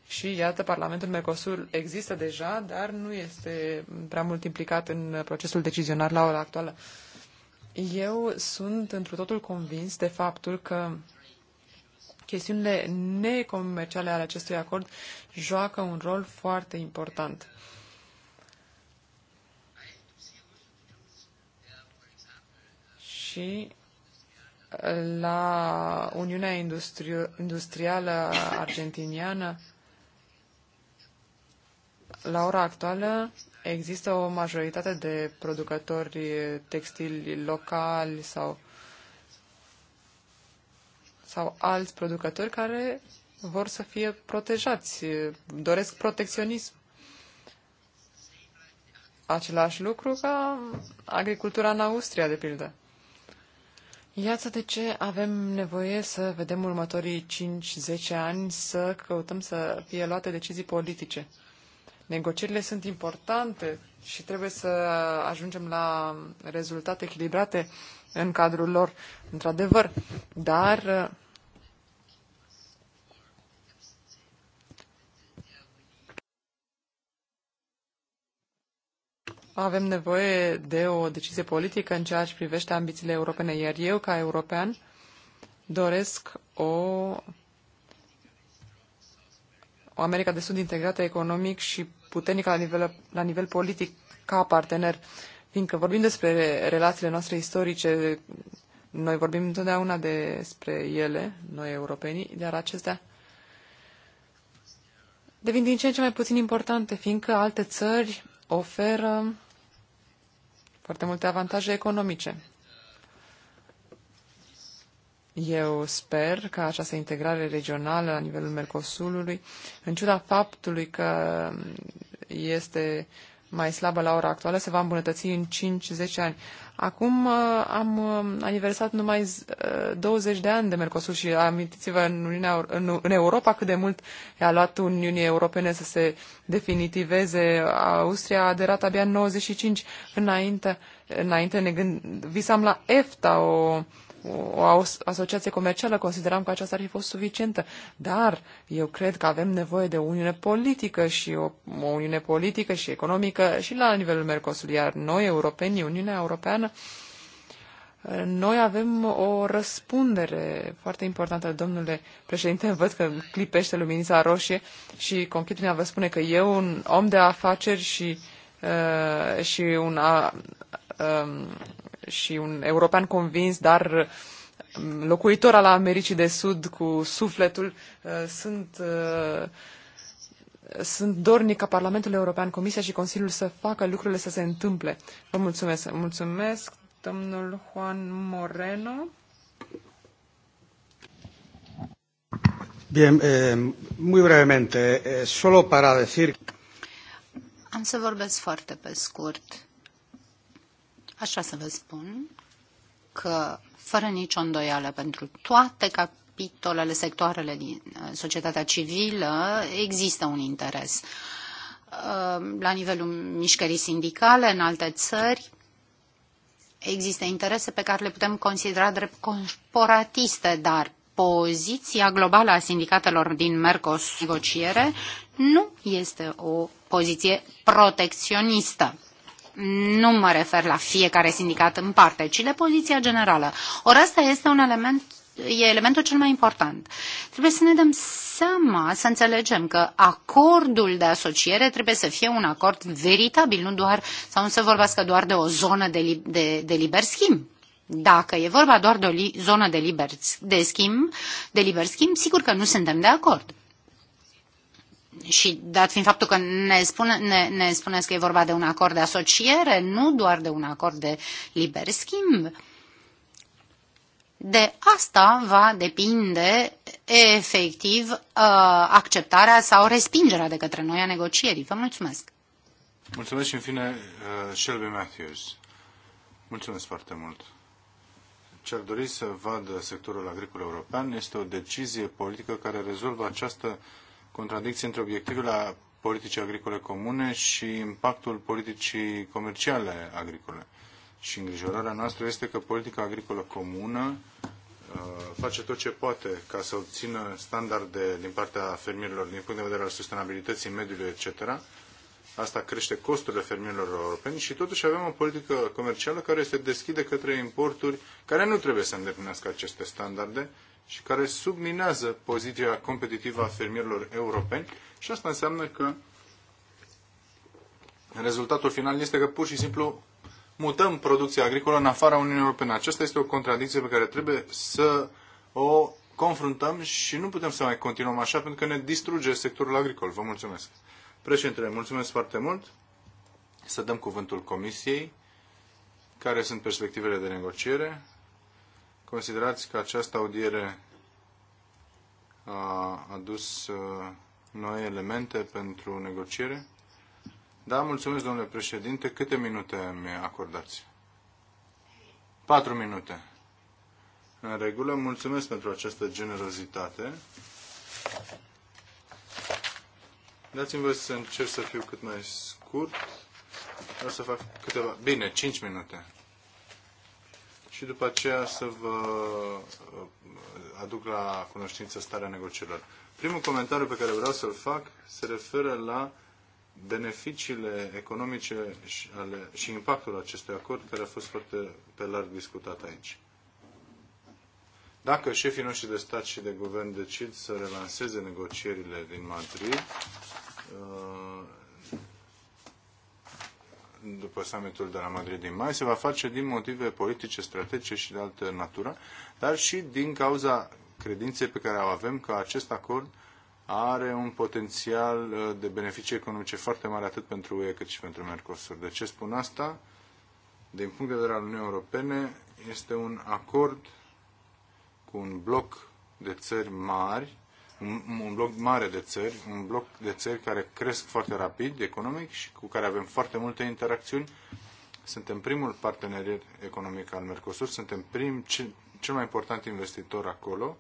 și iată, Parlamentul Mercosur există deja, dar nu este prea mult implicat în procesul decizionar la ora actuală. Eu sunt într totul convins de faptul că chestiunile necomerciale ale acestui acord joacă un rol foarte important. Și la Uniunea Industri- Industrială Argentiniană la ora actuală există o majoritate de producători textili locali sau, sau alți producători care vor să fie protejați, doresc protecționism. Același lucru ca agricultura în Austria, de pildă. Iată de ce avem nevoie să vedem următorii 5-10 ani să căutăm să fie luate decizii politice. Negocierile sunt importante și trebuie să ajungem la rezultate echilibrate în cadrul lor, într-adevăr, dar uh, avem nevoie de o decizie politică în ceea ce privește ambițiile europene, iar eu, ca european, doresc o, o America de Sud integrată economic și puternică la nivel, la nivel politic ca partener, fiindcă vorbim despre relațiile noastre istorice, noi vorbim întotdeauna despre ele, noi europenii, dar acestea devin din ce în ce mai puțin importante, fiindcă alte țări oferă foarte multe avantaje economice. Eu sper că această integrare regională la nivelul Mercosulului, în ciuda faptului că este mai slabă la ora actuală, se va îmbunătăți în 5-10 ani. Acum uh, am uh, aniversat numai 20 uh, de ani de Mercosul și amintiți-vă în, Uniunea, în, în Europa cât de mult a luat Uniunii Europene să se definitiveze. Austria a aderat abia în 95 înainte. Înainte ne gând, visam la EFTA, o o asociație comercială, consideram că aceasta ar fi fost suficientă. Dar eu cred că avem nevoie de o uniune politică și o, o uniune politică și economică și la nivelul Mercosur. Iar noi, europenii, Uniunea Europeană, noi avem o răspundere foarte importantă, domnule președinte. Văd că clipește luminița roșie și conchetulina vă spune că eu, un om de afaceri și, uh, și un a, um, și un european convins, dar mm, locuitor al Americii de Sud cu sufletul, uh, sunt, uh, sunt dornic ca Parlamentul European, Comisia și Consiliul să facă lucrurile să se întâmple. Vă mulțumesc. Mulțumesc, domnul Juan Moreno. Bien, eh, muy brevemente, eh, solo para decir. Am să vorbesc foarte pe scurt. Aș vrea să vă spun că, fără nicio îndoială, pentru toate capitolele, sectoarele din uh, societatea civilă, există un interes. Uh, la nivelul mișcării sindicale, în alte țări, există interese pe care le putem considera drept corporatiste, dar poziția globală a sindicatelor din Mercos negociere nu este o poziție protecționistă. Nu mă refer la fiecare sindicat în parte, ci de poziția generală. Ori asta este un element e elementul cel mai important. Trebuie să ne dăm seama, să înțelegem că acordul de asociere trebuie să fie un acord veritabil, nu doar, sau nu se vorbească doar de o zonă de, de, de liber schimb. Dacă e vorba doar de o li, zonă de liber, de schimb, de liber schimb, sigur că nu suntem de acord și dat fiind faptul că ne, spune, ne, ne spuneți că e vorba de un acord de asociere, nu doar de un acord de liber schimb, de asta va depinde efectiv uh, acceptarea sau respingerea de către noi a negocierii. Vă mulțumesc! Mulțumesc și în fine uh, Shelby Matthews. Mulțumesc foarte mult! ce ar dori să vadă sectorul agricol european este o decizie politică care rezolvă această contradicții între obiectivele politicii agricole comune și impactul politicii comerciale agricole. Și îngrijorarea noastră este că politica agricolă comună uh, face tot ce poate ca să obțină standarde din partea fermierilor din punct de vedere al sustenabilității mediului, etc. Asta crește costurile fermierilor europeni și totuși avem o politică comercială care se deschide către importuri care nu trebuie să îndeplinească aceste standarde și care subminează poziția competitivă a fermierilor europeni și asta înseamnă că rezultatul final este că pur și simplu mutăm producția agricolă în afara Uniunii Europene. Aceasta este o contradicție pe care trebuie să o confruntăm și nu putem să mai continuăm așa pentru că ne distruge sectorul agricol. Vă mulțumesc. Președintele, mulțumesc foarte mult. Să dăm cuvântul Comisiei. Care sunt perspectivele de negociere? Considerați că această audiere a adus uh, noi elemente pentru negociere? Da, mulțumesc, domnule președinte. Câte minute mi acordați? Patru minute. În regulă, mulțumesc pentru această generozitate. Dați-mi voi să încerc să fiu cât mai scurt. O să fac câteva... Bine, Cinci minute și după aceea să vă uh, aduc la cunoștință starea negocierilor. Primul comentariu pe care vreau să-l fac se referă la beneficiile economice și, ale, și impactul acestui acord care a fost foarte pe larg discutat aici. Dacă șefii noștri de stat și de guvern decid să relanseze negocierile din Madrid, uh, după summitul de la Madrid din mai, se va face din motive politice, strategice și de altă natură, dar și din cauza credinței pe care o avem că acest acord are un potențial uh, de beneficii economice foarte mare atât pentru UE cât și pentru Mercosur. De ce spun asta? Din punct de vedere al Uniunii Europene, este un acord cu un bloc de țări mari un, un bloc mare de țări, un bloc de țări care cresc foarte rapid economic și cu care avem foarte multe interacțiuni. Suntem primul partener economic al Mercosur, suntem prim, ce, cel mai important investitor acolo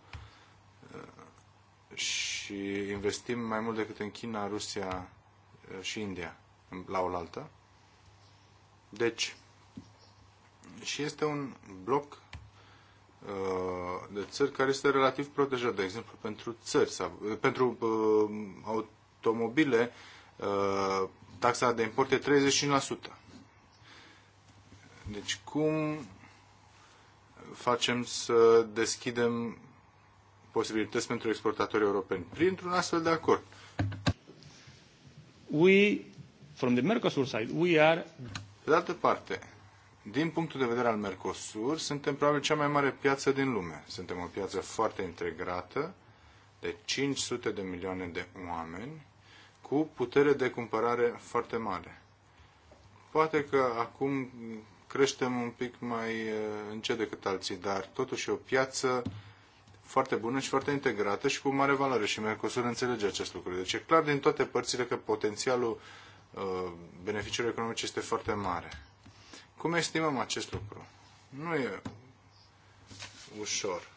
uh, și investim mai mult decât în China, Rusia uh, și India la oaltă. Deci, și este un bloc Uh, de țări care este relativ protejat, de exemplu, pentru țări sau uh, pentru uh, automobile uh, taxa de import e 35%. Deci cum facem să deschidem posibilități pentru exportatorii europeni? Printr-un astfel de acord. We, from the Mercosur side, we are... Pe de altă parte, din punctul de vedere al Mercosur, suntem probabil cea mai mare piață din lume. Suntem o piață foarte integrată, de 500 de milioane de oameni, cu putere de cumpărare foarte mare. Poate că acum creștem un pic mai uh, încet decât alții, dar totuși e o piață foarte bună și foarte integrată și cu mare valoare și Mercosur înțelege acest lucru. Deci e clar din toate părțile că potențialul uh, beneficiilor economice este foarte mare. Cum estimăm acest lucru? Nu e ușor.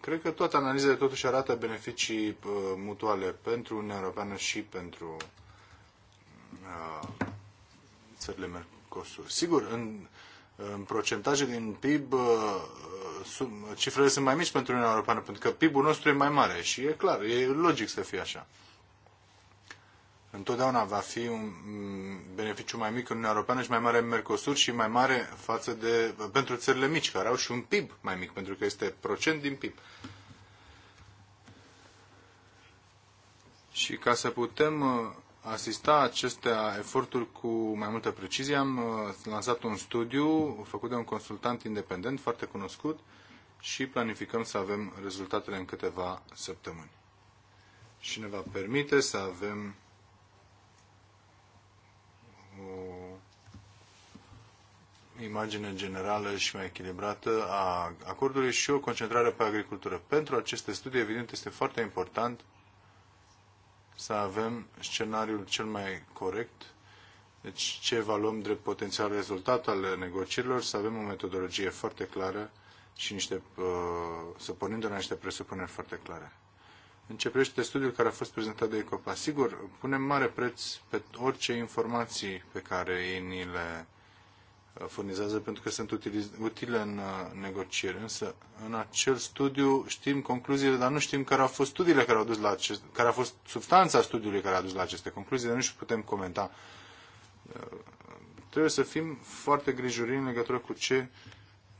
Cred că toată analizele totuși arată beneficii uh, mutuale pentru Uniunea Europeană și pentru uh, țările Mercosur. Sigur, în, în procentaje din PIB, uh, cifrele sunt mai mici pentru Uniunea Europeană, pentru că PIB-ul nostru e mai mare și e clar, e logic să fie așa întotdeauna va fi un mm, beneficiu mai mic în Uniunea Europeană și mai mare în Mercosur și mai mare față de, pentru țările mici, care au și un PIB mai mic, pentru că este procent din PIB. Și ca să putem uh, asista aceste eforturi cu mai multă precizie, am uh, lansat un studiu făcut de un consultant independent foarte cunoscut și planificăm să avem rezultatele în câteva săptămâni. Și ne va permite să avem o uh, imagine generală și mai echilibrată a acordului și o concentrare pe agricultură. Pentru aceste studii, evident, este foarte important să avem scenariul cel mai corect, deci ce evaluăm drept potențial rezultat al negocierilor, să avem o metodologie foarte clară și niște, uh, să pornim de la niște presupuneri foarte clare. Începește studiul care a fost prezentat de ECOPA. Sigur, punem mare preț pe orice informații pe care ei ni le uh, furnizează pentru că sunt utile în uh, negocieri. Însă, în acel studiu știm concluziile, dar nu știm care au fost studiile care au dus la acest, care a fost substanța studiului care a dus la aceste concluzii, Dar nu și putem comenta. Uh, trebuie să fim foarte grijuri în legătură cu ce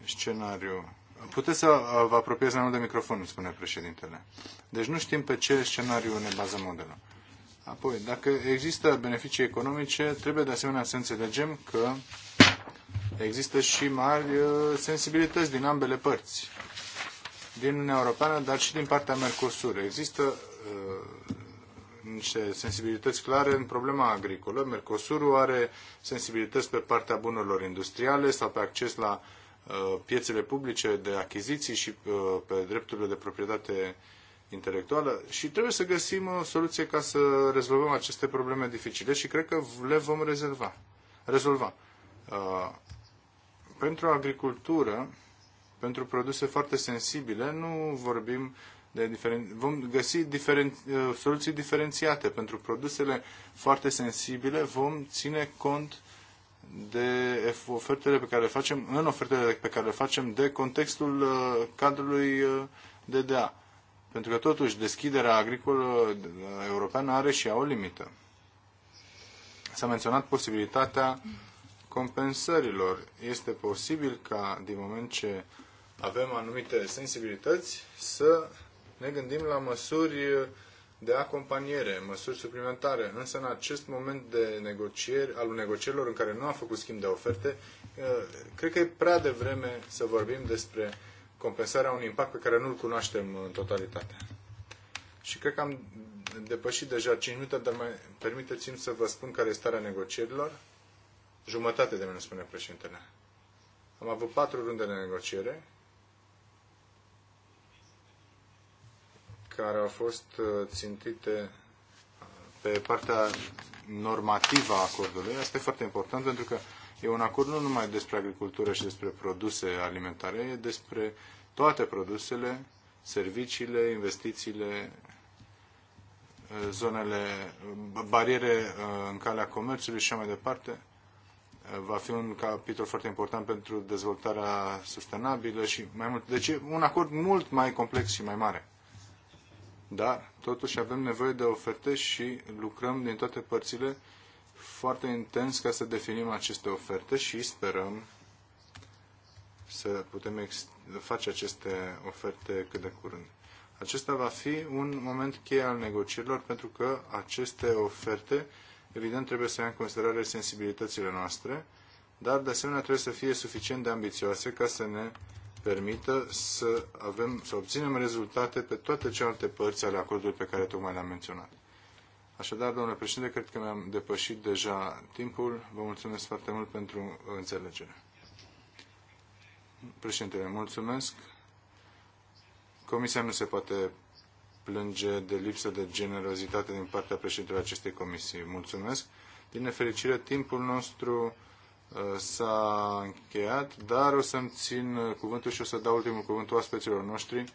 scenariu Puteți să uh, vă apropiați mai mult de microfon, spune președintele. Deci nu știm pe ce scenariu ne bazăm modelul. Apoi, dacă există beneficii economice, trebuie de asemenea să înțelegem că există și mari uh, sensibilități din ambele părți, din Uniunea Europeană, dar și din partea Mercosur. Există uh, niște sensibilități clare în problema agricolă. Mercosurul are sensibilități pe partea bunurilor industriale sau pe acces la Uh, piețele publice de achiziții și uh, pe drepturile de proprietate intelectuală și trebuie să găsim o soluție ca să rezolvăm aceste probleme dificile și cred că le vom rezolva. rezolva. Uh, pentru agricultură, pentru produse foarte sensibile, nu vorbim de diferen... vom găsi diferen... soluții diferențiate. Pentru produsele foarte sensibile vom ține cont de ofertele pe care le facem, în ofertele pe care le facem de contextul uh, cadrului uh, DDA. Pentru că totuși deschiderea agricolă uh, europeană are și ea o limită. S-a menționat posibilitatea compensărilor. Este posibil ca din moment ce avem anumite sensibilități să ne gândim la măsuri de acompaniere, măsuri suplimentare, însă în acest moment de negocieri, al negocierilor în care nu a făcut schimb de oferte, uh, cred că e prea devreme să vorbim despre compensarea unui impact pe care nu-l cunoaștem în totalitate. Și cred că am depășit deja 5 minute, dar mai permiteți-mi să vă spun care este starea negocierilor. Jumătate de minut, spune președintele. Am avut patru runde de negociere care au fost uh, țintite uh, pe partea normativă a acordului. Asta e foarte important pentru că e un acord nu numai despre agricultură și despre produse alimentare, e despre toate produsele, serviciile, investițiile, uh, zonele, bariere în calea comerțului și așa mai departe. Va fi un capitol foarte important pentru dezvoltarea sustenabilă și mai mult. Deci e un acord mult mai complex și mai mare dar totuși avem nevoie de oferte și lucrăm din toate părțile foarte intens ca să definim aceste oferte și sperăm să putem face aceste oferte cât de curând. Acesta va fi un moment cheie al negocierilor pentru că aceste oferte, evident, trebuie să ia în considerare sensibilitățile noastre, dar de asemenea trebuie să fie suficient de ambițioase ca să ne permită să avem, să obținem rezultate pe toate celelalte părți ale acordului pe care tocmai le-am menționat. Așadar, domnule președinte, cred că mi-am depășit deja timpul. Vă mulțumesc foarte mult pentru înțelegere. Președintele, mulțumesc. Comisia nu se poate plânge de lipsă de generozitate din partea președintelui acestei comisii. Mulțumesc. Din nefericire, timpul nostru Uh, s-a încheiat, dar o să-mi țin uh, cuvântul și o să dau ultimul cuvânt oaspeților noștri,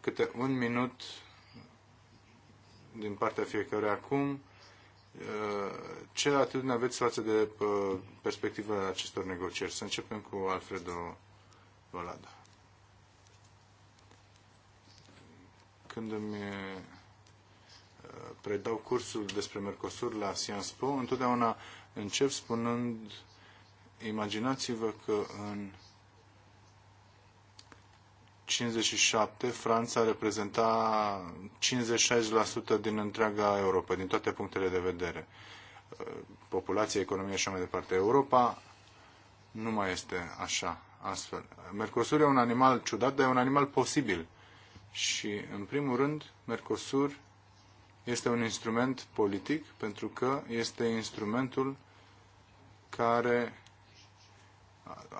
câte un minut din partea fiecăruia acum. Uh, ce atitudine aveți față de perspectiva acestor negocieri? Să începem cu Alfredo Volada. Când îmi predau cursul despre Mercosur la Sciences Po, întotdeauna încep spunând Imaginați-vă că în 57 Franța reprezenta 50-60% din întreaga Europa, din toate punctele de vedere. Populație, economie și așa mai departe. Europa nu mai este așa, astfel. Mercosur e un animal ciudat, dar e un animal posibil. Și, în primul rând, Mercosur este un instrument politic pentru că este instrumentul care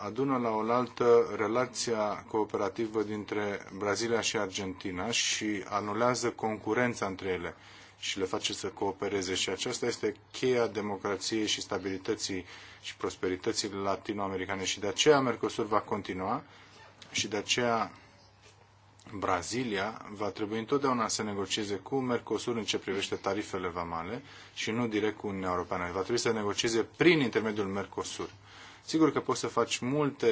adună la oaltă relația cooperativă dintre Brazilia și Argentina și anulează concurența între ele și le face să coopereze. Și aceasta este cheia democrației și stabilității și prosperității latinoamericane. Și de aceea Mercosur va continua și de aceea Brazilia va trebui întotdeauna să negocieze cu Mercosur în ce privește tarifele vamale și nu direct cu Uniunea Europeană. Va trebui să negocieze prin intermediul Mercosur. Sigur că poți să faci multe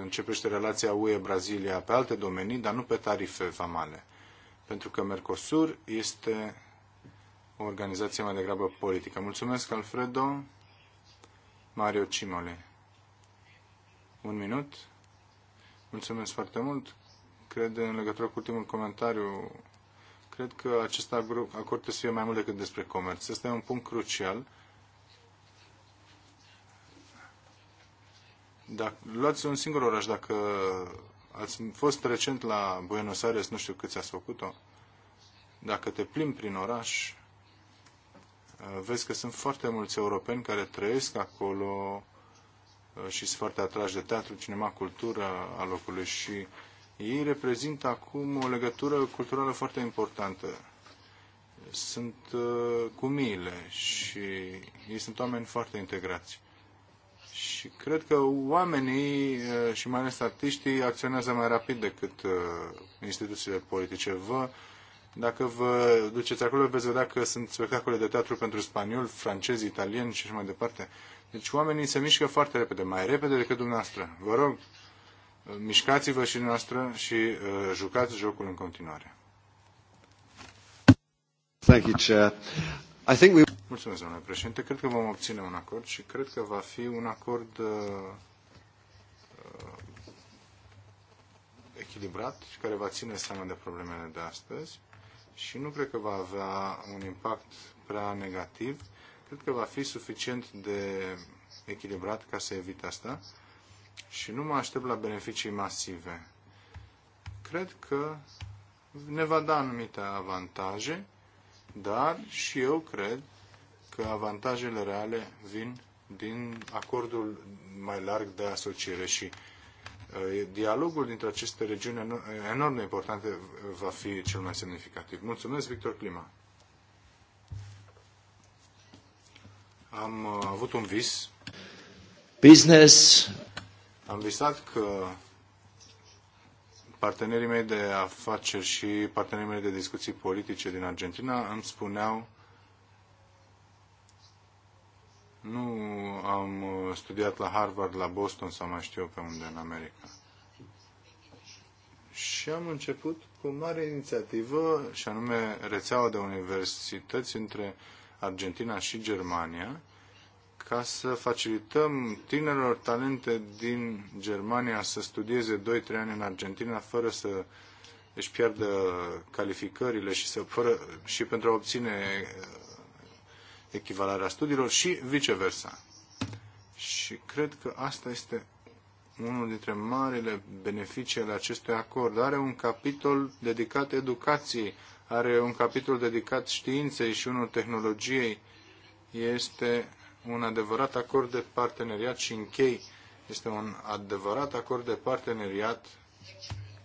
în ce privește relația UE-Brazilia pe alte domenii, dar nu pe tarife vamale. Pentru că Mercosur este o organizație mai degrabă politică. Mulțumesc, Alfredo. Mario Cimole. Un minut. Mulțumesc foarte mult. Cred, în legătură cu ultimul comentariu, cred că acest acord trebuie să fie mai mult decât despre comerț. Este un punct crucial Dacă, luați un singur oraș, dacă ați fost recent la Buenos Aires, nu știu câți ați făcut-o, dacă te plimbi prin oraș, uh, vezi că sunt foarte mulți europeni care trăiesc acolo uh, și sunt foarte atrași de teatru, cinema, cultură a locului și ei reprezintă acum o legătură culturală foarte importantă. Sunt uh, cu miile și ei sunt oameni foarte integrați. Și cred că oamenii eh, și mai ales artiștii acționează mai rapid decât eh, instituțiile politice. Vă, dacă vă duceți acolo, veți vedea că sunt spectacole de teatru pentru spaniol, francez, italien și așa mai departe. Deci oamenii se mișcă foarte repede, mai repede decât dumneavoastră. Vă rog, mișcați-vă și dumneavoastră și uh, jucați jocul în continuare. Thank you, Chair. I think we... Mulțumesc, domnule președinte. Cred că vom obține un acord și cred că va fi un acord uh, uh, echilibrat și care va ține seama de problemele de astăzi și nu cred că va avea un impact prea negativ. Cred că va fi suficient de echilibrat ca să evit asta și nu mă aștept la beneficii masive. Cred că ne va da anumite avantaje dar și eu cred că avantajele reale vin din acordul mai larg de asociere și uh, dialogul dintre aceste regiuni enorm de importante va fi cel mai semnificativ. Mulțumesc, Victor Clima. Am uh, avut un vis. Business. Am visat că Partenerii mei de afaceri și partenerii mei de discuții politice din Argentina îmi spuneau nu am uh, studiat la Harvard, la Boston sau mai știu eu pe unde în America. Și am început cu o mare inițiativă, și anume rețeaua de universități între Argentina și Germania, ca să facilităm tinerilor talente din Germania să studieze 2-3 ani în Argentina fără să își piardă calificările și, să, fără, și pentru a obține uh, echivalarea studiilor și viceversa. Și cred că asta este unul dintre marile beneficii ale acestui acord. Are un capitol dedicat educației, are un capitol dedicat științei și unul tehnologiei. Este un adevărat acord de parteneriat și închei, este un adevărat acord de parteneriat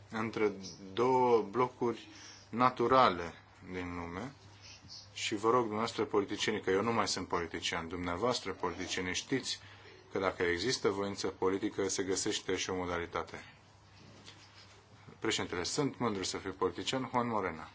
între două blocuri naturale din lume. Și vă rog, dumneavoastră politicienii, că eu nu mai sunt politician, dumneavoastră politicienii știți că dacă există voință politică, se găsește și o modalitate. Președintele, sunt mândru să fiu politician, Juan Morena.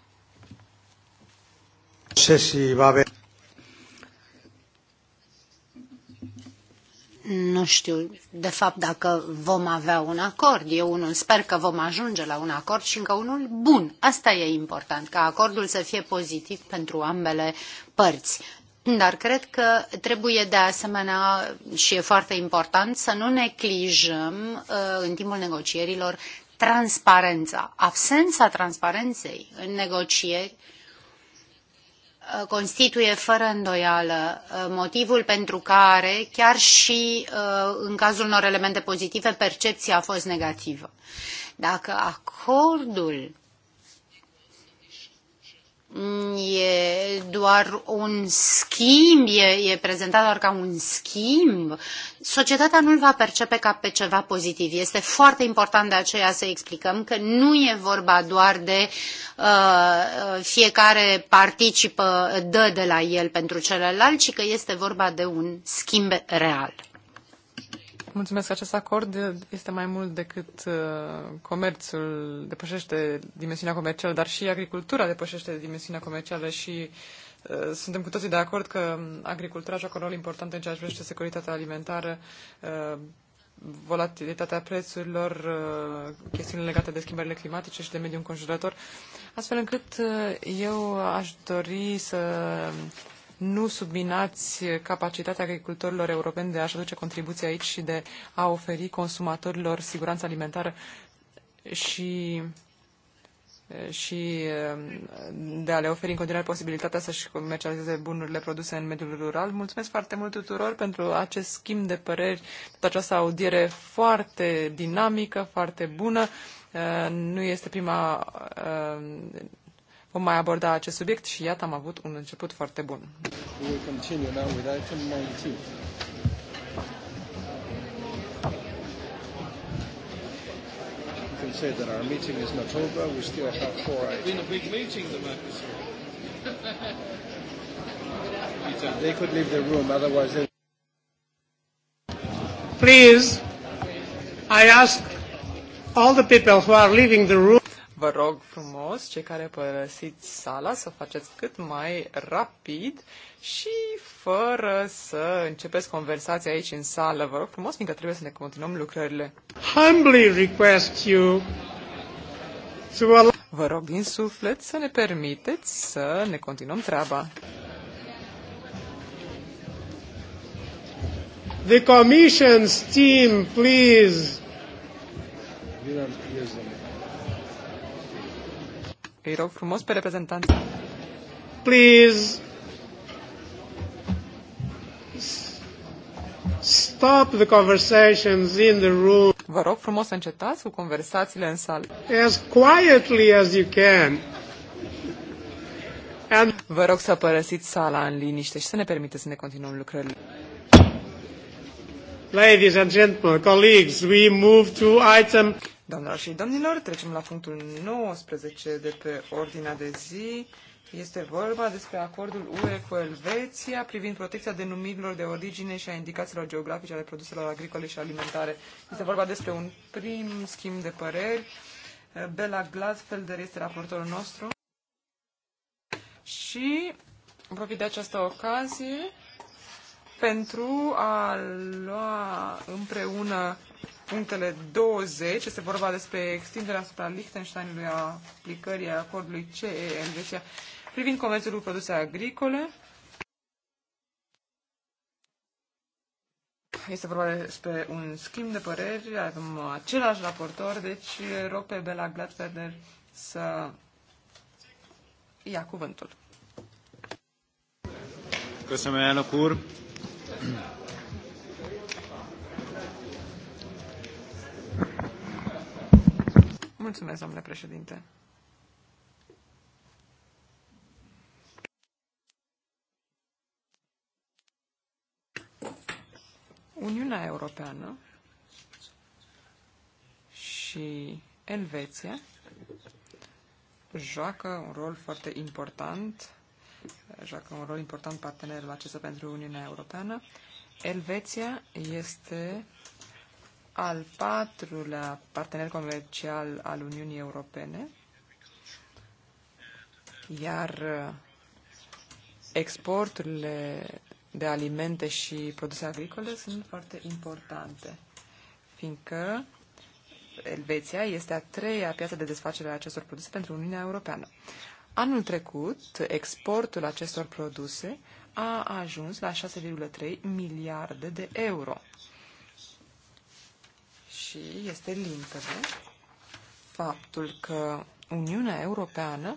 nu știu, de fapt, dacă vom avea un acord. Eu unul sper că vom ajunge la un acord și încă unul bun. Asta e important, ca acordul să fie pozitiv pentru ambele părți. Dar cred că trebuie de asemenea și e foarte important să nu neglijăm uh, în timpul negocierilor transparența. Absența transparenței în negocieri Uh, constituie fără îndoială uh, motivul pentru care, chiar și uh, în cazul unor elemente pozitive, percepția a fost negativă. Dacă acordul e doar un schimb, e, e prezentat doar ca un schimb, societatea nu-l va percepe ca pe ceva pozitiv. Este foarte important de aceea să explicăm că nu e vorba doar de uh, uh fiecare participă, dă de la el pentru celălalt, ci că este vorba de un schimb real. Mulțumesc. Acest acord este mai mult decât uh, comerțul, depășește dimensiunea comercială, dar și agricultura depășește dimensiunea comercială și uh, suntem cu toții de acord că um, agricultura joacă un rol important în ceea ce privește securitatea alimentară, uh, volatilitatea prețurilor, chestiunile legate de schimbările climatice și de mediul înconjurător, astfel încât eu aș dori să nu subminați capacitatea agricultorilor europeni de a-și aduce contribuții aici și de a oferi consumatorilor siguranță alimentară și și de a le oferi în continuare posibilitatea să-și comercializeze bunurile produse în mediul rural. Mulțumesc foarte mult tuturor pentru acest schimb de păreri, pentru această audiere foarte dinamică, foarte bună. Nu este prima vom mai aborda acest subiect și iată am avut un început foarte bun. can say that our meeting is not over. We still have four items. It's been a big meeting, the Mercosur. they could leave the room, otherwise they. Please, I ask all the people who are leaving the room vă rog frumos, cei care părăsiți sala, să faceți cât mai rapid și fără să începeți conversația aici în sală. Vă rog frumos, fiindcă trebuie să ne continuăm lucrările. Humbly request you to allow... Vă rog din suflet să ne permiteți să ne continuăm treaba. The commission's team, please. Îi rog frumos pe reprezentanți. Please. Stop the conversations in the room. Vă rog frumos să încetați cu conversațiile în sală. As quietly as you can. And... Vă rog să părăsiți sala în liniște și să ne permiteți să ne continuăm lucrările. Ladies and gentlemen, colleagues, we move to item Doamnelor și domnilor, trecem la punctul 19 de pe ordinea de zi. Este vorba despre acordul UE cu Elveția privind protecția denumirilor de origine și a indicațiilor geografice ale produselor agricole și alimentare. Este vorba despre un prim schimb de păreri. Bela Glasfelder este raportorul nostru. Și profit de această ocazie pentru a lua împreună punctele 20, este vorba despre extinderea asupra Liechtensteinului a aplicării a acordului CE Elveția privind comerțul cu produse agricole. Este vorba despre un schimb de păreri, avem același raportor, deci rog pe Bela Gladfelder să ia cuvântul. Köszönöm, elnök Mulțumesc, domnule președinte. Uniunea Europeană și Elveția joacă un rol foarte important, joacă un rol important partenerul acesta pentru Uniunea Europeană. Elveția este al patrulea partener comercial al Uniunii Europene, iar uh, exporturile de alimente și produse agricole sunt foarte importante, fiindcă Elveția este a treia piață de desfacere a acestor produse pentru Uniunea Europeană. Anul trecut, exportul acestor produse a ajuns la 6,3 miliarde de euro și este limpede faptul că Uniunea Europeană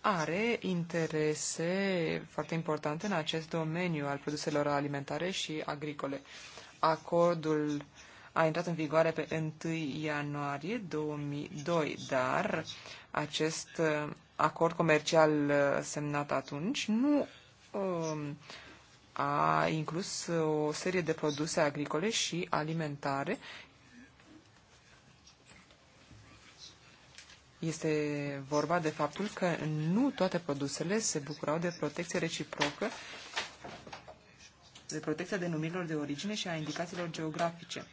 are interese foarte importante în acest domeniu al produselor alimentare și agricole. Acordul a intrat în vigoare pe 1 ianuarie 2002, dar acest acord comercial semnat atunci nu uh, a inclus o serie de produse agricole și alimentare. Este vorba de faptul că nu toate produsele se bucurau de protecție reciprocă, de protecția denumirilor de origine și a indicațiilor geografice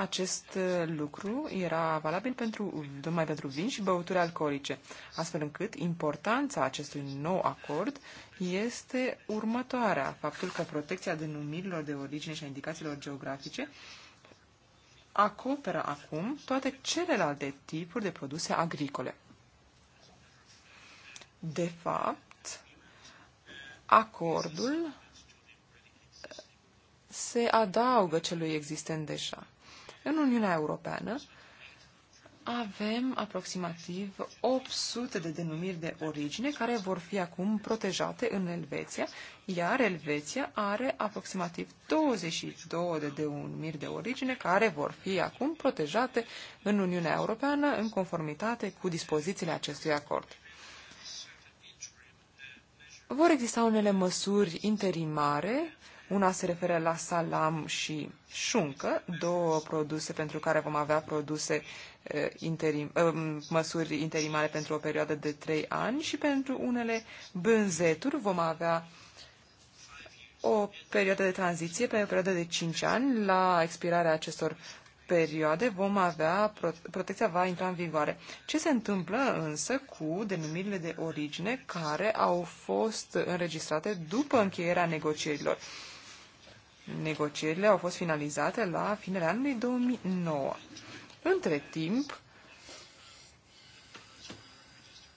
acest uh, lucru era valabil pentru, numai pentru vin și băuturi alcoolice, astfel încât importanța acestui nou acord este următoarea, faptul că protecția denumirilor de origine și a indicațiilor geografice acoperă acum toate celelalte tipuri de produse agricole. De fapt, acordul se adaugă celui existent deja. În Uniunea Europeană avem aproximativ 800 de denumiri de origine care vor fi acum protejate în Elveția, iar Elveția are aproximativ 22 de denumiri de origine care vor fi acum protejate în Uniunea Europeană în conformitate cu dispozițiile acestui acord. Vor exista unele măsuri interimare una se referă la salam și șuncă, două produse pentru care vom avea produse interim, măsuri interimare pentru o perioadă de trei ani și pentru unele bânzeturi vom avea o perioadă de tranziție pe o perioadă de 5 ani. La expirarea acestor perioade vom avea, protecția va intra în vigoare. Ce se întâmplă însă cu denumirile de origine care au fost înregistrate după încheierea negocierilor? Negocierile au fost finalizate la finele anului 2009. Între timp,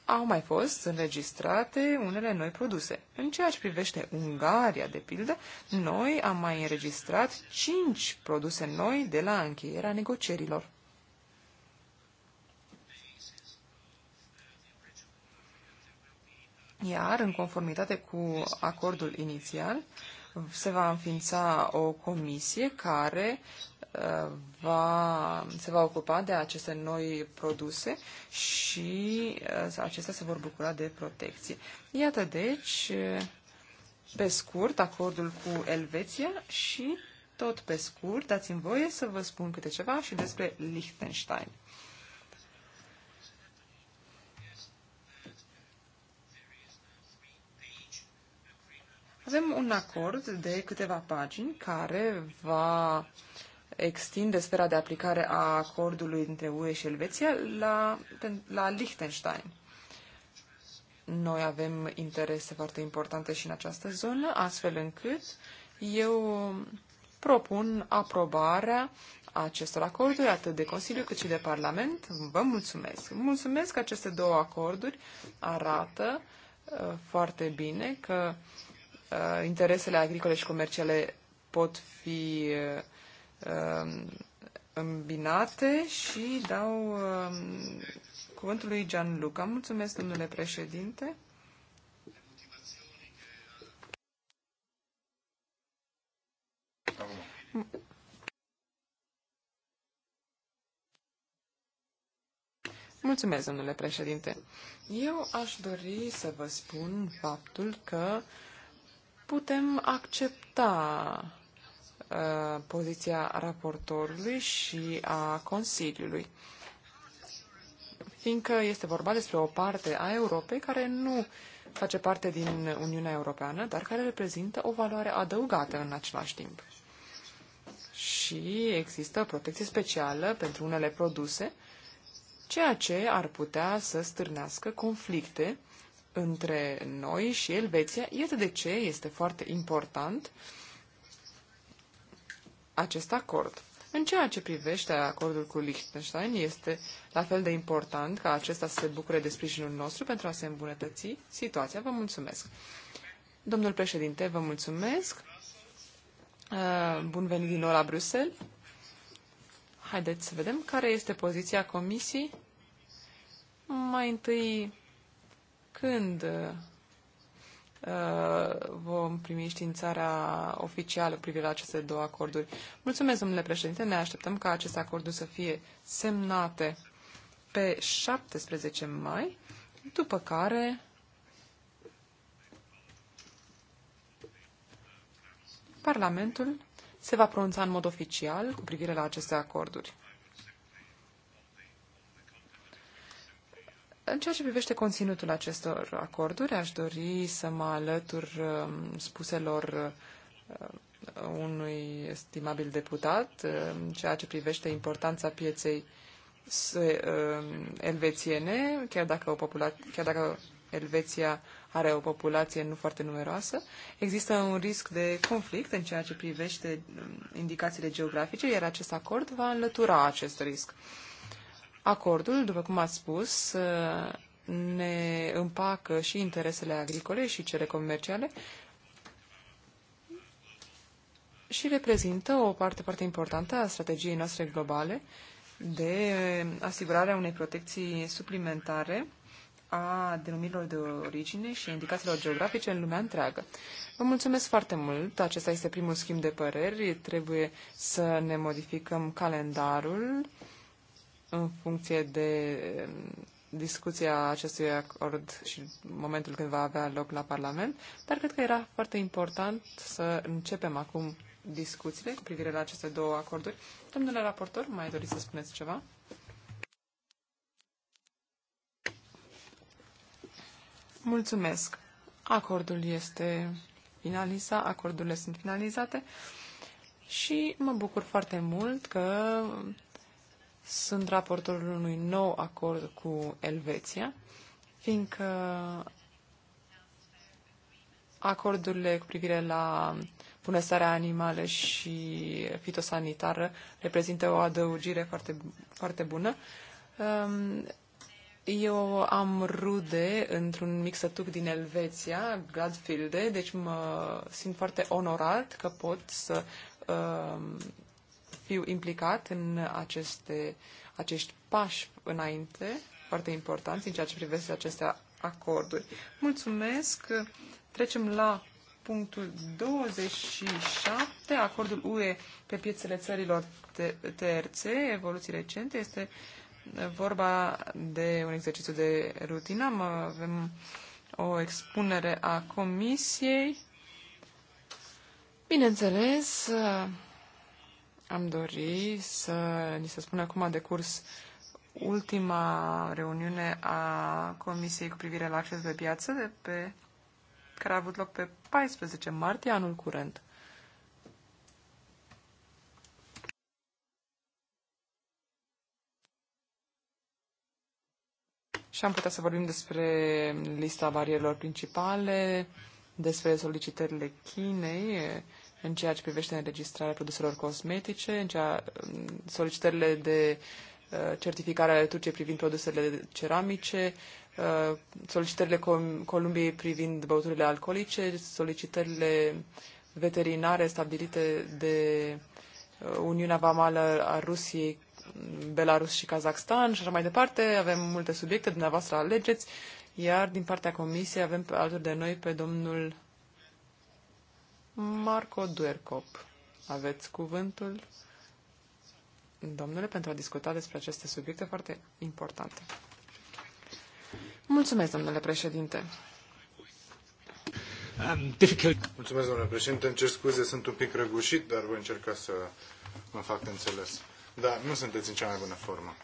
au mai fost înregistrate unele noi produse. În ceea ce privește Ungaria, de pildă, noi am mai înregistrat 5 produse noi de la încheierea negocierilor. Iar, în conformitate cu acordul inițial, se va înființa o comisie care uh, va, se va ocupa de aceste noi produse și uh, acestea se vor bucura de protecție. Iată deci, pe scurt, acordul cu Elveția și tot pe scurt, dați-mi voie să vă spun câte ceva și despre Liechtenstein. Avem un acord de câteva pagini care va extinde sfera de aplicare a acordului dintre UE și Elveția la, la Liechtenstein. Noi avem interese foarte importante și în această zonă, astfel încât eu propun aprobarea acestor acorduri, atât de Consiliu cât și de Parlament. Vă mulțumesc! Mulțumesc că aceste două acorduri arată uh, foarte bine că uh, Uh, interesele agricole și comerciale pot fi uh, um, îmbinate și dau um, cuvântul lui Gianluca. Mulțumesc, domnule președinte. Mulțumesc, domnule președinte. Eu aș dori să vă spun faptul că uh, putem accepta uh, poziția raportorului și a Consiliului, fiindcă este vorba despre o parte a Europei care nu face parte din Uniunea Europeană, dar care reprezintă o valoare adăugată în același timp. Și există protecție specială pentru unele produse, ceea ce ar putea să stârnească conflicte între noi și Elveția. Iată de ce este foarte important acest acord. În ceea ce privește acordul cu Liechtenstein, este la fel de important ca acesta să se bucure de sprijinul nostru pentru a se îmbunătăți situația. Vă mulțumesc. Domnul președinte, vă mulțumesc. Uh, bun venit din nou la Bruxelles. Haideți să vedem care este poziția comisiei. Mai întâi când uh, vom primi științarea oficială privire la aceste două acorduri. Mulțumesc, domnule președinte, ne așteptăm ca aceste acorduri să fie semnate pe 17 mai, după care Parlamentul se va pronunța în mod oficial cu privire la aceste acorduri. În ceea ce privește conținutul acestor acorduri, aș dori să mă alătur um, spuselor uh, unui estimabil deputat um, în ceea ce privește importanța pieței um, elvețiene, chiar dacă, o popula- chiar dacă Elveția are o populație nu foarte numeroasă, există un risc de conflict în ceea ce privește indicațiile geografice, iar acest acord va înlătura acest risc. Acordul, după cum ați spus, uh, ne împacă și interesele agricole și cele comerciale și reprezintă o parte foarte importantă a strategiei noastre globale de asigurarea unei protecții suplimentare a denumirilor de origine și indicațiilor geografice în lumea întreagă. Vă mulțumesc foarte mult. Acesta este primul schimb de păreri. Trebuie să ne modificăm calendarul în funcție de um, discuția acestui acord și momentul când va avea loc la Parlament, dar cred că era foarte important să începem acum discuțiile cu privire la aceste două acorduri. Domnule raportor, mai doriți să spuneți ceva? Mulțumesc. Acordul este finalizat, acordurile sunt finalizate și mă bucur foarte mult că sunt raportorul unui nou acord cu Elveția, fiindcă acordurile cu privire la bunăstarea animală și fitosanitară reprezintă o adăugire foarte, foarte bună. Um, eu am rude într-un sătuc din Elveția, Gladfilde, deci mă simt foarte onorat că pot să um, fiu implicat în aceste, acești pași înainte, foarte importanți în ceea ce privește aceste acorduri. Mulțumesc! Trecem la punctul 27, acordul UE pe piețele țărilor terțe, evoluții recente, este vorba de un exercițiu de rutină. Avem o expunere a comisiei. Bineînțeles, am dori să ni se spună acum de curs ultima reuniune a Comisiei cu privire la acces pe piață de pe, care a avut loc pe 14 martie anul curent. Și am putea să vorbim despre lista barierilor principale, despre solicitările Chinei în ceea ce privește înregistrarea produselor cosmetice, în ceea, solicitările de uh, certificare ale Turciei privind produsele ceramice, uh, solicitările Columbiei privind băuturile alcoolice, solicitările veterinare stabilite de uh, Uniunea Vamală a Rusiei, Belarus și Kazakhstan și așa mai departe. Avem multe subiecte, dumneavoastră alegeți. Iar din partea Comisiei avem alături de noi pe domnul Marco Duercop. Aveți cuvântul, domnule, pentru a discuta despre aceste subiecte foarte importante. Mulțumesc, domnule președinte. Mulțumesc, domnule președinte. Încerc scuze, sunt un pic răgușit, dar voi încerca să mă fac înțeles. Da, nu sunteți în cea mai bună formă.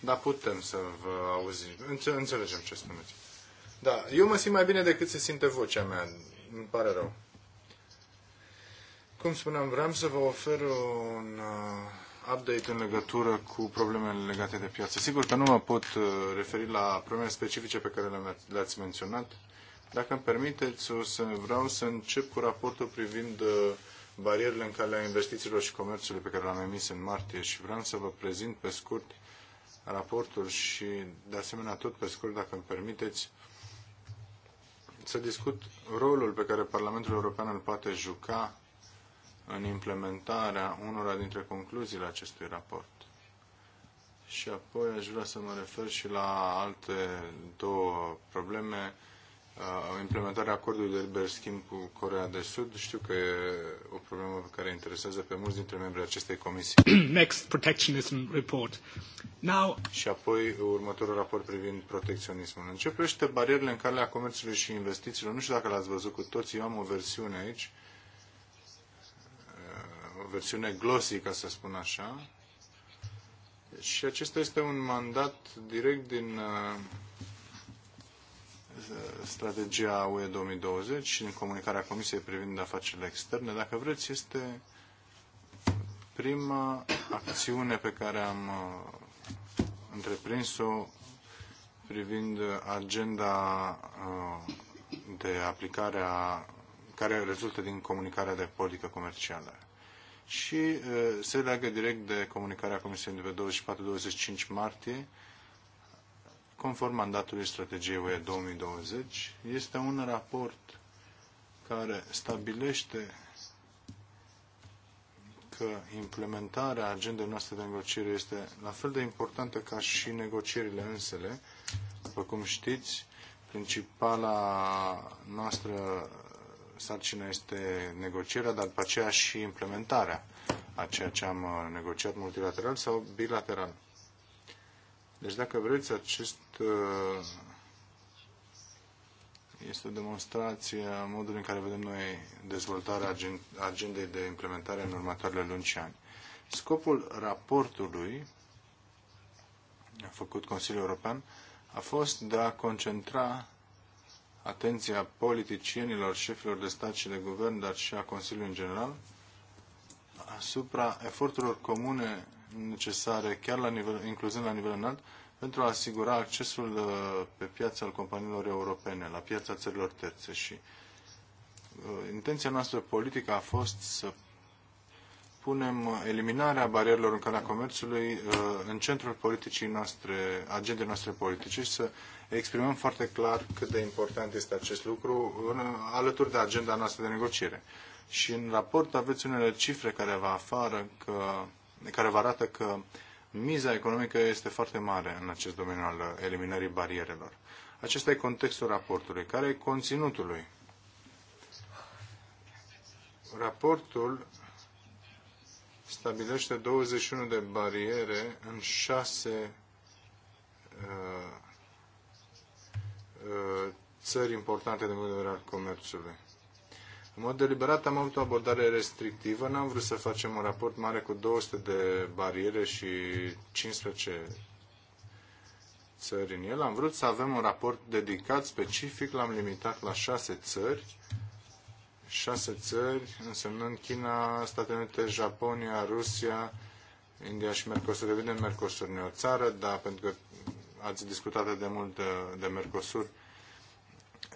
Dar putem să vă auzim. Înțe- înțelegem ce spuneți. Da, eu mă simt mai bine decât se simte vocea mea. Îmi pare rău. Cum spuneam, vreau să vă ofer un uh, update în legătură cu problemele legate de piață. Sigur că nu mă pot uh, referi la problemele specifice pe care le-ați menționat. Dacă îmi permiteți, o să vreau să încep cu raportul privind uh, barierele în calea investițiilor și comerțului pe care l-am emis în martie și vreau să vă prezint pe scurt raportul și, de asemenea, tot pe scurt, dacă îmi permiteți, să discut rolul pe care Parlamentul European îl poate juca în implementarea unora dintre concluziile acestui raport. Și apoi aș vrea să mă refer și la alte două probleme. Uh, implementarea acordului de liber schimb cu Corea de Sud. Știu că e o problemă care interesează pe mulți dintre membrii acestei comisii. Next protectionism report. Now... Și apoi următorul raport privind protecționismul. Începește barierele în calea comerțului și investițiilor. Nu știu dacă l-ați văzut cu toții. Eu am o versiune aici versiune glossy, ca să spun așa. Și acesta este un mandat direct din uh, strategia UE 2020 și în comunicarea Comisiei privind afacerile externe. Dacă vreți, este prima acțiune pe care am uh, întreprins-o privind agenda uh, de aplicare a, care rezultă din comunicarea de politică comercială și uh, se leagă direct de comunicarea Comisiei de pe 24-25 martie, conform mandatului strategiei UE 2020. Este un raport care stabilește că implementarea agendei noastre de negociere este la fel de importantă ca și negocierile însele. După cum știți, principala noastră sarcina este negocierea, dar după aceea și implementarea a ceea ce am uh, negociat multilateral sau bilateral. Deci dacă vreți, acest uh, este o demonstrație a modului în care vedem noi dezvoltarea agendei de implementare în următoarele luni și ani. Scopul raportului făcut Consiliul European a fost de a concentra atenția politicienilor, șefilor de stat și de guvern, dar și a Consiliului în general, asupra eforturilor comune necesare, chiar la nivel, incluzând la nivel înalt, pentru a asigura accesul uh, pe piața al companiilor europene, la piața țărilor terțe. Și uh, intenția noastră politică a fost să punem eliminarea barierelor în calea comerțului uh, în centrul politicii noastre, agendei noastre politice și să exprimăm foarte clar cât de important este acest lucru în, alături de agenda noastră de negociere. Și în raport aveți unele cifre care vă, afară că, care vă arată că miza economică este foarte mare în acest domeniu al eliminării barierelor. Acesta e contextul raportului. Care e conținutul lui? Raportul stabilește 21 de bariere în șase uh, uh, țări importante din punct de vedere al comerțului. În mod deliberat am avut o abordare restrictivă, n-am vrut să facem un raport mare cu 200 de bariere și 15 țări în el. Am vrut să avem un raport dedicat, specific, l-am limitat la șase țări șase țări, însemnând China, Statele Unite, Japonia, Rusia, India și Mercosur. Evident, Mercosur nu e o țară, dar pentru că ați discutat de mult de, de Mercosur,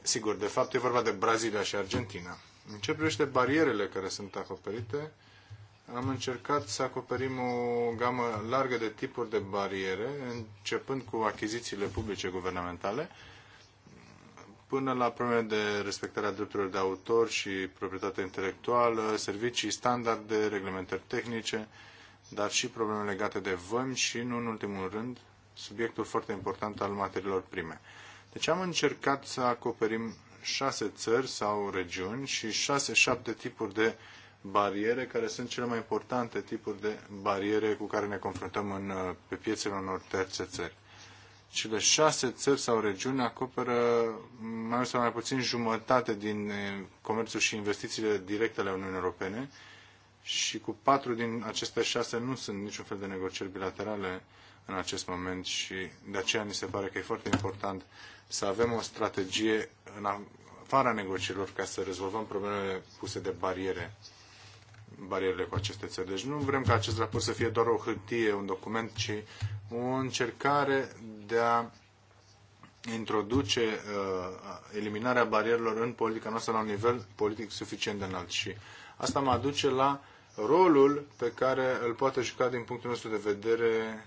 sigur, de fapt e vorba de Brazilia și Argentina. În ce privește barierele care sunt acoperite, am încercat să acoperim o gamă largă de tipuri de bariere, începând cu achizițiile publice guvernamentale, până la probleme de respectarea drepturilor de autor și proprietatea intelectuală, servicii, standarde, reglementări tehnice, dar și probleme legate de văm și, nu în ultimul rând, subiectul foarte important al materiilor prime. Deci am încercat să acoperim șase țări sau regiuni și șase-șapte tipuri de bariere, care sunt cele mai importante tipuri de bariere cu care ne confruntăm în, pe piețele unor terțe țări. Cele șase țări sau regiuni acoperă mai mult sau mai puțin jumătate din eh, comerțul și investițiile directe ale Uniunii Europene și cu patru din aceste șase nu sunt niciun fel de negocieri bilaterale în acest moment și de aceea mi se pare că e foarte important să avem o strategie în afara negocierilor ca să rezolvăm problemele puse de bariere barierele cu aceste țări. Deci nu vrem ca acest raport să fie doar o hârtie, un document, ci o încercare de a introduce uh, eliminarea barierelor în politica noastră la un nivel politic suficient de înalt. Și asta mă aduce la rolul pe care îl poate juca din punctul nostru de vedere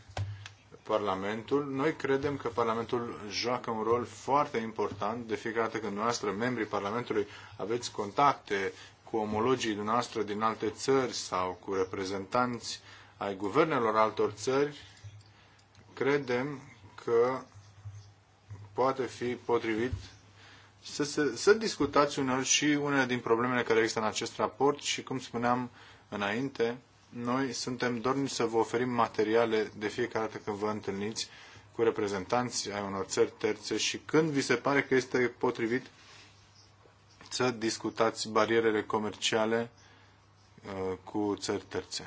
Parlamentul. Noi credem că Parlamentul joacă un rol foarte important de fiecare dată când noastră, membrii Parlamentului, aveți contacte, cu omologii dumneavoastră din alte țări sau cu reprezentanți ai guvernelor altor țări, credem că poate fi potrivit să, să, să discutați uneori și unele din problemele care există în acest raport și, cum spuneam înainte, noi suntem dorni să vă oferim materiale de fiecare dată când vă întâlniți cu reprezentanți ai unor țări terțe și când vi se pare că este potrivit să discutați barierele comerciale uh, cu țări terțe.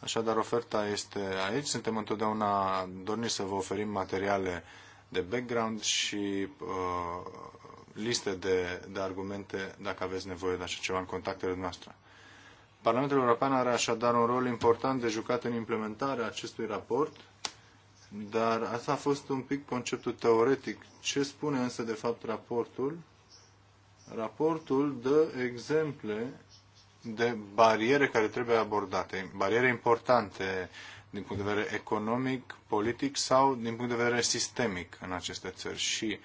Așadar, oferta este aici. Suntem întotdeauna dorniți să vă oferim materiale de background și uh, liste de, de argumente dacă aveți nevoie de așa ceva în contactele noastre. Parlamentul European are așadar un rol important de jucat în implementarea acestui raport, dar asta a fost un pic conceptul teoretic. Ce spune însă de fapt raportul? Raportul dă exemple de bariere care trebuie abordate, bariere importante din punct de vedere economic, politic sau din punct de vedere sistemic în aceste țări. Și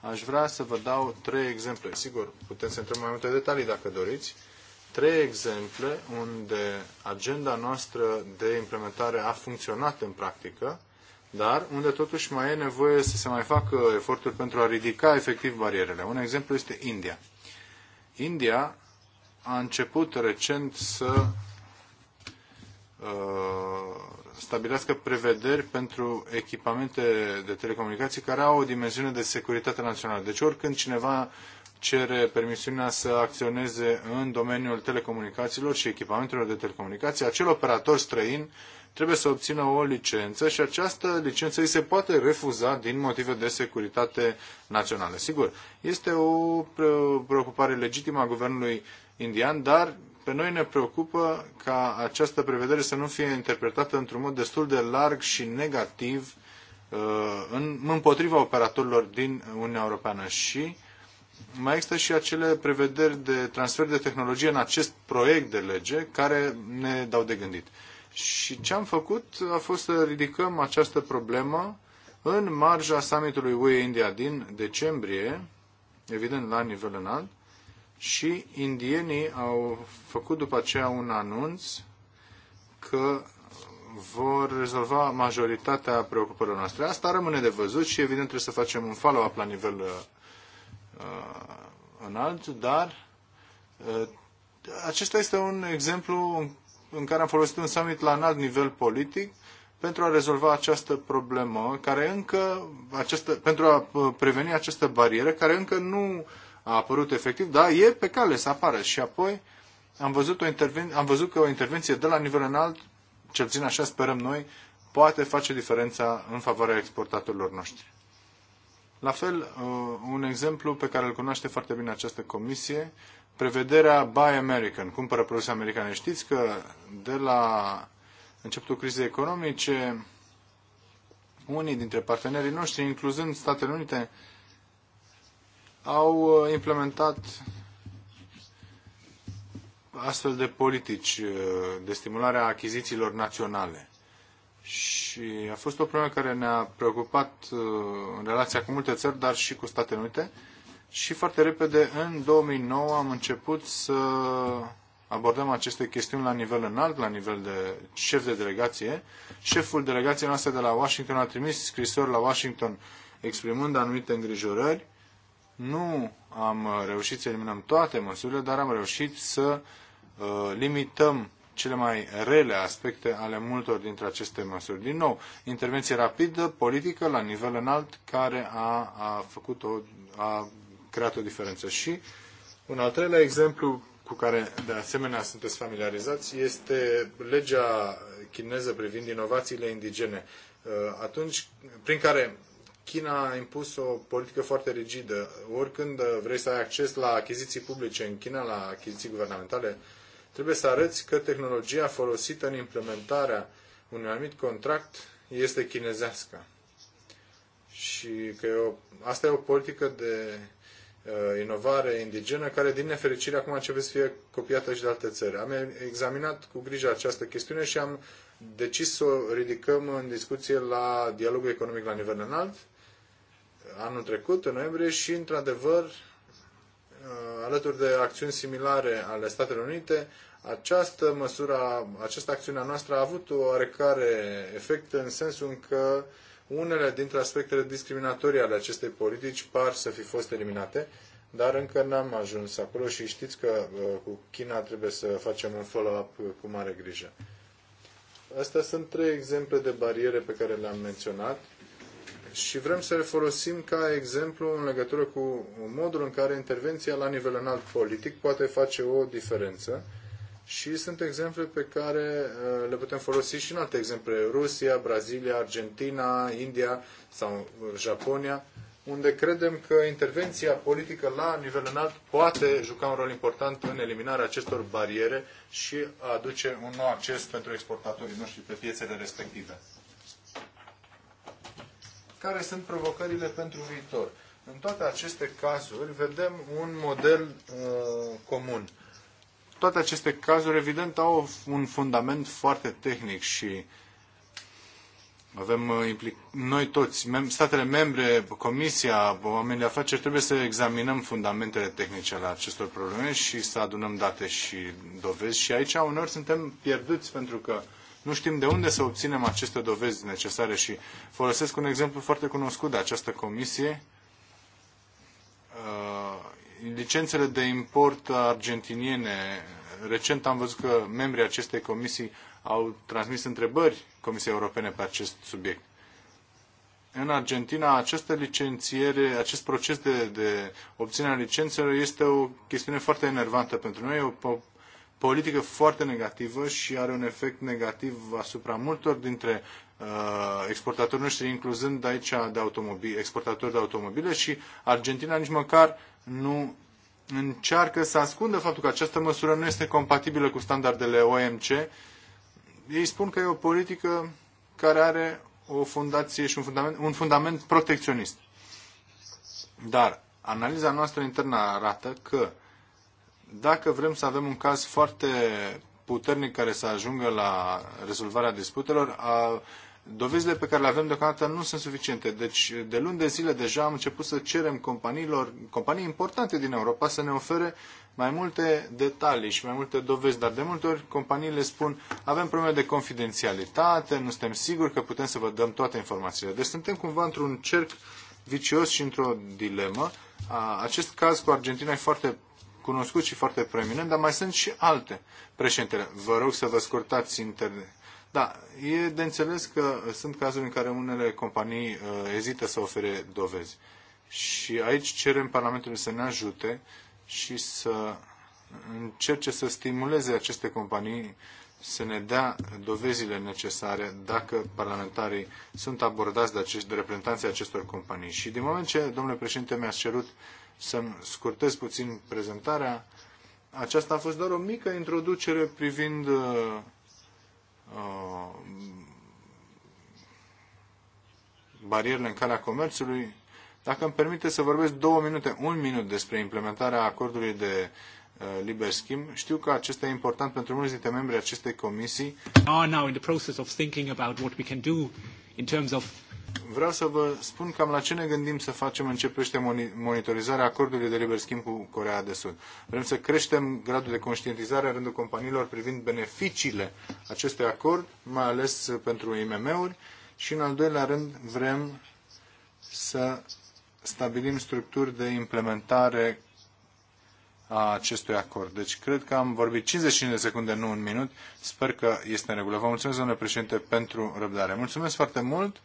aș vrea să vă dau trei exemple. Sigur, putem să intrăm mai multe detalii dacă doriți. Trei exemple unde agenda noastră de implementare a funcționat în practică, dar unde totuși mai e nevoie să se mai facă eforturi pentru a ridica efectiv barierele. Un exemplu este India. India a început recent să uh, stabilească prevederi pentru echipamente de telecomunicații care au o dimensiune de securitate națională. Deci oricând cineva cere permisiunea să acționeze în domeniul telecomunicațiilor și echipamentelor de telecomunicații, acel operator străin trebuie să obțină o licență și această licență îi se poate refuza din motive de securitate națională. Sigur, este o preocupare legitimă a guvernului indian, dar pe noi ne preocupă ca această prevedere să nu fie interpretată într-un mod destul de larg și negativ uh, în, împotriva operatorilor din Uniunea Europeană și mai există și acele prevederi de transfer de tehnologie în acest proiect de lege care ne dau de gândit. Și ce am făcut a fost să ridicăm această problemă în marja summitului UE-India din decembrie, evident la nivel înalt, și indienii au făcut după aceea un anunț că vor rezolva majoritatea preocupărilor noastre. Asta rămâne de văzut și evident trebuie să facem un follow-up la nivel uh, uh înalt, dar uh, acesta este un exemplu în care am folosit un summit la înalt nivel politic pentru a rezolva această problemă, care încă, această, pentru a uh, preveni această barieră, care încă nu a apărut efectiv, dar e pe cale să apară. Și apoi am văzut, o interven- am văzut că o intervenție de la nivel înalt, cel puțin așa sperăm noi, poate face diferența în favoarea exportatorilor noștri. La fel, uh, un exemplu pe care îl cunoaște foarte bine această comisie, prevederea Buy American, cumpără produse americane. Știți că de la începutul crizei economice, unii dintre partenerii noștri, incluzând Statele Unite, au uh, implementat astfel de politici uh, de stimulare a achizițiilor naționale și a fost o problemă care ne-a preocupat uh, în relația cu multe țări, dar și cu Statele Unite. Și foarte repede, în 2009, am început să abordăm aceste chestiuni la nivel înalt, la nivel de șef de delegație. Șeful delegației noastre de la Washington a trimis scrisori la Washington exprimând anumite îngrijorări. Nu am reușit să eliminăm toate măsurile, dar am reușit să uh, limităm cele mai rele aspecte ale multor dintre aceste măsuri. Din nou, intervenție rapidă, politică, la nivel înalt, care a, a, făcut o, a creat o diferență. Și un al treilea exemplu cu care de asemenea sunteți familiarizați este legea chineză privind inovațiile indigene, uh, atunci, prin care China a impus o politică foarte rigidă. Oricând vrei să ai acces la achiziții publice în China, la achiziții guvernamentale, Trebuie să arăți că tehnologia folosită în implementarea unui anumit contract este chinezească. Și că e o, asta e o politică de uh, inovare indigenă care, din nefericire, acum începe să fie copiată și de alte țări. Am examinat cu grijă această chestiune și am decis să o ridicăm în discuție la dialogul economic la nivel înalt anul trecut, în noiembrie, și, într-adevăr, Uh, alături de acțiuni similare ale Statelor Unite, această măsură, această acțiune a noastră a avut o oarecare efect în sensul în că unele dintre aspectele discriminatorii ale acestei politici par să fi fost eliminate, dar încă n-am ajuns acolo și știți că uh, cu China trebuie să facem un follow-up cu mare grijă. Astea sunt trei exemple de bariere pe care le-am menționat și vrem să le folosim ca exemplu în legătură cu modul în care intervenția la nivel înalt politic poate face o diferență și sunt exemple pe care uh, le putem folosi și în alte exemple, Rusia, Brazilia, Argentina, India sau uh, Japonia, unde credem că intervenția politică la nivel înalt poate juca un rol important în eliminarea acestor bariere și aduce un nou acces pentru exportatorii noștri pe piețele respective care sunt provocările pentru viitor. În toate aceste cazuri vedem un model uh, comun. Toate aceste cazuri, evident, au un fundament foarte tehnic și avem uh, implic- noi toți, mem- statele membre, Comisia, oamenii de afaceri, trebuie să examinăm fundamentele tehnice ale acestor probleme și să adunăm date și dovezi. Și aici uneori suntem pierduți pentru că uh, nu știm de unde să obținem aceste dovezi necesare și folosesc un exemplu foarte cunoscut de această comisie. Uh, licențele de import argentiniene. Recent am văzut că membrii acestei comisii au transmis întrebări Comisiei Europene pe acest subiect în Argentina această licențiere, acest proces de, de obținere a licențelor este o chestiune foarte enervantă pentru noi, o politică foarte negativă și are un efect negativ asupra multor dintre uh, exportatorii noștri, incluzând aici de automobil, exportatori de automobile și Argentina nici măcar nu încearcă să ascundă faptul că această măsură nu este compatibilă cu standardele OMC. Ei spun că e o politică care are o fundație și un fundament, un fundament protecționist. Dar analiza noastră internă arată că dacă vrem să avem un caz foarte puternic care să ajungă la rezolvarea disputelor, a, dovezile pe care le avem deocamdată nu sunt suficiente. Deci, de luni de zile deja am început să cerem companiilor, companii importante din Europa să ne ofere mai multe detalii și mai multe dovezi, dar de multe ori companiile spun avem probleme de confidențialitate, nu suntem siguri că putem să vă dăm toate informațiile. Deci suntem cumva într-un cerc vicios și într-o dilemă. Acest caz cu Argentina e foarte cunoscut și foarte preeminent, dar mai sunt și alte. Președintele, vă rog să vă scurtați internet. Da, e de înțeles că sunt cazuri în care unele companii uh, ezită să ofere dovezi. Și aici cerem Parlamentului să ne ajute și să încerce să stimuleze aceste companii să ne dea dovezile necesare dacă parlamentarii sunt abordați de, acești, de reprezentanții acestor companii. Și din moment ce, domnule președinte, mi-ați cerut uh, să-mi scurtez puțin prezentarea. Aceasta a fost doar o mică introducere privind uh, uh, barierele în calea comerțului. Dacă îmi permite să vorbesc două minute, un minut despre implementarea acordului de uh, liber schimb, știu că acesta e important pentru mulți dintre membrii acestei comisii. Are now in the process of thinking about what we can do in terms of Vreau să vă spun cam la ce ne gândim să facem în ce privește monitorizarea acordului de liber schimb cu Corea de Sud. Vrem să creștem gradul de conștientizare în rândul companiilor privind beneficiile acestui acord, mai ales pentru IMM-uri, și în al doilea rând vrem să stabilim structuri de implementare a acestui acord. Deci cred că am vorbit 55 de secunde, nu un minut. Sper că este în regulă. Vă mulțumesc, domnule președinte, pentru răbdare. Mulțumesc foarte mult.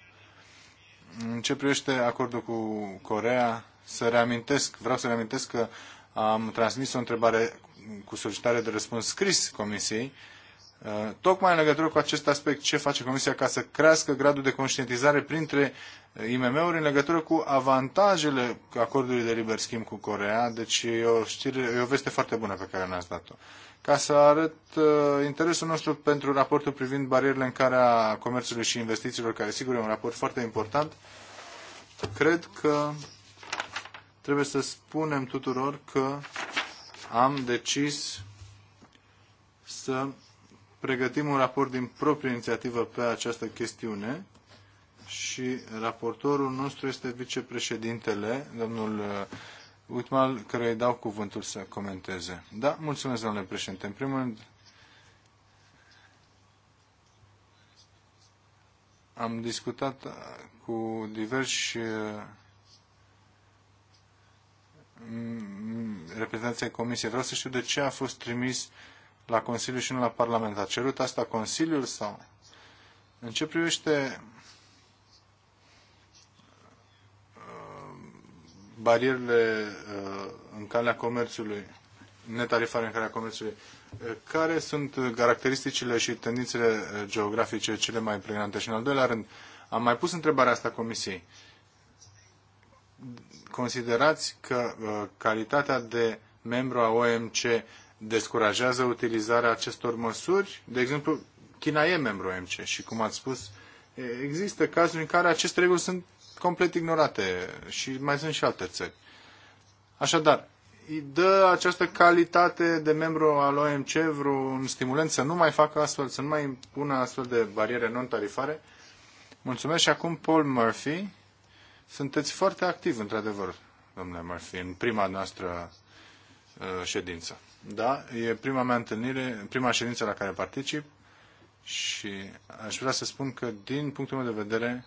În ce privește acordul cu Corea, să reamintesc, vreau să reamintesc că am transmis o întrebare cu solicitare de răspuns scris Comisiei Uh, tocmai în legătură cu acest aspect, ce face Comisia ca să crească gradul de conștientizare printre uh, IMM-uri în legătură cu avantajele acordului de liber schimb cu Corea? Deci e o, știre, e o veste foarte bună pe care ne-ați dat-o. Ca să arăt uh, interesul nostru pentru raportul privind barierele în care a comerțului și investițiilor, care sigur e un raport foarte important, cred că trebuie să spunem tuturor că am decis să pregătim un raport din proprie inițiativă pe această chestiune și raportorul nostru este vicepreședintele, domnul uh, Utmal, care îi dau cuvântul să comenteze. Da, mulțumesc, domnule președinte. În primul rând, am discutat uh, cu diversi uh, reprezentanții Comisiei. Vreau să știu de ce a fost trimis uh, la Consiliu și nu la Parlament. A cerut asta Consiliul sau? În ce privește uh, barierele uh, în calea comerțului, netarifare în calea comerțului, uh, care sunt caracteristicile și tendințele geografice cele mai pregnante? Și în al doilea rând, am mai pus întrebarea asta Comisiei. Considerați că calitatea de membru a OMC descurajează utilizarea acestor măsuri? De exemplu, China e membru OMC și, cum ați spus, există cazuri în care aceste reguli sunt complet ignorate și mai sunt și alte țări. Așadar, îi dă această calitate de membru al OMC vreun stimulent să nu mai facă astfel, să nu mai impună astfel de bariere non-tarifare? Mulțumesc și acum Paul Murphy. Sunteți foarte activ, într-adevăr, domnule Murphy, în prima noastră uh, ședință. Da, e prima mea întâlnire, prima ședință la care particip și aș vrea să spun că, din punctul meu de vedere,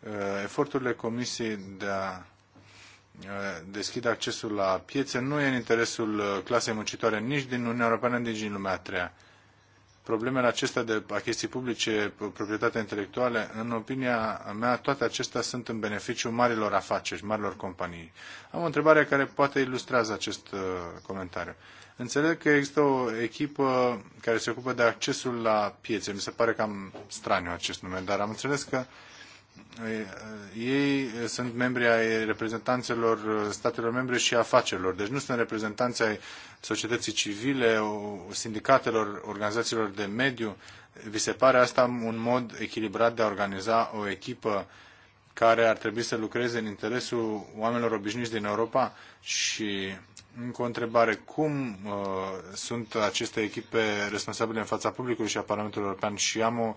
uh, eforturile Comisiei de a uh, deschide accesul la piețe nu e în interesul uh, clasei muncitoare nici din Uniunea Europeană, nici din lumea a treia. Problemele acestea de achiziții publice, proprietate intelectuală, în opinia mea, toate acestea sunt în beneficiu marilor afaceri, marilor companii. Am o întrebare care poate ilustrează acest comentariu. Înțeleg că există o echipă care se ocupă de accesul la piețe. Mi se pare cam straniu acest nume, dar am înțeles că ei sunt membri ai reprezentanțelor statelor membre și afacerilor. Deci nu sunt reprezentanți ai societății civile, sindicatelor, organizațiilor de mediu. Vi se pare asta un mod echilibrat de a organiza o echipă care ar trebui să lucreze în interesul oamenilor obișnuiți din Europa și încă o întrebare. Cum uh, sunt aceste echipe responsabile în fața publicului și a Parlamentului European? Și am o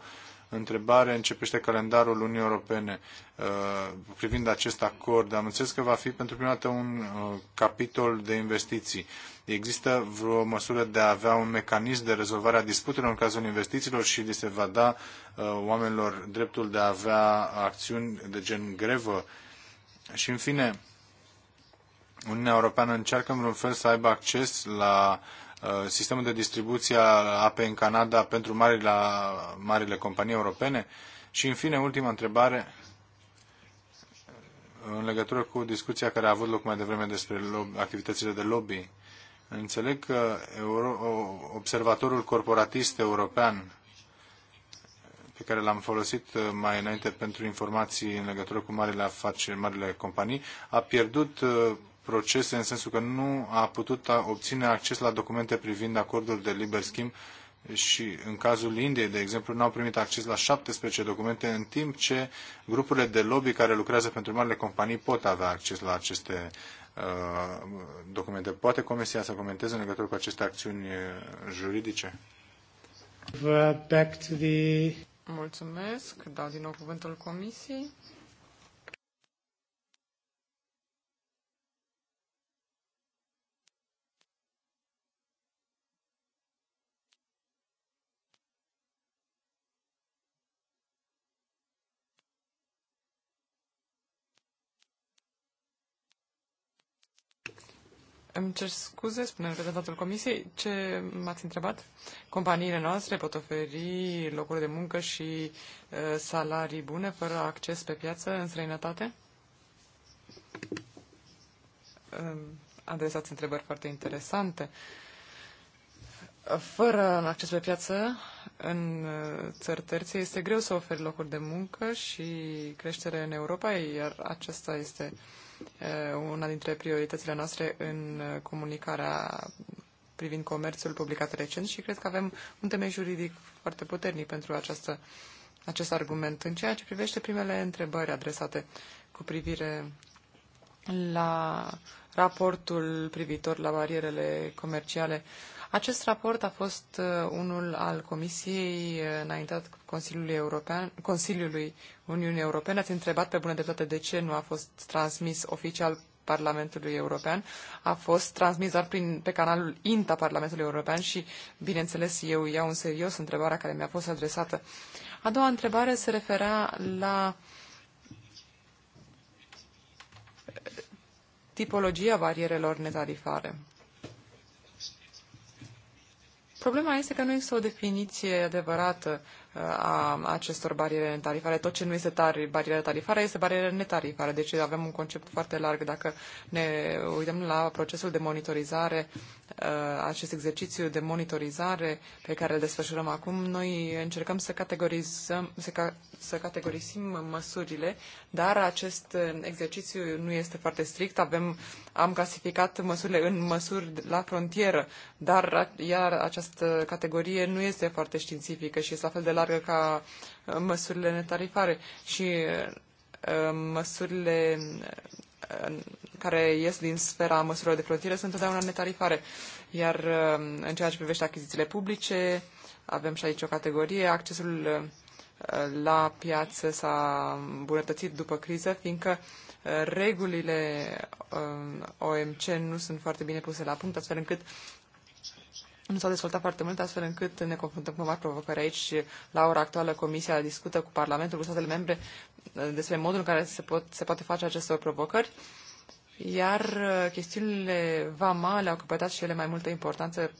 întrebare, începește calendarul Uniunii Europene uh, privind acest acord. Am înțeles că va fi pentru prima dată un uh, capitol de investiții. Există vreo măsură de a avea un mecanism de rezolvare a disputelor în cazul investițiilor și li se va da uh, oamenilor dreptul de a avea acțiuni de gen grevă? Și în fine, Uniunea Europeană încearcă în vreun fel să aibă acces la uh, sistemul de distribuție a apei în Canada pentru marile, marile companii europene? Și în fine, ultima întrebare în legătură cu discuția care a avut loc mai devreme despre activitățile de lobby. Înțeleg că Euro, observatorul corporatist european pe care l-am folosit uh, mai înainte pentru informații în legătură cu marile afaceri, marile companii, a pierdut uh, procese în sensul că nu a putut obține acces la documente privind acordul de liber schimb și în cazul Indiei, de exemplu, n-au primit acces la 17 documente, în timp ce grupurile de lobby care lucrează pentru marile companii pot avea acces la aceste uh, documente. Poate Comisia să comenteze în legătură cu aceste acțiuni uh, juridice? Back to the... Mulțumesc. Dau din nou cuvântul Comisiei. Îmi cer scuze, spune reprezentantul comisiei, ce m-ați întrebat? Companiile noastre pot oferi locuri de muncă și uh, salarii bune fără acces pe piață în străinătate? Uh, adresați întrebări foarte interesante. Fără acces pe piață, în uh, țări terțe, este greu să oferi locuri de muncă și creștere în Europa, iar acesta este uh, Eh, una dintre prioritățile noastre în eh, comunicarea privind comerțul publicat recent și cred că avem un temei juridic foarte puternic pentru această, acest argument. În ceea ce privește primele întrebări adresate cu privire la raportul privitor la barierele comerciale, acest raport a fost uh, unul al Comisiei uh, înaintat Consiliului, European, Consiliului Uniunii Europene. Ați întrebat pe bună dreptate de ce nu a fost transmis oficial Parlamentului European. A fost transmis doar prin, pe canalul INTA Parlamentului European și, bineînțeles, eu iau în serios întrebarea care mi-a fost adresată. A doua întrebare se referea la uh, tipologia barierelor netarifare. Problema este că nu există o definiție adevărată uh, a acestor bariere tarifare. Tot ce nu este tar- barieră tarifară este barieră netarifară. Deci avem un concept foarte larg. Dacă ne uităm la procesul de monitorizare, uh, acest exercițiu de monitorizare pe care îl desfășurăm acum, noi încercăm să categorizăm, să, să categorisim măsurile, dar acest exercițiu nu este foarte strict. Avem, am clasificat măsurile în măsuri la frontieră, dar iar această categorie nu este foarte științifică și este la fel de largă ca uh, măsurile netarifare și uh, măsurile uh, care ies din sfera măsurilor de frontieră sunt întotdeauna netarifare. Iar în ceea ce privește achizițiile publice, avem și aici o categorie, accesul la piață s-a îmbunătățit după criză, fiindcă uh, regulile uh, OMC nu sunt foarte bine puse la punct, astfel încât nu s-au dezvoltat foarte mult, astfel încât ne confruntăm cu mari provocări aici. La ora actuală, Comisia discută cu Parlamentul, cu statele membre, uh, despre modul în care se, pot, se poate face aceste provocări. Iar chestiunile vamale au căpătat și ele mai multă importanță.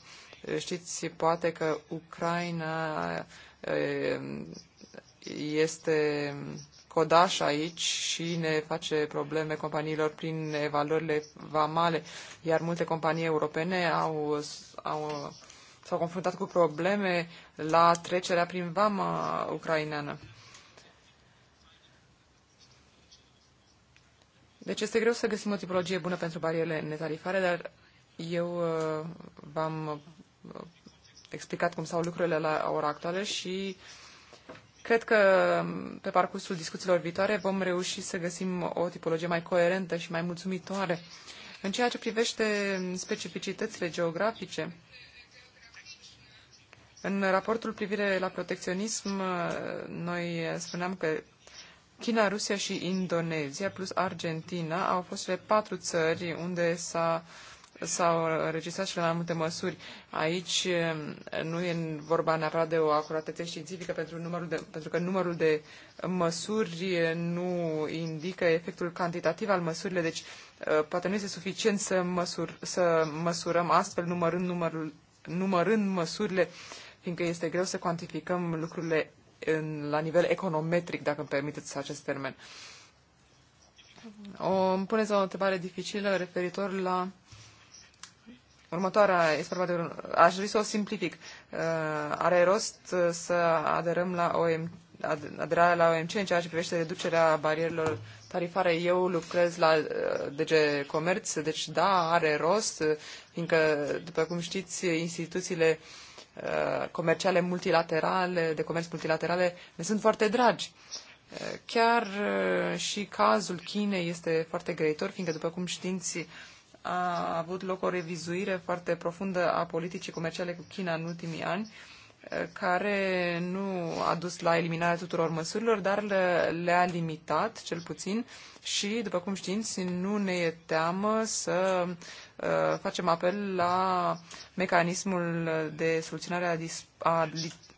Știți, poate că Ucraina este codaș aici și ne face probleme companiilor prin evaluările vamale, iar multe companii europene au, au, s-au confruntat cu probleme la trecerea prin vama ucraineană. Deci este greu să găsim o tipologie bună pentru barierele netarifare, dar eu uh, v-am uh, explicat cum stau lucrurile la ora actuală și uh, Cred că pe parcursul discuțiilor viitoare vom reuși să găsim o tipologie mai coerentă și mai mulțumitoare. În ceea ce privește specificitățile geografice, în raportul privire la protecționism, noi spuneam că China, Rusia și Indonezia, plus Argentina, au fost cele patru țări unde s-a uh, s-au înregistrat și la mai multe măsuri. Aici eh, nu e vorba neapărat de o acuratețe științifică pentru, numărul de, pentru că numărul de măsuri eh, nu indică efectul cantitativ al măsurilor, deci eh, poate nu este suficient să, măsur, să măsurăm astfel numărând, numărul, numărând măsurile, fiindcă este greu să cuantificăm lucrurile în, la nivel econometric, dacă îmi permiteți acest termen. O, îmi puneți o întrebare dificilă referitor la Următoarea este vorba de... Aș dori să o simplific. Uh, are rost uh, să aderăm la OMC aderarea la OMC în ceea ce privește reducerea barierelor tarifare. Eu lucrez la uh, DG Comerț, deci da, are rost, fiindcă, după cum știți, instituțiile comerciale multilaterale, de comerț multilaterale, ne sunt foarte dragi. Chiar și cazul Chinei este foarte greitor, fiindcă, după cum știți, a avut loc o revizuire foarte profundă a politicii comerciale cu China în ultimii ani, eh, care nu a dus la eliminarea tuturor măsurilor, dar le-a limitat, cel puțin, și, după cum știți, nu ne e teamă să eh, facem apel la mecanismul de soluționare a, dis- a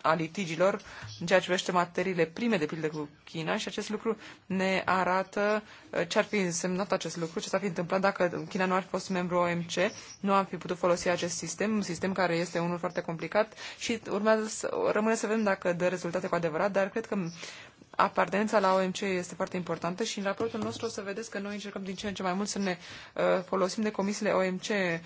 a litigilor în ceea ce privește materiile prime, de pildă cu China și acest lucru ne arată uh, ce ar fi însemnat acest lucru, ce s-ar fi întâmplat dacă China nu ar fi fost membru OMC, nu am fi putut folosi acest sistem, un sistem care este unul foarte complicat și urmează să, rămâne să vedem dacă dă rezultate cu adevărat, dar cred că apartenența la OMC este foarte importantă și în raportul nostru o să vedeți că noi încercăm din ce în ce mai mult să ne uh, folosim de comisiile OMC uh,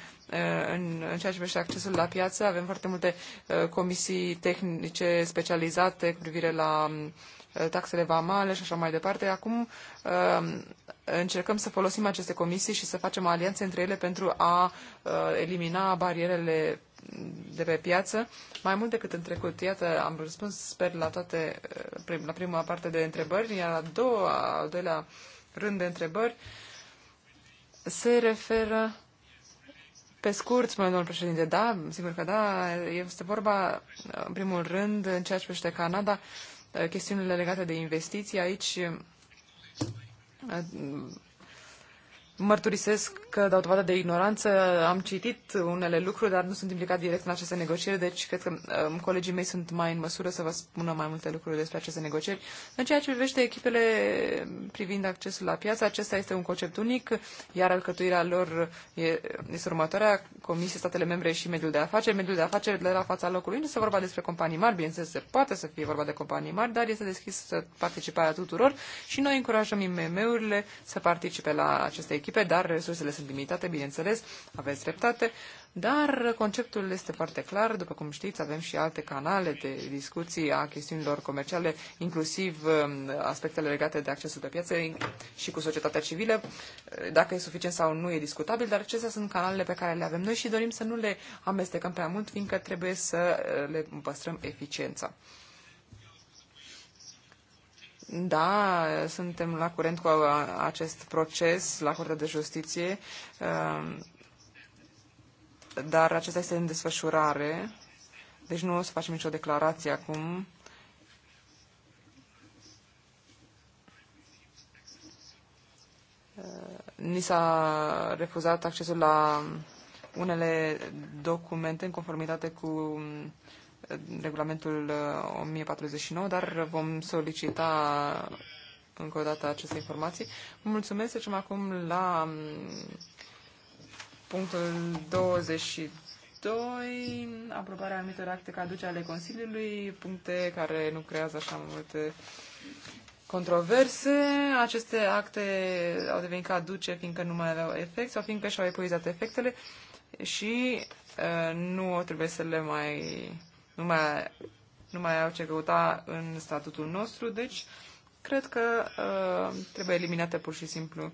în, ceea ce privește accesul la piață. Avem foarte multe uh, comisii tehnice specializate cu privire la taxele vamale și așa mai departe. Acum încercăm să folosim aceste comisii și să facem alianțe între ele pentru a elimina barierele de pe piață, mai mult decât în trecut. Iată, am răspuns, sper, la toate, eh, la prima parte de întrebări, iar la doua, al doilea rând de întrebări se referă pe scurt, spune domnul președinte, da, sigur că da, este vorba, în primul rând, în ceea ce privește Canada, eh, chestiunile legate de investiții. Aici eh, Mărturisesc că dau dovadă de ignoranță, am citit unele lucruri, dar nu sunt implicat direct în aceste negocieri, deci cred că um, colegii mei sunt mai în măsură să vă spună mai multe lucruri despre aceste negocieri. În ceea ce privește echipele privind accesul la piață, acesta este un concept unic, iar alcătuirea lor e, este următoarea, Comisie, statele membre și mediul de afaceri. Mediul de afaceri de la fața locului nu este vorba despre companii mari, bineînțeles, se poate să fie vorba de companii mari, dar este deschis să a tuturor și noi încurajăm IMM-urile să participe la aceste echipe echipe, dar resursele sunt limitate, bineînțeles, aveți dreptate, dar conceptul este foarte clar. După cum știți, avem și alte canale de discuții a chestiunilor comerciale, inclusiv um, aspectele legate de accesul pe piață și cu societatea civilă, dacă e suficient sau nu e discutabil, dar acestea sunt canalele pe care le avem noi și dorim să nu le amestecăm prea mult, fiindcă trebuie să uh, le păstrăm eficiența. Da, suntem la curent cu acest proces la Curtea de Justiție, um, dar acesta este în desfășurare, deci nu o să facem nicio declarație acum. Uh, ni s-a refuzat accesul la unele documente în conformitate cu um, regulamentul 1049, uh, dar vom solicita încă o dată aceste informații. Mulțumesc, trecem acum la um, punctul 22. Aprobarea anumitor acte caduce ale Consiliului, puncte care nu creează așa multe controverse. Aceste acte au devenit caduce fiindcă nu mai aveau efect sau fiindcă și-au epuizat efectele și uh, nu trebuie să le mai nu mai, nu mai au ce căuta în statutul nostru, deci cred că uh, trebuie eliminată pur și simplu.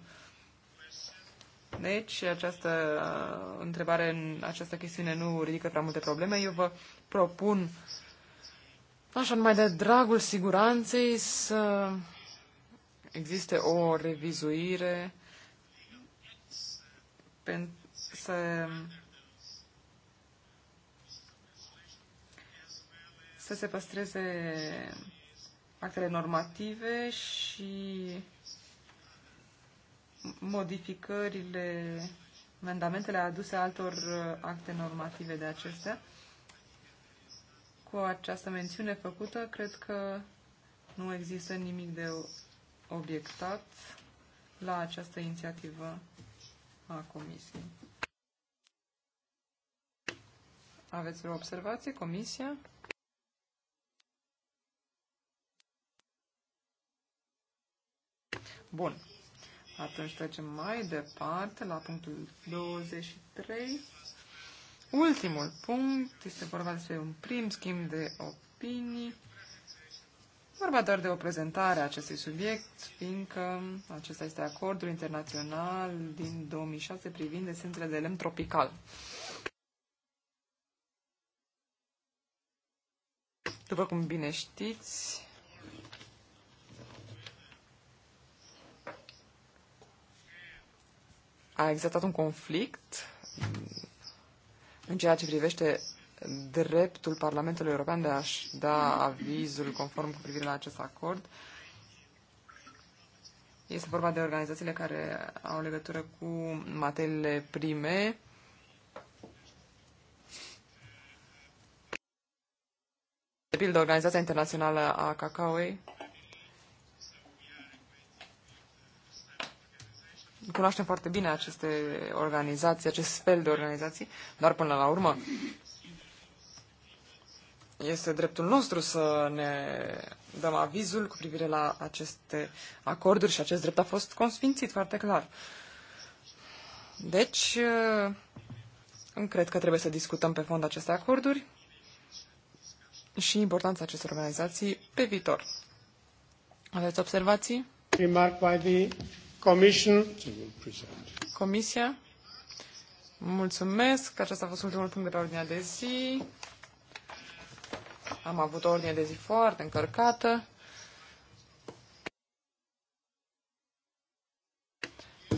Deci, această uh, întrebare, această chestiune nu ridică prea multe probleme. Eu vă propun, așa numai de dragul siguranței, să existe o revizuire pentru să să se păstreze actele normative și modificările, amendamentele aduse altor uh, acte normative de acestea. Cu această mențiune făcută, cred că nu există nimic de obiectat la această inițiativă a Comisiei. Aveți o observație, Comisia? Bun. Atunci trecem mai departe la punctul 23. Ultimul punct este vorba despre un prim schimb de opinii. Vorba doar de o prezentare a acestui subiect, fiindcă acesta este acordul internațional din 2006 privind esențele de lemn tropical. După cum bine știți, a existat un conflict în ceea ce privește dreptul Parlamentului European de a-și da avizul conform cu privire la acest acord. Este vorba de organizațiile care au legătură cu materiile prime. De pildă, Organizația Internațională a Cacaoei cunoaștem foarte bine aceste organizații, acest fel de organizații, dar până la urmă este dreptul nostru să ne dăm avizul cu privire la aceste acorduri și acest drept a fost consfințit foarte clar. Deci, uh, cred că trebuie să discutăm pe fond aceste acorduri și importanța acestor organizații pe viitor. Aveți observații? Remark by the Comisia. Mulțumesc. Acesta a fost ultimul punct de pe ordinea de zi. Am avut o ordine de zi foarte încărcată.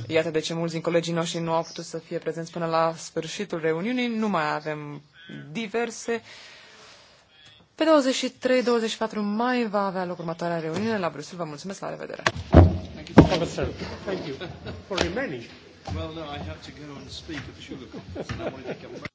Iată de ce mulți din colegii noștri nu au putut să fie prezenți până la sfârșitul reuniunii. Nu mai avem diverse. Pe 23-24 mai va avea loc următoarea reuniune la Bruxelles. Vă mulțumesc, la revedere! concern. Thank you for remaining. Well, no, I have to go and speak at the sugar conference, and I wanted to come back.